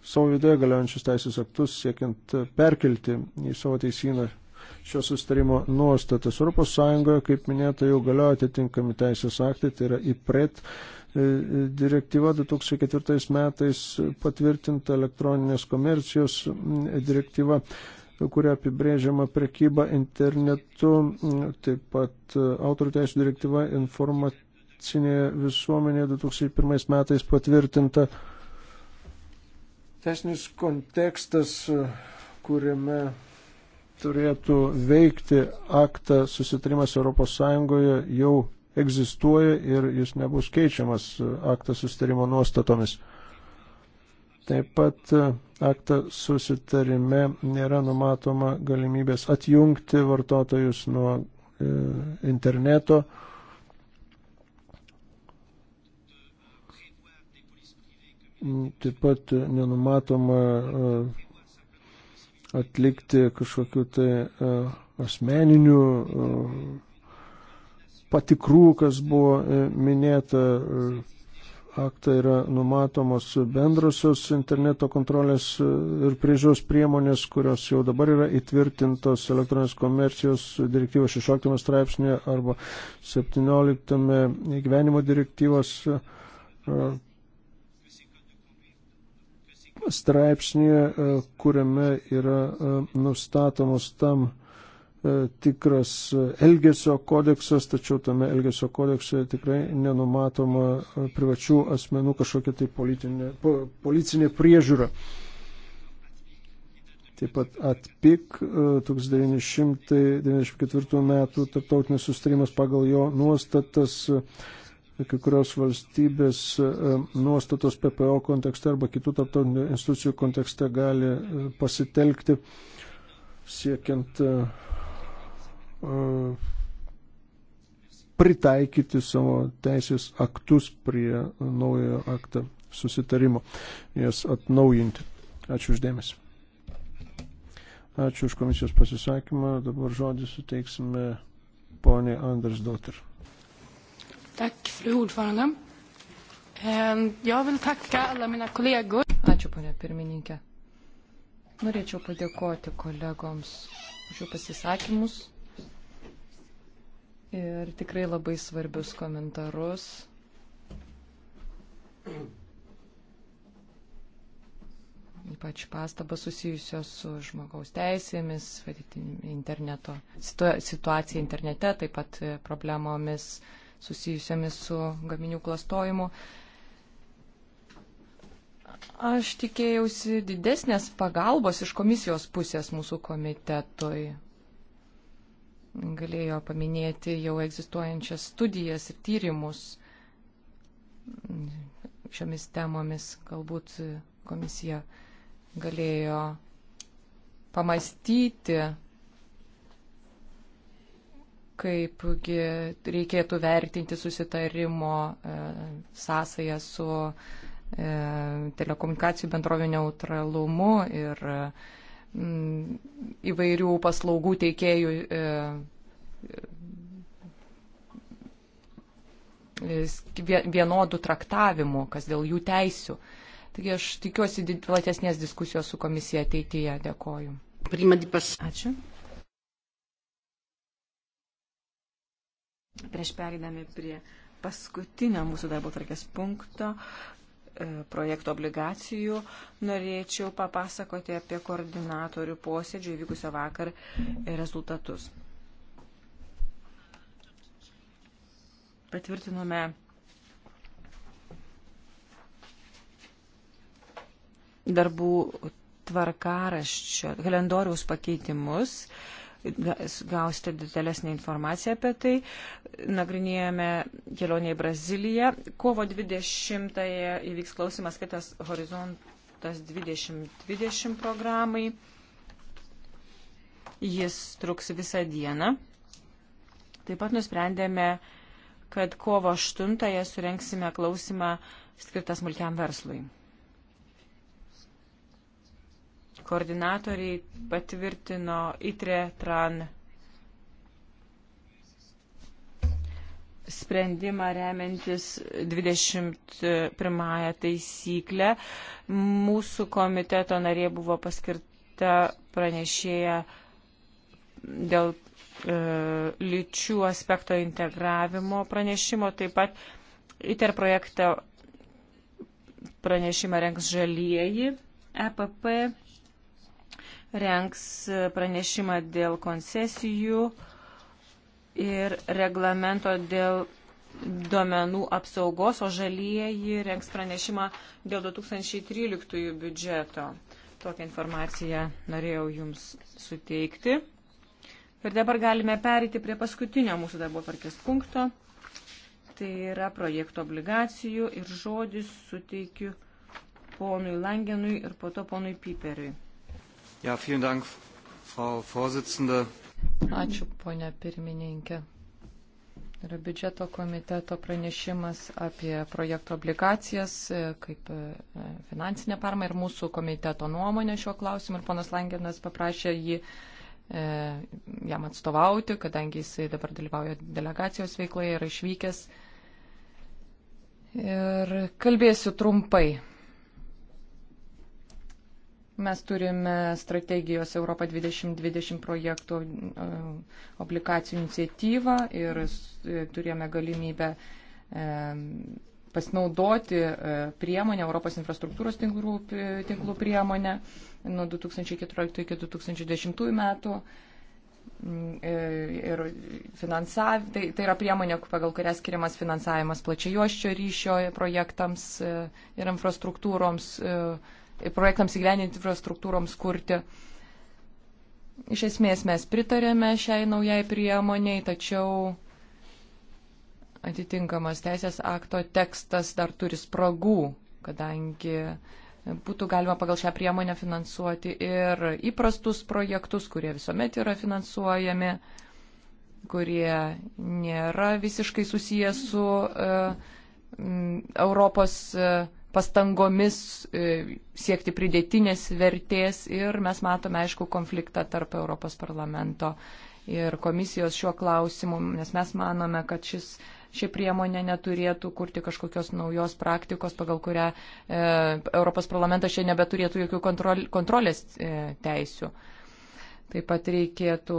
[SPEAKER 5] savo viduje galiojančius teisės aktus, siekiant perkelti į savo teisyną šio sustarimo nuostatas. Europos Sąjungoje, kaip minėta, jau galioja atitinkami teisės aktai, tai yra IPRET e, e, direktyva 2004 metais patvirtinta elektroninės komercijos direktyva kuria apibrėžiama prekyba internetu, taip pat e, autorių teisų direktyva informacinėje visuomenėje 2001 metais patvirtinta Teisinis kontekstas, kuriame turėtų veikti aktą susitarimas ES jau egzistuoja ir jis nebus keičiamas aktą susitarimo nuostatomis. Taip pat e, aktą susitarime nėra numatoma galimybės atjungti vartotojus nuo e, interneto, taip pat nenumatoma e, atlikti kažkokiu tai e, asmeninių e, patikrų, kas buvo minėta. Aktą yra numatomos bendrosios interneto kontrolės ir priežiūros priemonės, kurios jau dabar yra įtvirtintos elektroninės komercijos direktyvos 16 straipsnėje arba 17 gyvenimo direktyvos straipsnėje, kuriame yra e, nustatomos tam e, tikras e, elgesio kodeksas, tačiau tame elgesio kodekse tikrai nenumatoma privačių asmenų kažkokia tai politinė, policinė priežiūra. Taip pat atpik 1994 metų tarptautinis sustarimas pagal jo nuostatas kai kurios valstybės e, nuostatos PPO kontekste arba kitų tarptautinių institucijų kontekste gali e, pasitelkti siekiant e, pritaikyti savo teisės aktus prie naujojo aktą susitarimo, jas atnaujinti. Ačiū uždėmesi. Ačiū už komisijos pasisakymą. Dabar žodį suteiksime poniai Anders Dotter.
[SPEAKER 3] Tack, fru ordförande. Ehm, jag vill tacka alla mina kollegor. Ačiū, ponia pirmininkė. Norėčiau padėkoti kolegoms už jų pasisakymus ir tikrai labai svarbius komentarus. Ypač pastabas susijusios su žmogaus teisėmis, interneto, situacija internete, taip pat problemomis susijusiamis su gaminių klastojimu. Aš tikėjausi didesnės pagalbos iš komisijos pusės mūsų komitetui. Galėjo paminėti jau egzistuojančias studijas ir tyrimus šiomis temomis. Galbūt komisija galėjo pamastyti kaipgi reikėtų vertinti susitarimo e, sąsają su e, telekomunikacijų bendrovių neutralumu ir mm, įvairių paslaugų teikėjų e, vienodų traktavimų, kas dėl jų teisių. Taigi aš tikiuosi platesnės diskusijos su komisija ateityje. Dėkoju. Ačiū.
[SPEAKER 2] Prieš perėdami prie paskutinio mūsų darbo tvarkės punkto e, projektų obligacijų, norėčiau papasakoti apie koordinatorių posėdžio įvykusio vakar e, rezultatus. Patvirtinome darbų tvarkaraščio kalendoriaus pakeitimus. E, gausite detalesnį informaciją apie tai. Nagrinėjame kelionę į Braziliją. Kovo 20-ąją įvyks klausimas kitas Horizontas 2020 programai. Jis truks visą dieną. Taip pat nusprendėme, kad kovo 8-ąją surenksime klausimą skirtą smulkiam verslui. Koordinatoriai patvirtino ITRE TRAN sprendimą remiantis 21 taisyklę. Mūsų komiteto narė buvo paskirta pranešėja dėl e, lyčių aspekto integravimo pranešimo. Taip pat ITER projektą pranešimą renks žalieji. EPP rengs pranešimą dėl koncesijų ir reglamento dėl duomenų apsaugos, o žalieji rengs pranešimą dėl 2013 biudžeto. Tokią informaciją norėjau Jums suteikti. Ir dabar galime perėti prie paskutinio mūsų darbo tvarkės punkto. Tai yra projektų obligacijų ir žodis suteikiu ponui Langenui ir po to ponui Piperiui.
[SPEAKER 5] Ja, vielen Dank, Frau Vorsitzende.
[SPEAKER 2] Ačiū, ponia pirmininkė.
[SPEAKER 3] Yra biudžeto komiteto pranešimas apie projektų obligacijas e, kaip e, finansinę parmą ir mūsų komiteto nuomonę šiuo klausimu. Ir ponas Langenas paprašė jį e, jam atstovauti, kadangi jisai dabar dalyvauja delegacijos veikloje ir išvykęs. Ir kalbėsiu trumpai. Mes turime strategijos Europa 2020 projektų e, obligacijų iniciatyvą ir e, turėjome galimybę e, pasinaudoti priemonę, Europos infrastruktūros tinklų, tinklų priemonę nuo 2014 iki 2010 metų. Mm, ir finansav, tai, tai yra priemonė, pagal kurią skiriamas finansavimas plačiajuoščio ryšio projektams ir infrastruktūroms. E, projektams įgyveninti infrastruktūroms kurti. Iš esmės mes pritarėme šiai naujai priemoniai, tačiau atitinkamas teisės akto tekstas dar turi spragų, kadangi būtų galima pagal šią priemonę finansuoti ir įprastus projektus, kurie visuomet yra finansuojami, kurie nėra visiškai susijęs su uh, Europos uh, pastangomis e, siekti pridėtinės vertės ir mes matome, aišku, konfliktą tarp Europos parlamento ir komisijos šiuo klausimu, nes mes manome, kad šis, ši priemonė neturėtų kurti kažkokios naujos praktikos, pagal kurią e, Europos parlamentas čia nebeturėtų jokių kontrol, kontrolės e, teisių. Taip pat reikėtų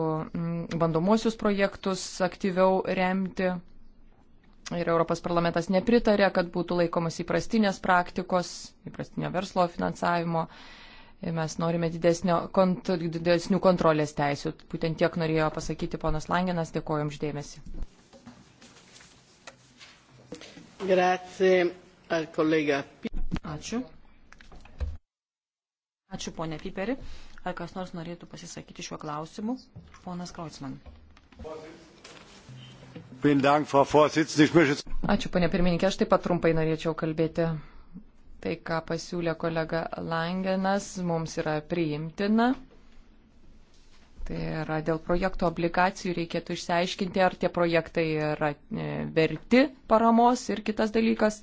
[SPEAKER 3] bandomuosius projektus aktyviau remti ir Europos parlamentas nepritarė, kad būtų laikomas įprastinės praktikos, įprastinio verslo finansavimo. Ir mes norime didesnio, kont, didesnių kontrolės teisų. Būtent tiek norėjo pasakyti ponas Langenas. Dėkuoju Jums dėmesį.
[SPEAKER 2] Ačiū. Ačiū, ponė Piperi. Ar kas nors norėtų pasisakyti šiuo klausimu? Ponas Kreutzmann.
[SPEAKER 3] Pozit.
[SPEAKER 5] Ačiū,
[SPEAKER 3] ponė pirmininkė, aš taip pat trumpai norėčiau kalbėti. Tai, ką pasiūlė kolega Langenas, mums yra priimtina. Tai yra dėl projektų obligacijų reikėtų išsiaiškinti, ar tie projektai yra e, verti paramos ir kitas dalykas.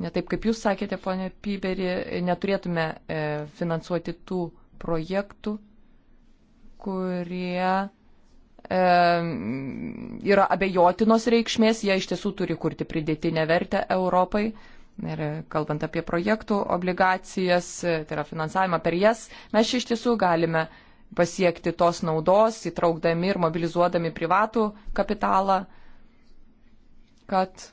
[SPEAKER 3] Ne taip, kaip jūs sakėte, ponė Pyberi, neturėtume e, finansuoti tų projektų, kurie yra abejotinos reikšmės, jie iš tiesų turi kurti pridėtinę vertę Europai. Ir kalbant apie projektų obligacijas, tai yra finansavimą per jas, mes iš tiesų galime pasiekti tos naudos, įtraukdami ir mobilizuodami privatų kapitalą, kad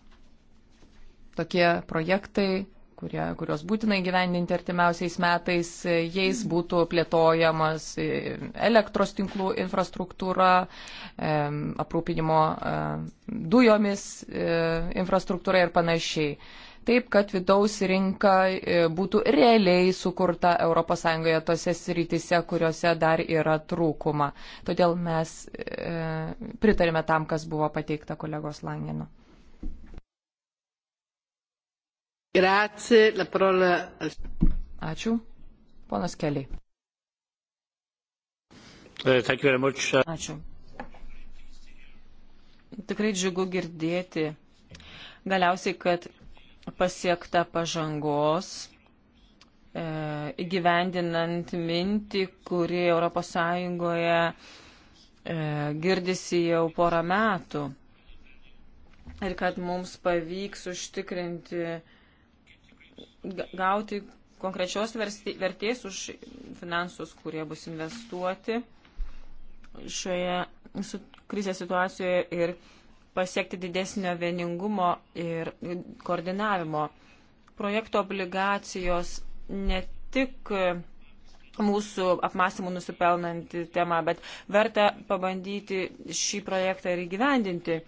[SPEAKER 3] tokie projektai kurie, kurios būtinai gyvendinti artimiausiais metais, jais būtų plėtojamas elektros tinklų infrastruktūra, aprūpinimo dujomis e, infrastruktūra ir panašiai taip, kad vidaus rinka e, būtų realiai sukurta ES tose srityse, kuriuose dar yra trūkuma. Todėl mes e, pritarime tam, kas buvo pateikta kolegos Langino. Grazie, la parola. Ačiū.
[SPEAKER 2] Ponas Keliai. Uh, Ačiū. Tikrai džiugu girdėti galiausiai, kad pasiekta pažangos e, įgyvendinant mintį, kuri ES e, girdisi jau porą metų. Ir kad mums pavyks užtikrinti gauti konkrečios vertės už finansus, kurie bus investuoti šioje krizės situacijoje ir pasiekti didesnio vieningumo ir koordinavimo. Projekto obligacijos ne tik mūsų apmąstymų nusipelnanti tema, bet verta pabandyti šį projektą ir įgyvendinti.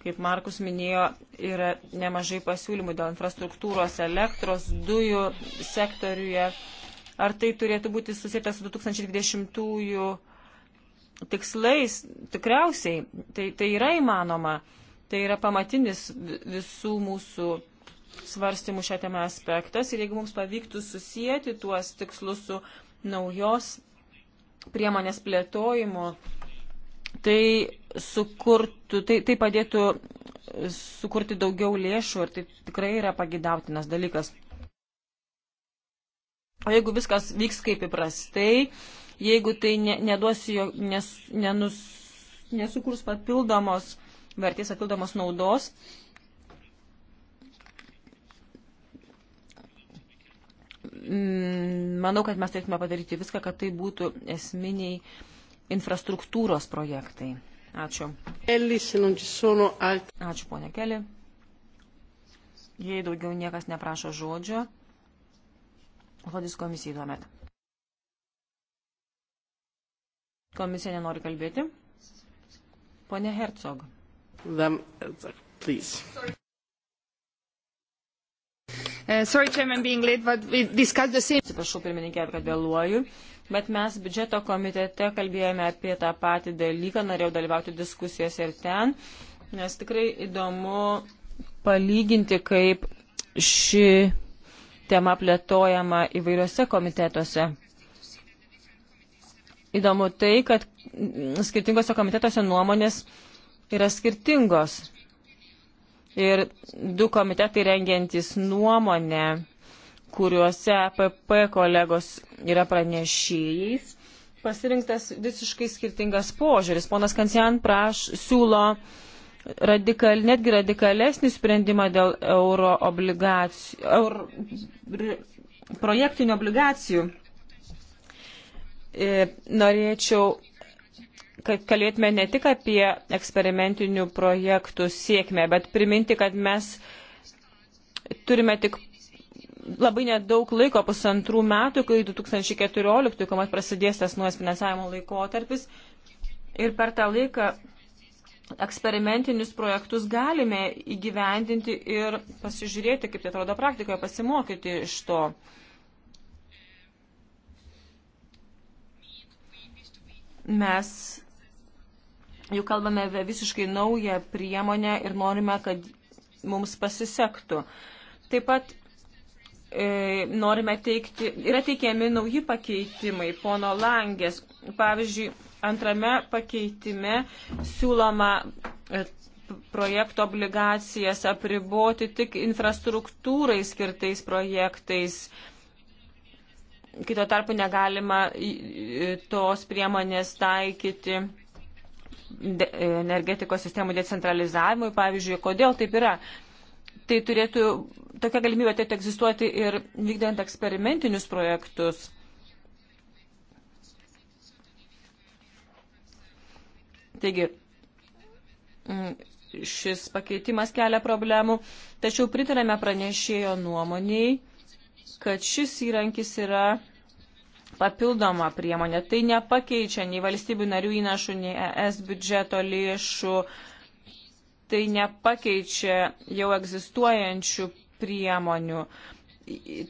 [SPEAKER 2] Kaip Markus minėjo, yra nemažai pasiūlymų dėl infrastruktūros, elektros, dujų sektoriuje. Ar tai turėtų būti susijęta su 2020-ųjų tikslais? Tikriausiai. Tai, tai yra įmanoma. Tai yra pamatinis visų mūsų svarstymų šią temą aspektas. Ir jeigu mums pavyktų susijęti tuos tikslus su naujos priemonės plėtojimu, Tai sukurtų, tai, tai padėtų sukurti daugiau lėšų ir tai tikrai yra pagidautinas dalykas. O jeigu viskas vyks kaip įprastai, jeigu tai ne, neduos jo, nes, nenus, nesukurs papildomos vertės, papildomos naudos, manau, kad mes turėtume padaryti viską, kad tai būtų esminiai infrastruktūros projektai. Ačiū. Ačiū, ponė Keli. Jei daugiau niekas neprašo žodžio, žodis komisijai tuomet. Komisija nenori kalbėti. Pone Hercog. Them, please. Sorry. Uh, sorry, Chairman, being late, but we discussed the same. Atsiprašau, pirmininkė, kad vėluoju bet mes biudžeto komitete kalbėjome apie tą patį dalyką, norėjau dalyvauti diskusijose ir ten, nes tikrai įdomu palyginti, kaip ši tema plėtojama įvairiuose komitetuose. Įdomu tai, kad skirtingose komitetuose nuomonės yra skirtingos. Ir du komitetai rengiantis nuomonę kuriuose APP kolegos yra pranešėjais, pasirinktas visiškai skirtingas požiūris. Ponas Kancian praš siūlo radikal, netgi radikalesnį sprendimą dėl euro obligacijų, euro, projektinių obligacijų. Ir norėčiau, kad kalbėtume ne tik apie eksperimentinių projektų sėkmę, bet priminti, kad mes turime tik labai nedaug laiko, pusantrų metų, kai 2014, kuomet prasidės tas nuos finansavimo laikotarpis. Ir per tą laiką eksperimentinius projektus galime įgyvendinti ir pasižiūrėti, kaip tai atrodo praktikoje, pasimokyti iš to. Mes jau kalbame apie visiškai naują priemonę ir norime, kad mums pasisektų. Taip pat E, norime teikti, yra teikiami nauji pakeitimai, pono langės. Pavyzdžiui, antrame pakeitime siūloma e, projekto obligacijas apriboti tik infrastruktūrai skirtais projektais. Kito tarpu negalima tos priemonės taikyti energetikos sistemų decentralizavimui. Pavyzdžiui, kodėl taip yra? tai turėtų, tokia galimybė turėtų egzistuoti ir vykdant eksperimentinius projektus. Taigi, mm, šis pakeitimas kelia problemų, tačiau pritarėme pranešėjo nuomoniai, kad šis įrankis yra papildoma priemonė. Tai nepakeičia nei valstybių narių įnašų, nei ES biudžeto lėšų, uh, tai nepakeičia jau egzistuojančių priemonių.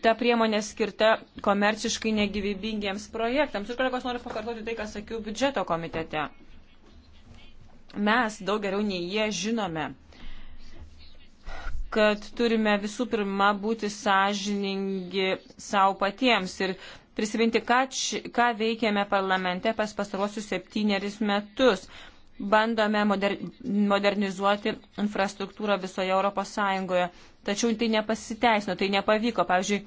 [SPEAKER 2] Ta priemonė skirta komerciškai negyvybingiems projektams. Ir kolegos noriu pakartoti tai, ką sakiau biudžeto komitete. Mes daug geriau nei jie žinome, kad turime visų pirma būti sąžiningi savo patiems ir prisiminti, ką, ką veikėme parlamente pas pastaruosius septynerius metus bandome moder, modernizuoti infrastruktūrą visoje Europos Sąjungoje. Tačiau tai nepasiteisino, tai nepavyko. Pavyzdžiui,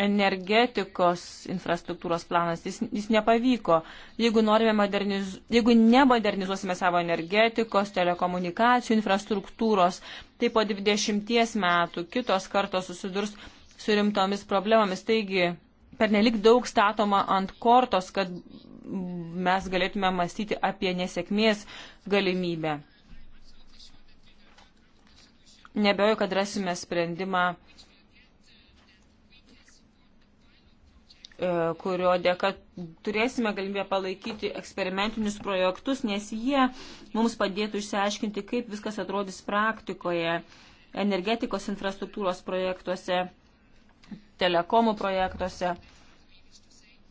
[SPEAKER 2] energetikos infrastruktūros planas, jis, jis nepavyko. Jeigu, moderniz, jeigu nemodernizuosime savo energetikos, telekomunikacijų infrastruktūros, tai po 20 metų kitos kartos susidurs su rimtomis problemomis. Taigi, pernelik daug statoma ant kortos, kad mes galėtume mąstyti apie nesėkmės galimybę. Nebejoju, kad rasime sprendimą, e, kurio dėka turėsime galimybę palaikyti eksperimentinius projektus, nes jie mums padėtų išsiaiškinti, kaip viskas atrodys praktikoje, energetikos infrastruktūros projektuose, telekomų projektuose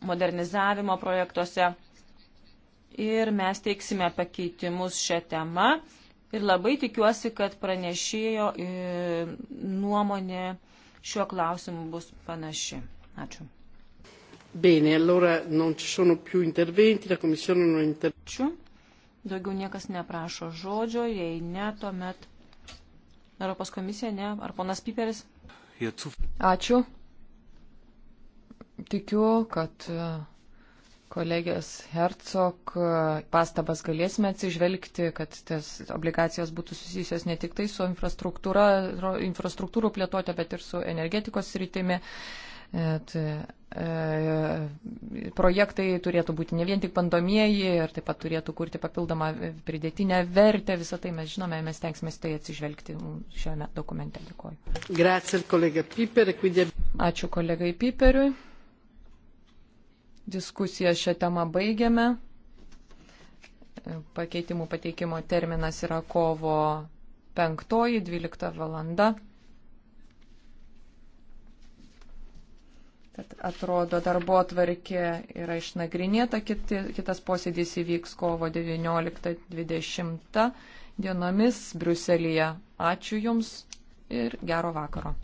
[SPEAKER 2] modernizavimo projektuose. Ir mes teiksime pakeitimus šią temą. Ir labai tikiuosi, kad pranešėjo e, nuomonė šiuo klausimu bus panaši. Ačiū.
[SPEAKER 1] Bene, allora non ci sono più interventi, la Commissione non interviene. Ačiū.
[SPEAKER 2] Daugiau niekas neprašo žodžio, jei ne, tuomet Europos komisija ne, ar ponas Piperis.
[SPEAKER 3] Ačiū tikiu, kad e, kolegės Hercog e, pastabas galėsime atsižvelgti, kad tas obligacijos būtų susijusios ne tik tai su infrastruktūra, infrastruktūrų plėtotė, bet ir su energetikos rytimi. Et, e, projektai turėtų būti ne vien tik bandomieji ir taip pat turėtų kurti papildomą pridėtinę vertę. Visą tai mes žinome, mes tenksime tai atsižvelgti šiame dokumente. Dėkuoju. Grazie, kolega Piper, quindi... Ačiū kolegai Piperiui. Diskusiją šią temą baigiame. Pakeitimų pateikimo terminas yra kovo 5-12 valanda. Tad atrodo, darbo atvarkė yra išnagrinėta, kiti, kitas posėdis įvyks kovo 19-20 dienomis Bruselėje. Ačiū Jums ir
[SPEAKER 2] gero vakaro.